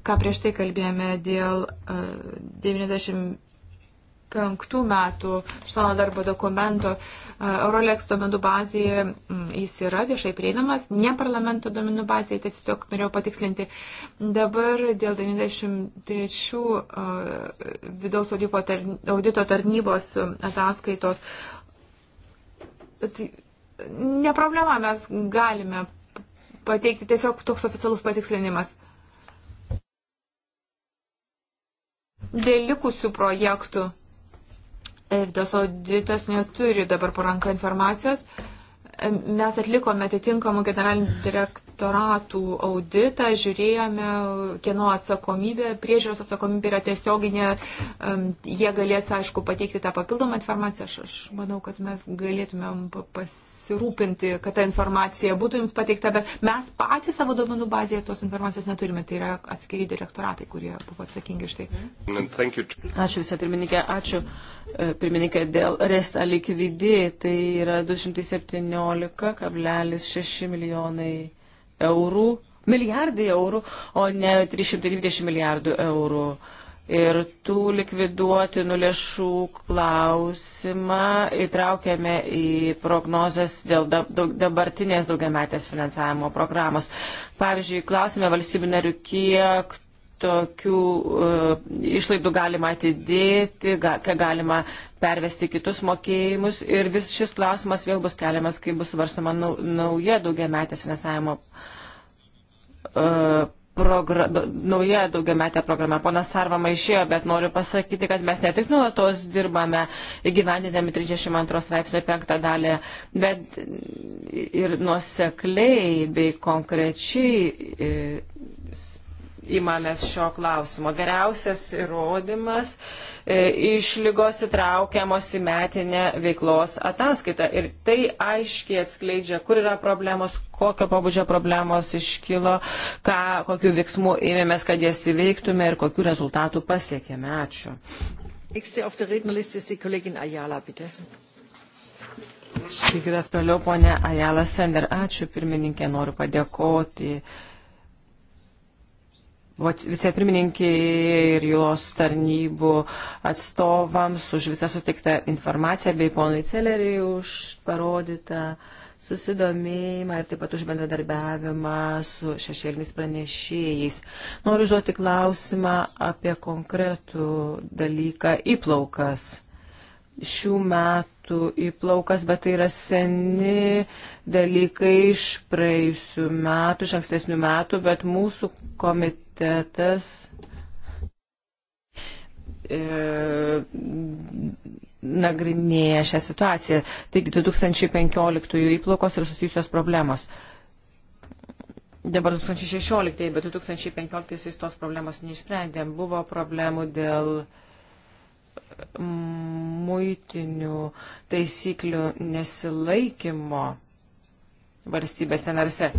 ką prieš tai kalbėjome dėl 95 e, metų šalno darbo dokumento. E, Eurolex duomenų bazėje jis yra viešai prieinamas, ne parlamento duomenų bazėje, tai tiesiog norėjau patikslinti. Dabar dėl 93 e, vidaus audito tarnybos ataskaitos. Tai ne problema, mes galime pateikti tiesiog toks oficialus patikslinimas. Dėl likusių projektų, tas auditas neturi dabar paranka informacijos, mes atlikome atitinkamų generalinių direktoratų auditą, žiūrėjome, kieno atsakomybė, priežiūros atsakomybė yra tiesioginė, jie galės, aišku, pateikti tą papildomą informaciją, aš, aš manau, kad mes galėtumėm pas pasirūpinti, kad ta informacija būtų jums pateikta, bet mes patys savo duomenų bazėje tos informacijos neturime. Tai yra atskiri direktoratai, kurie buvo atsakingi iš tai. Ačiū visą pirmininkę. Ačiū e, pirmininkė dėl resta likvidį. Tai yra 217,6 milijonai eurų, milijardai eurų, o ne 320 milijardų eurų ir tų likviduotinų lėšų klausimą įtraukėme į prognozes dėl dabartinės daugiametės finansavimo programos. Pavyzdžiui, klausime valstybių narių, kiek tokių uh, išlaidų galima atidėti, ga, kiek galima pervesti kitus mokėjimus ir vis šis klausimas vėl bus keliamas, kai bus svarstama nauja daugiametės finansavimo uh, progra, nauja daugiametė programa. Ponas Sarvama išėjo, bet noriu pasakyti, kad mes ne tik nuolatos dirbame įgyvendinami 32 straipsnio penktą dalį, bet ir nuosekliai bei konkrečiai imamės šio klausimo. Geriausias įrodymas e, išlygos įtraukiamos į metinę veiklos ataskaitą. Ir tai aiškiai atskleidžia, kur yra problemos, kokio pabudžio problemos iškilo, ką, kokiu veiksmu ėmėmės, kad jas įveiktume ir kokiu rezultatu pasiekėme. Ačiū. Toliau, ponė Ajala Sender, ačiū pirmininkė, noriu padėkoti uh, vicepirmininkiai ir jos tarnybų atstovams už visą sutiktą informaciją bei ponui Celeriui už parodytą susidomėjimą ir taip pat už bendradarbiavimą su šešėliniais pranešėjais. Noriu žodį klausimą apie konkretų dalyką įplaukas. Šių metų įplaukas, bet tai yra seni dalykai iš praėjusių metų, iš ankstesnių metų, bet mūsų komit komitetas e, nagrinėja šią situaciją. Taigi 2015 įplokos ir susijusios problemos. Dabar 2016, bet 2015 tos problemos neišsprendėm. Buvo problemų dėl muitinių taisyklių nesilaikymo valstybėse narse.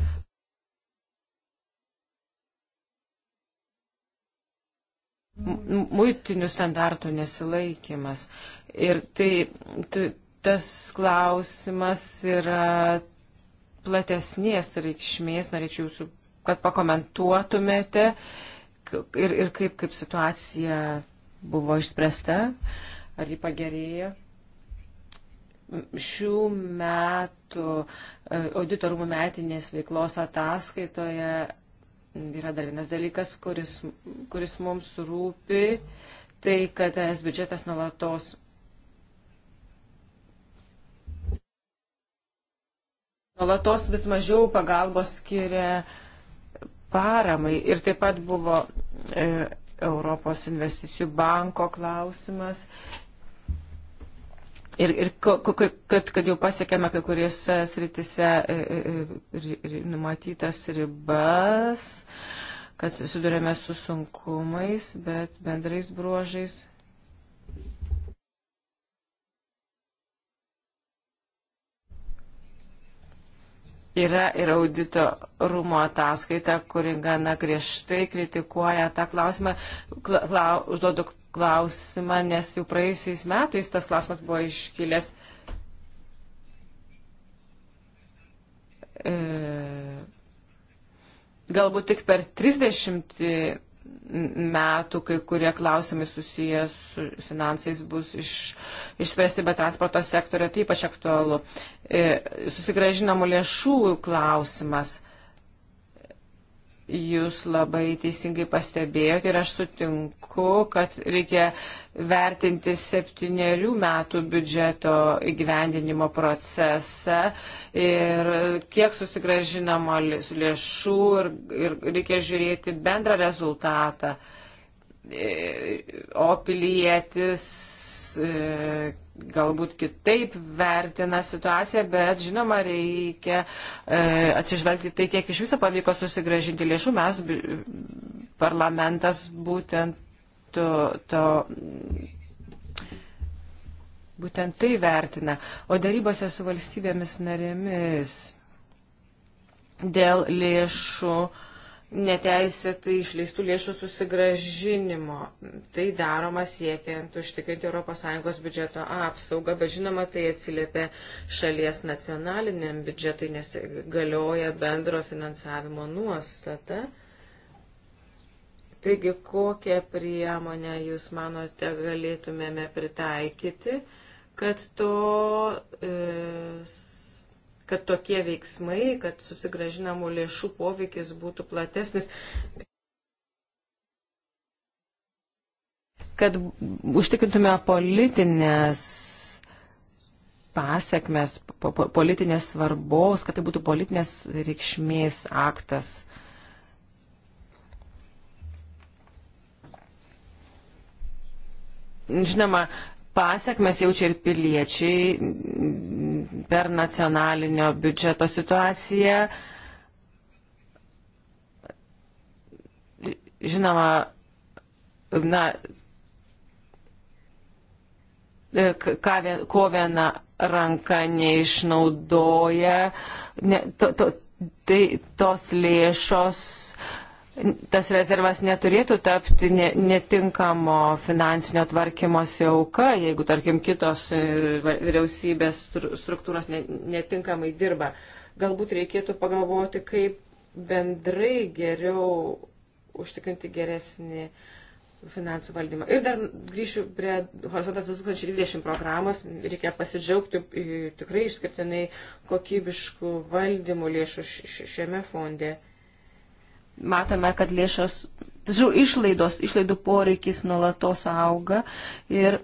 muitinių standartų nesilaikimas. Ir tai tu, tas klausimas yra platesnės reikšmės, norėčiau jūsų, kad pakomentuotumėte ir, ir kaip, kaip situacija buvo išspręsta, ar ji pagerėjo. Šių metų e, auditorumų metinės veiklos ataskaitoje Yra dar vienas dalykas, kuris, kuris mums rūpi, tai kad es biudžetas nuolatos nuolatos vis mažiau pagalbos skiria paramai. Ir taip pat buvo e, Europos investicijų banko klausimas Ir, ir kad, kad jau pasiekėme kai kuriuose sritise e, e, e, numatytas ribas, kad susidurėme su sunkumais, bet bendrais bruožais. Yra ir audito rūmo ataskaita, kuri gana griežtai kritikuoja tą klausimą. Kla, kla, užduodu klausimą, nes jau praėjusiais metais tas klausimas buvo iškilęs. E, galbūt tik per 30 metų kai kurie klausimai susijęs su finansais bus iš, išspręsti, bet transporto sektorio taip pat aktualu. E, susigražinamų lėšų klausimas. E, Jūs labai teisingai pastebėjote ir aš sutinku, kad reikia vertinti septyniarių metų biudžeto įgyvendinimo procesą ir kiek susigražinama lėšų ir, ir reikia žiūrėti bendrą rezultatą. E, o pilietis E, galbūt kitaip vertina situaciją, bet žinoma, reikia e, atsižvelgti tai, kiek iš viso pavyko susigražinti lėšų. Mes, parlamentas, būtent to. to Būtent tai vertina. O darybose su valstybėmis narėmis dėl lėšų uh, neteisėtai išleistų lėšų susigražinimo. Tai daroma siekiant užtikrinti ES biudžeto apsaugą, bet žinoma, tai atsiliepia šalies nacionaliniam biudžetui, nes galioja bendro finansavimo nuostata. Taigi, kokią priemonę jūs manote galėtumėme pritaikyti, kad to e, kad tokie veiksmai, kad susigražinamų lėšų poveikis būtų platesnis. Kad užtikrintume politinės pasiekmes, po, po, politinės svarbos, kad tai būtų politinės reikšmės aktas. Žinoma, Pasiekmes jaučia ir piliečiai per nacionalinio biudžeto situaciją. Žinoma, na, ką, ko viena ranka neišnaudoja, ne, to, to, tai tos lėšos tas rezervas neturėtų tapti netinkamo finansinio tvarkymosi auka, jeigu, tarkim, kitos e, vyriausybės struktūros netinkamai dirba. Galbūt reikėtų pagalvoti, kaip bendrai geriau užtikrinti geresnį finansų valdymą. Ir dar grįšiu prie Horizontas 2020 programos. Reikia pasidžiaugti e, tikrai išskirtinai kokybiškų valdymų lėšų šiame fonde matome, kad lėšos, tačiau išlaidos, išlaidų poreikis nuolatos auga ir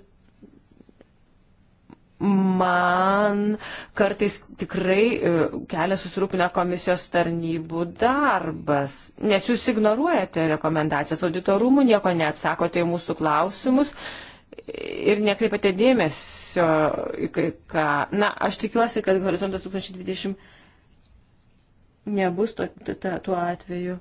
man kartais tikrai e, kelia susirūpinę komisijos tarnybų darbas, nes jūs ignoruojate rekomendacijas, auditorumų nieko neatsakote į mūsų klausimus ir nekreipiate dėmesio į kai ką. Na, aš tikiuosi, kad Horizontas 2020 nebus to, ta, tuo atveju.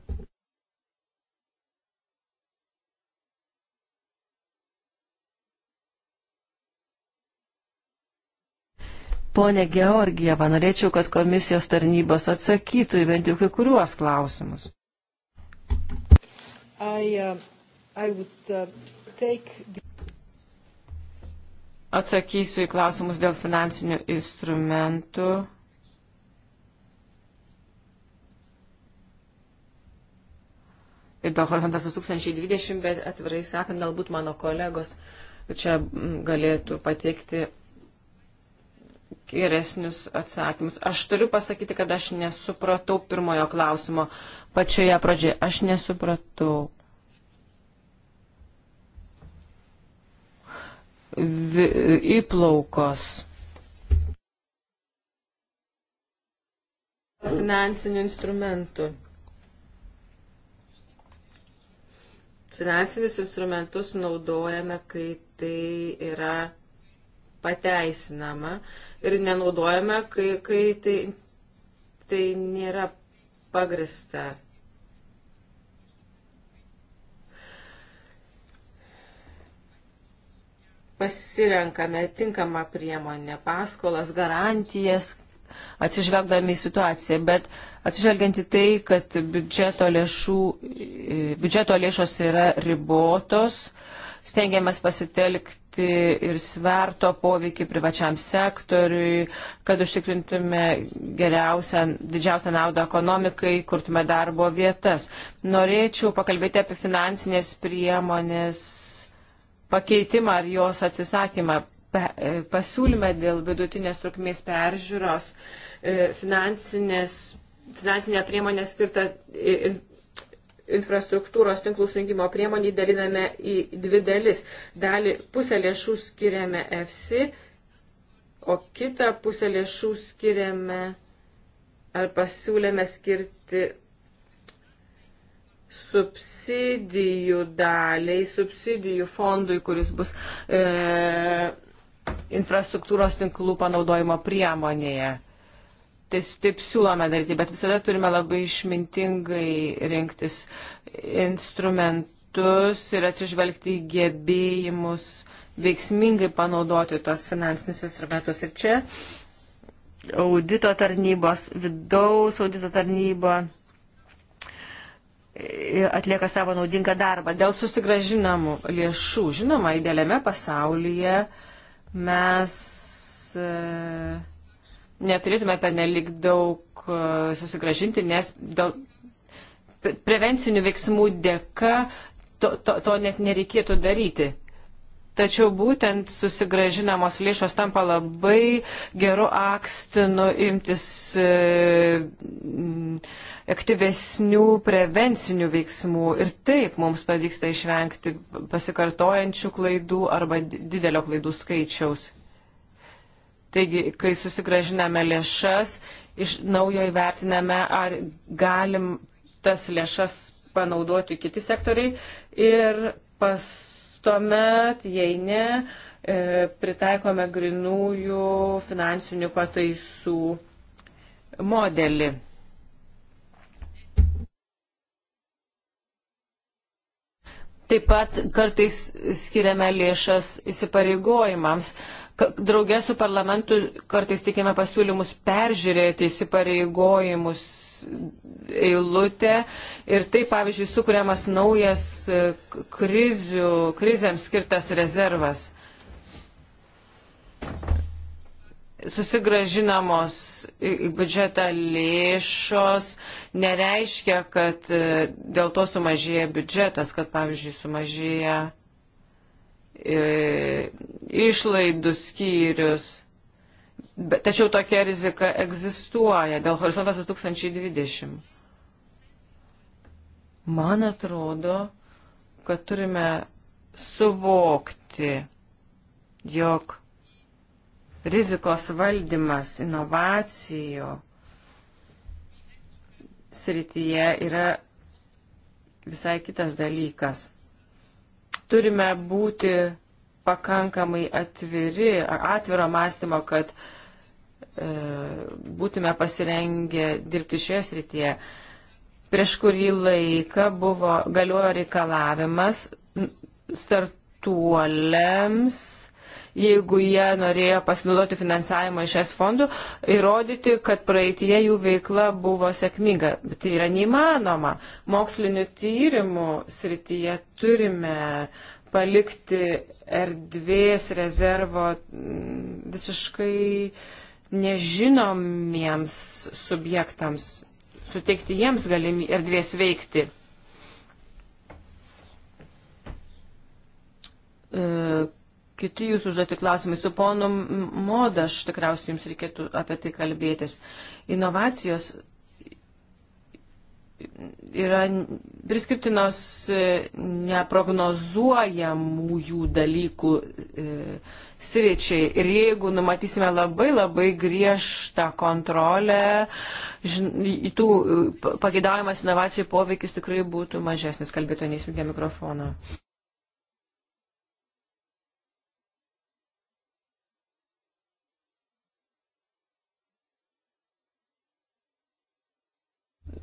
Pone Georgieva, norėčiau, kad komisijos tarnybos atsakytų į bent jau kai kuriuos klausimus. I, uh, I would, uh, the... Atsakysiu į klausimus dėl finansinių instrumentų dėl horizontas 2020, bet atvirai sakant, galbūt mano kolegos čia mm, galėtų pateikti geresnius atsakymus. Aš turiu pasakyti, kad aš nesupratau pirmojo klausimo pačioje pradžioje. Aš nesupratau. Įplaukos. Finansinių instrumentų. Finansinius instrumentus naudojame, kai tai yra pateisinama ir nenaudojame, kai, kai tai, tai nėra pagrista. Pasirenkame tinkamą priemonę, paskolas, garantijas, atsižvelgdami į situaciją, bet atsižvelgiant į tai, kad biudžeto, lėšų, e, biudžeto lėšos yra ribotos, stengiamės pasitelkti ir sverto poveikį privačiam sektoriui, kad užtikrintume geriausią, didžiausią naudą ekonomikai, kurtume darbo vietas. Norėčiau pakalbėti apie finansinės priemonės pakeitimą ar jos atsisakymą. E, pasiūlymą dėl vidutinės trukmės peržiūros e, finansinę priemonę skirtą infrastruktūros tinklų sujungimo priemonį daliname į dvi dalis. Dalį pusę lėšų skiriame EFSI, o kitą pusę lėšų skiriame ar pasiūlėme skirti subsidijų daliai, subsidijų fondui, kuris bus e, infrastruktūros tinklų panaudojimo priemonėje. Tais, taip siūlome daryti, bet visada turime labai išmintingai rinktis instrumentus ir atsižvelgti į gebėjimus veiksmingai panaudoti tos finansinius instrumentus. Ir čia audito tarnybos, vidaus audito tarnyba atlieka savo naudingą darbą. Dėl susigražinamų lėšų, žinoma, idealiame pasaulyje uh, mes e, neturėtume pernelik daug e, susigražinti, nes dėl prevencinių veiksmų dėka to, to, to net nereikėtų daryti. Tačiau būtent susigražinamos lėšos tampa labai geru akstinu imtis e, aktyvesnių prevencinių veiksmų ir taip mums pavyksta išvengti pasikartojančių klaidų arba didelio klaidų skaičiaus. Taigi, kai susigražiname lėšas, iš naujo įvertiname, ar galim tas lėšas panaudoti kiti sektoriai ir pas tuomet, jei ne, e, pritaikome grinųjų finansinių pataisų modelį. Taip pat kartais skiriame lėšas įsipareigojimams. Draugė su parlamentu kartais tikime pasiūlymus peržiūrėti įsipareigojimus eilutė ir tai, pavyzdžiui, sukūriamas naujas e, krizių, krizėms skirtas rezervas. Susigražinamos į biudžetą lėšos nereiškia, kad e, dėl to sumažėja biudžetas, kad, pavyzdžiui, sumažėja e, išlaidų skyrius Bet, tačiau tokia rizika egzistuoja dėl horizontas 2020. Man atrodo, kad turime suvokti, jog rizikos valdymas inovacijų srityje yra visai kitas dalykas. Turime būti pakankamai atviri, atviro mąstymo, kad uh, E, būtume pasirengę dirbti šioje srityje. Prieš kurį laiką buvo galiojo reikalavimas startuoliams, jeigu jie norėjo pasinaudoti finansavimą iš es fondų, įrodyti, kad praeitie jų veikla buvo sėkminga. Bet tai yra neįmanoma. Mokslinių tyrimų srityje turime palikti erdvės rezervo visiškai uh, nežinomiems subjektams, suteikti jiems galim erdvės veikti. E, kiti jūsų užduoti klausimai. Su ponu Modaš tikriausiai jums reikėtų apie tai kalbėtis. Inovacijos yra priskirtinos e, neprognozuojamųjų dalykų e, sričiai. Ir jeigu numatysime labai labai griežtą kontrolę, tų e, pagėdavimas inovacijų poveikis tikrai būtų mažesnis. Kalbėtojai neįsijungia mikrofoną.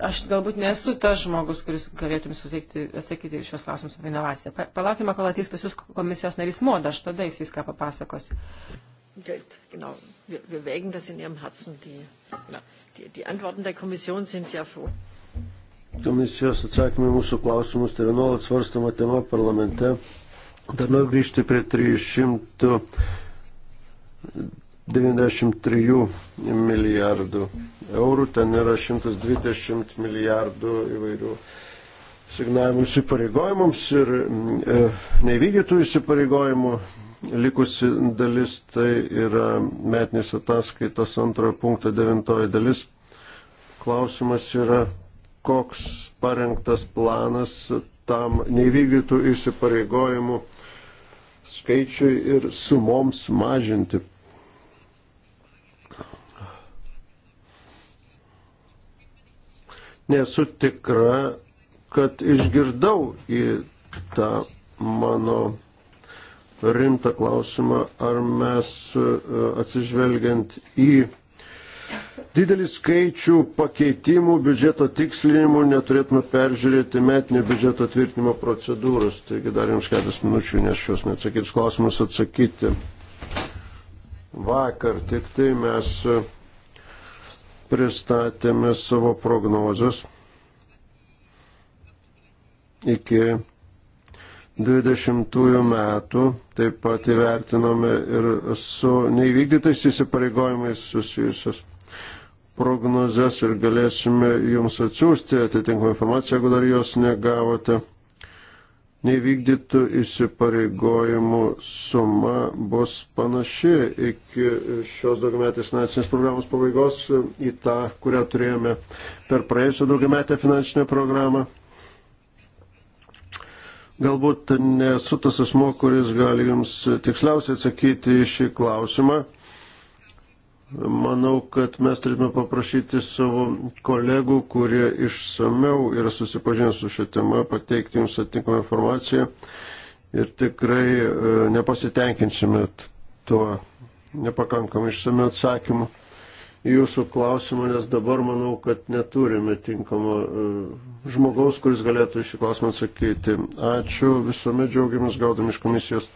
aš galbūt nesu tas žmogus, kuris galėtum suteikti, atsakyti šios klausimus apie inovaciją. Pa, palaukime, kol ateis pas jūs komisijos narys Moda, aš tada jis viską papasakos. Geld, genau. Wir, wir wägen das in Ihrem Herzen. Die, na, die, die Antworten der Kommission sind ja vor. Komisijos atsakymai mūsų klausimus tai yra nuolat svarstama tema parlamente. Dar noriu grįžti prie 300 93 milijardų eurų, ten yra 120 milijardų įvairių signavimų įsipareigojimams ir e, nevykdytų įsipareigojimų likusi dalis, tai yra metinės ataskaitos antrojo punkto devintoji dalis. Klausimas yra, koks parengtas planas tam nevykdytų įsipareigojimų skaičiui ir sumoms mažinti. nesu tikra, kad išgirdau į tą mano rimtą klausimą, ar mes e, atsižvelgiant į didelį skaičių pakeitimų biudžeto tikslinimų neturėtume peržiūrėti metinio biudžeto tvirtinimo procedūros. Taigi dar jums kelias minučių, nes šios neatsakytus klausimus atsakyti. Vakar tik tai mes e, pristatėme savo prognozes iki 20 metų, taip pat įvertinome ir su neįvykdytais įsipareigojimais susijusios prognozes ir galėsime jums atsiųsti atitinkamą informaciją, jeigu dar jos negavote nevykdytų įsipareigojimų suma bus panaši iki šios daugiametės finansinės programos pabaigos į tą, kurią turėjome per praėjusią daugiametę finansinę programą. Galbūt nesu tas asmo, kuris gali Jums tiksliausiai atsakyti į šį klausimą. Manau, kad mes turime paprašyti savo kolegų, kurie išsameu yra susipažinę su šią temą, pateikti jums atitinkamą informaciją ir tikrai e, nepasitenkinsime tuo nepakankamai išsame atsakymu į jūsų klausimą, nes dabar manau, kad neturime tinkamo e, žmogaus, kuris galėtų šį klausimą atsakyti. Ačiū, visuomet džiaugiamės gaudami iš komisijos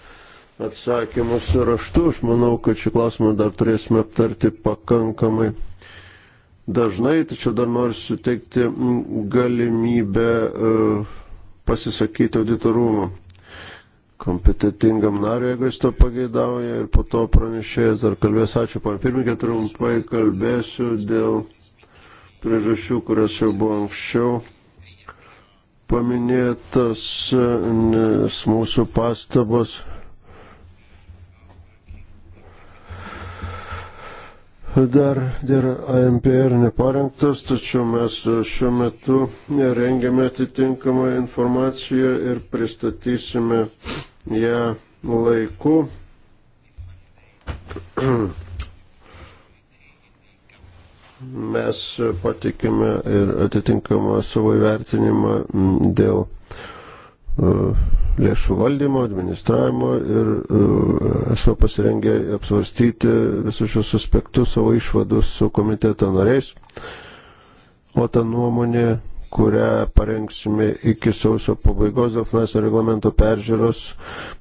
atsakymus raštu. Aš manau, kad šį klausimą dar turėsime aptarti pakankamai dažnai, tačiau dar noriu suteikti galimybę e, pasisakyti auditorumą kompetitingam nariui, jeigu jis to pageidauja ir po to pranešėjas dar kalbės. Ačiū, pan pirmininkė, trumpai kalbėsiu dėl priežasčių, kurios jau buvo anksčiau paminėtas, nes mūsų pastabos dar ir AMPR neparengtas, tačiau mes šiuo metu rengiame atitinkamą informaciją ir pristatysime ją laiku. Mes patikime ir atitinkamą savo įvertinimą dėl E, lėšų valdymo, administravimo ir e, esame pasirengę apsvarstyti visus šios aspektus savo išvadus su komiteto nariais. O ta nuomonė, kurią parengsime iki sausio pabaigos dėl finansinio reglamento peržiūros,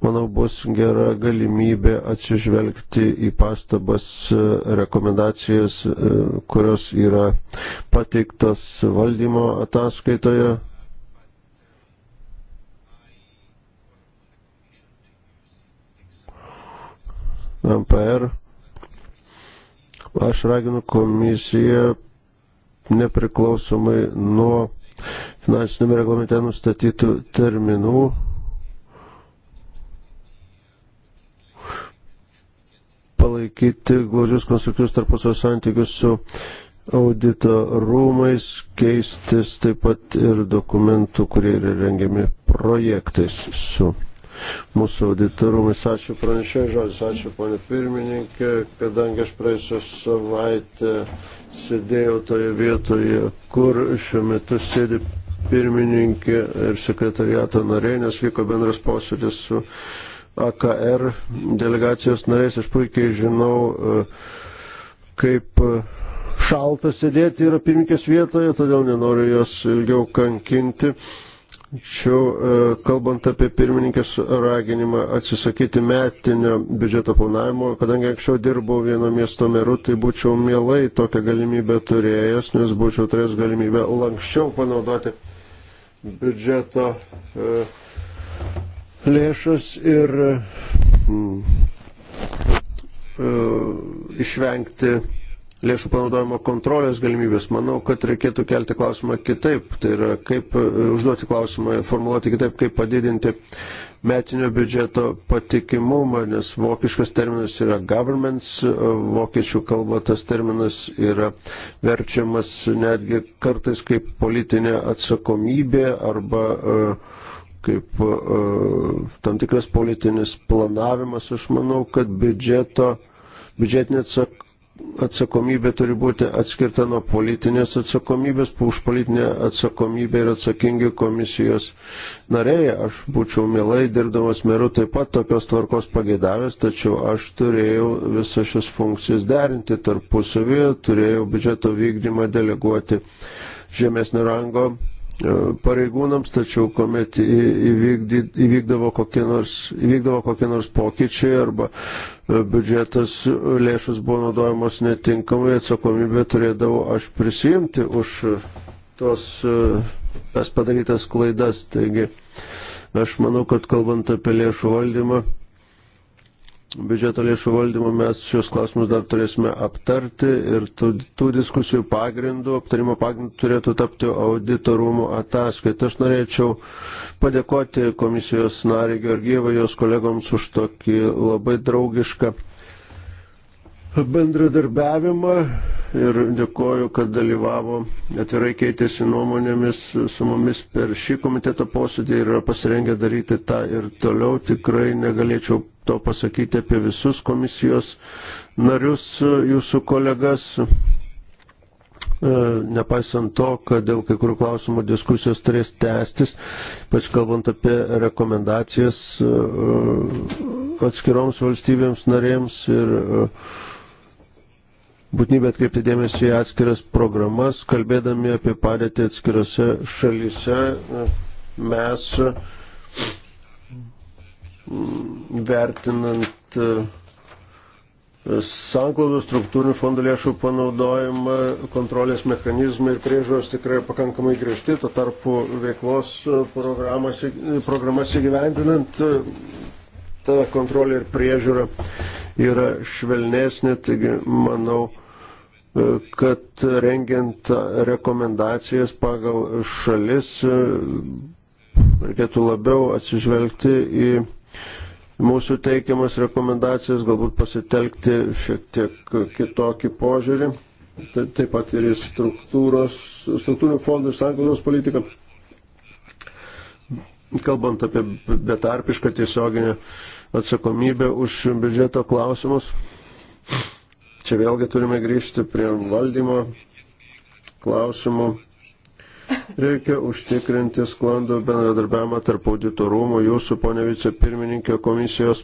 manau, bus gera galimybė atsižvelgti į pastabas, e, rekomendacijas, kurios yra pateiktos valdymo ataskaitoje MPR. Aš raginu komisiją nepriklausomai nuo finansinėme reglamente nustatytų terminų palaikyti glaudžius konstruktyvius tarpusavio santykius su audito rūmais, keistis taip pat ir dokumentų, kurie yra rengiami projektais su mūsų auditorumais. Ačiū pranešėjai žodis, ačiū ponė pirmininkė, kadangi aš praėjusią savaitę sėdėjau toje vietoje, kur šiuo metu sėdi pirmininkė ir sekretariato nariai, nes vyko bendras posėdis su AKR delegacijos nariais. Aš puikiai žinau, e, kaip e, šalta sėdėti yra pirmininkės vietoje, todėl nenoriu jos ilgiau kankinti. Tačiau e, kalbant apie pirmininkės raginimą atsisakyti metinio biudžeto planavimo, kadangi anksčiau dirbau vieno miesto meru, tai būčiau mielai tokią galimybę turėjęs, nes būčiau turėjęs galimybę lankščiau panaudoti biudžeto e, lėšas ir mm, e, išvengti lėšų panaudojimo kontrolės galimybės. Manau, kad reikėtų kelti klausimą kitaip. Tai yra, kaip e, užduoti klausimą, formuluoti kitaip, kaip padidinti metinio biudžeto patikimumą, nes vokiškas terminas yra governments, e, vokiečių kalba tas terminas yra verčiamas netgi kartais kaip politinė atsakomybė arba e, kaip tam tikras politinis planavimas. Aš manau, kad biudžeto, biudžetinė atsakomybė atsakomybė turi būti atskirta nuo politinės atsakomybės, už politinę atsakomybę ir atsakingi komisijos nariai. Aš būčiau mielai dirbdamas meru taip pat tokios tvarkos pagėdavęs, tačiau aš turėjau visas šias funkcijas derinti tarpusavėje, turėjau biudžeto vykdymą deleguoti žemesnio rango e, pareigūnams, tačiau kuomet įvykdavo kokie nors, įvykdavo kokie nors pokyčiai arba biudžetas lėšus buvo naudojamos netinkamai, atsakomybę turėdavau aš prisijimti už tos tas padarytas klaidas. Taigi aš manau, kad kalbant apie lėšų valdymą, biudžeto lėšų valdymo mes šios klausimus dar turėsime aptarti ir tų, tų diskusijų pagrindų, aptarimo pagrindų turėtų tapti auditorumų ataskaita. Aš norėčiau padėkoti komisijos nariai Georgievai, jos kolegoms už tokį labai draugišką bendradarbiavimą ir dėkoju, kad dalyvavo atvirai keitėsi nuomonėmis su mumis per šį komiteto posėdį ir yra pasirengę daryti tą ir toliau. Tikrai negalėčiau to pasakyti apie visus komisijos narius, jūsų kolegas. E, nepaisant to, kad dėl kai kurių klausimų diskusijos turės tęstis, pač kalbant apie rekomendacijas e, atskiroms valstybėms narėms ir e, būtinybę atkreipti dėmesį į atskiras programas, kalbėdami apie padėtį atskirose šalyse, mes vertinant e, sanklaudos struktūrinių fondų lėšų panaudojimą, kontrolės mechanizmai ir priežiūros tikrai pakankamai griežti, tuo tarpu veiklos programas, programas įgyvendinant e, ta kontrolė ir priežiūra yra švelnesnė, taigi manau, e, kad rengiant rekomendacijas pagal šalis reikėtų labiau atsižvelgti į mūsų teikiamas rekomendacijas, galbūt pasitelkti šiek tiek kitokį požiūrį, taip pat ir į struktūros, struktūrinių fondų ir sanglaudos politiką. Kalbant apie betarpišką tiesioginę atsakomybę už biudžeto klausimus, čia vėlgi turime grįžti prie valdymo klausimų Reikia užtikrinti sklandų bendradarbiavimą tarp auditorumų, jūsų, ponė vicepirmininkė, komisijos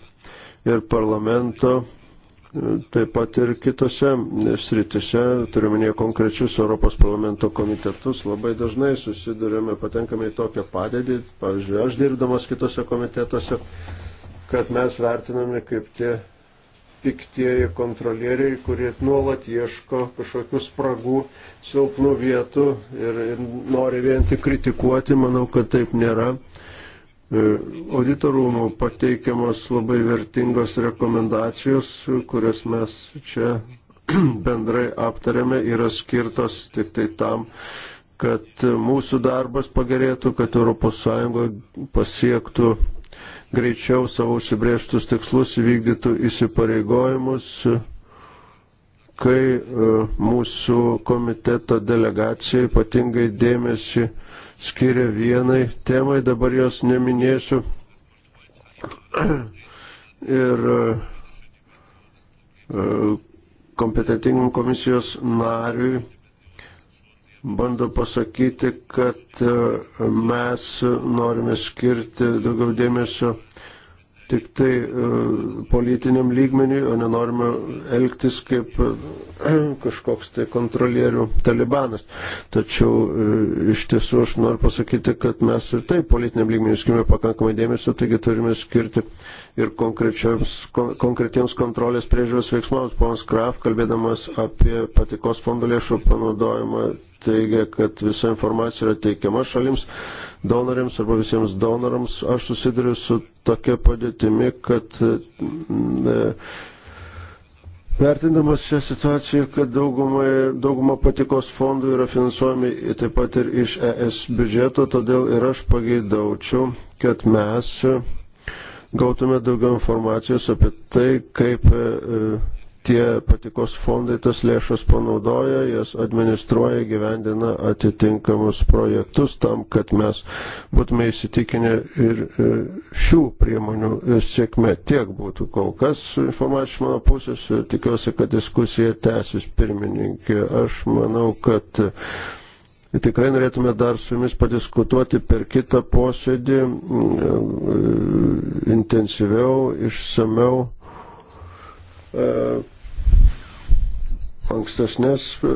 ir parlamento, taip pat ir kitose sritise, turiuomenėje konkrečius Europos parlamento komitetus, labai dažnai susidurėme, patenkame į tokią padėtį, pavyzdžiui, aš dirbdamas kitose komitetuose, kad mes vertiname kaip tie piktieji kontrolieriai, kurie nuolat ieško kažkokių spragų, silpnų vietų ir, ir nori vien tik kritikuoti, manau, kad taip nėra. E, auditorumų pateikiamos labai vertingos rekomendacijos, kurias mes čia bendrai aptarėme, yra skirtos tik tai tam, kad mūsų darbas pagerėtų, kad ES pasiektų greičiau savo užsibrieštus tikslus įvykdytų įsipareigojimus, kai e, mūsų komiteto delegacija ypatingai dėmesį skiria vienai temai, dabar jos neminėsiu. Ir e, e, kompetentingam komisijos nariui bando pasakyti, kad e, mes norime skirti daugiau dėmesio tik tai e, politiniam lygmeniui, o nenorime elgtis kaip e, kažkoks tai kontrolierių talibanas. Tačiau iš tiesų aš noriu pasakyti, kad mes ir taip politiniam lygmeniui skirime pakankamai dėmesio, taigi turime skirti ir konkretiems kontrolės priežiūros veiksmams. Ponas Kraf, kalbėdamas apie patikos fondų lėšų panaudojimą, teigia, kad visa informacija yra teikiama šalims, donoriams arba visiems donorams. Aš susiduriu su tokia padėtimi, kad. Ne, mm, Vertindamas šią situaciją, kad daugumai, dauguma patikos fondų yra finansuojami taip pat ir iš ES biudžeto, todėl ir aš pageidaučiau, kad mes gautume daugiau informacijos apie tai, kaip e, e, tie patikos fondai tas lėšas panaudoja, jas administruoja, gyvendina atitinkamus projektus tam, kad mes būtume įsitikinę ir e, šių priemonių sėkme. Tiek būtų kol kas informacija iš mano pusės ir tikiuosi, kad diskusija tęsis pirmininkė. Aš manau, kad Tikrai norėtume dar su jumis padiskutuoti per kitą posėdį mm, e, intensyviau, išsameu. E, ankstesnės e,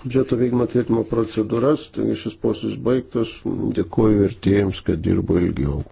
biudžeto veikimo tvirtimo procedūras, taigi šis posėdis baigtas. Dėkuoju vertėjams, kad dirbo ilgiau.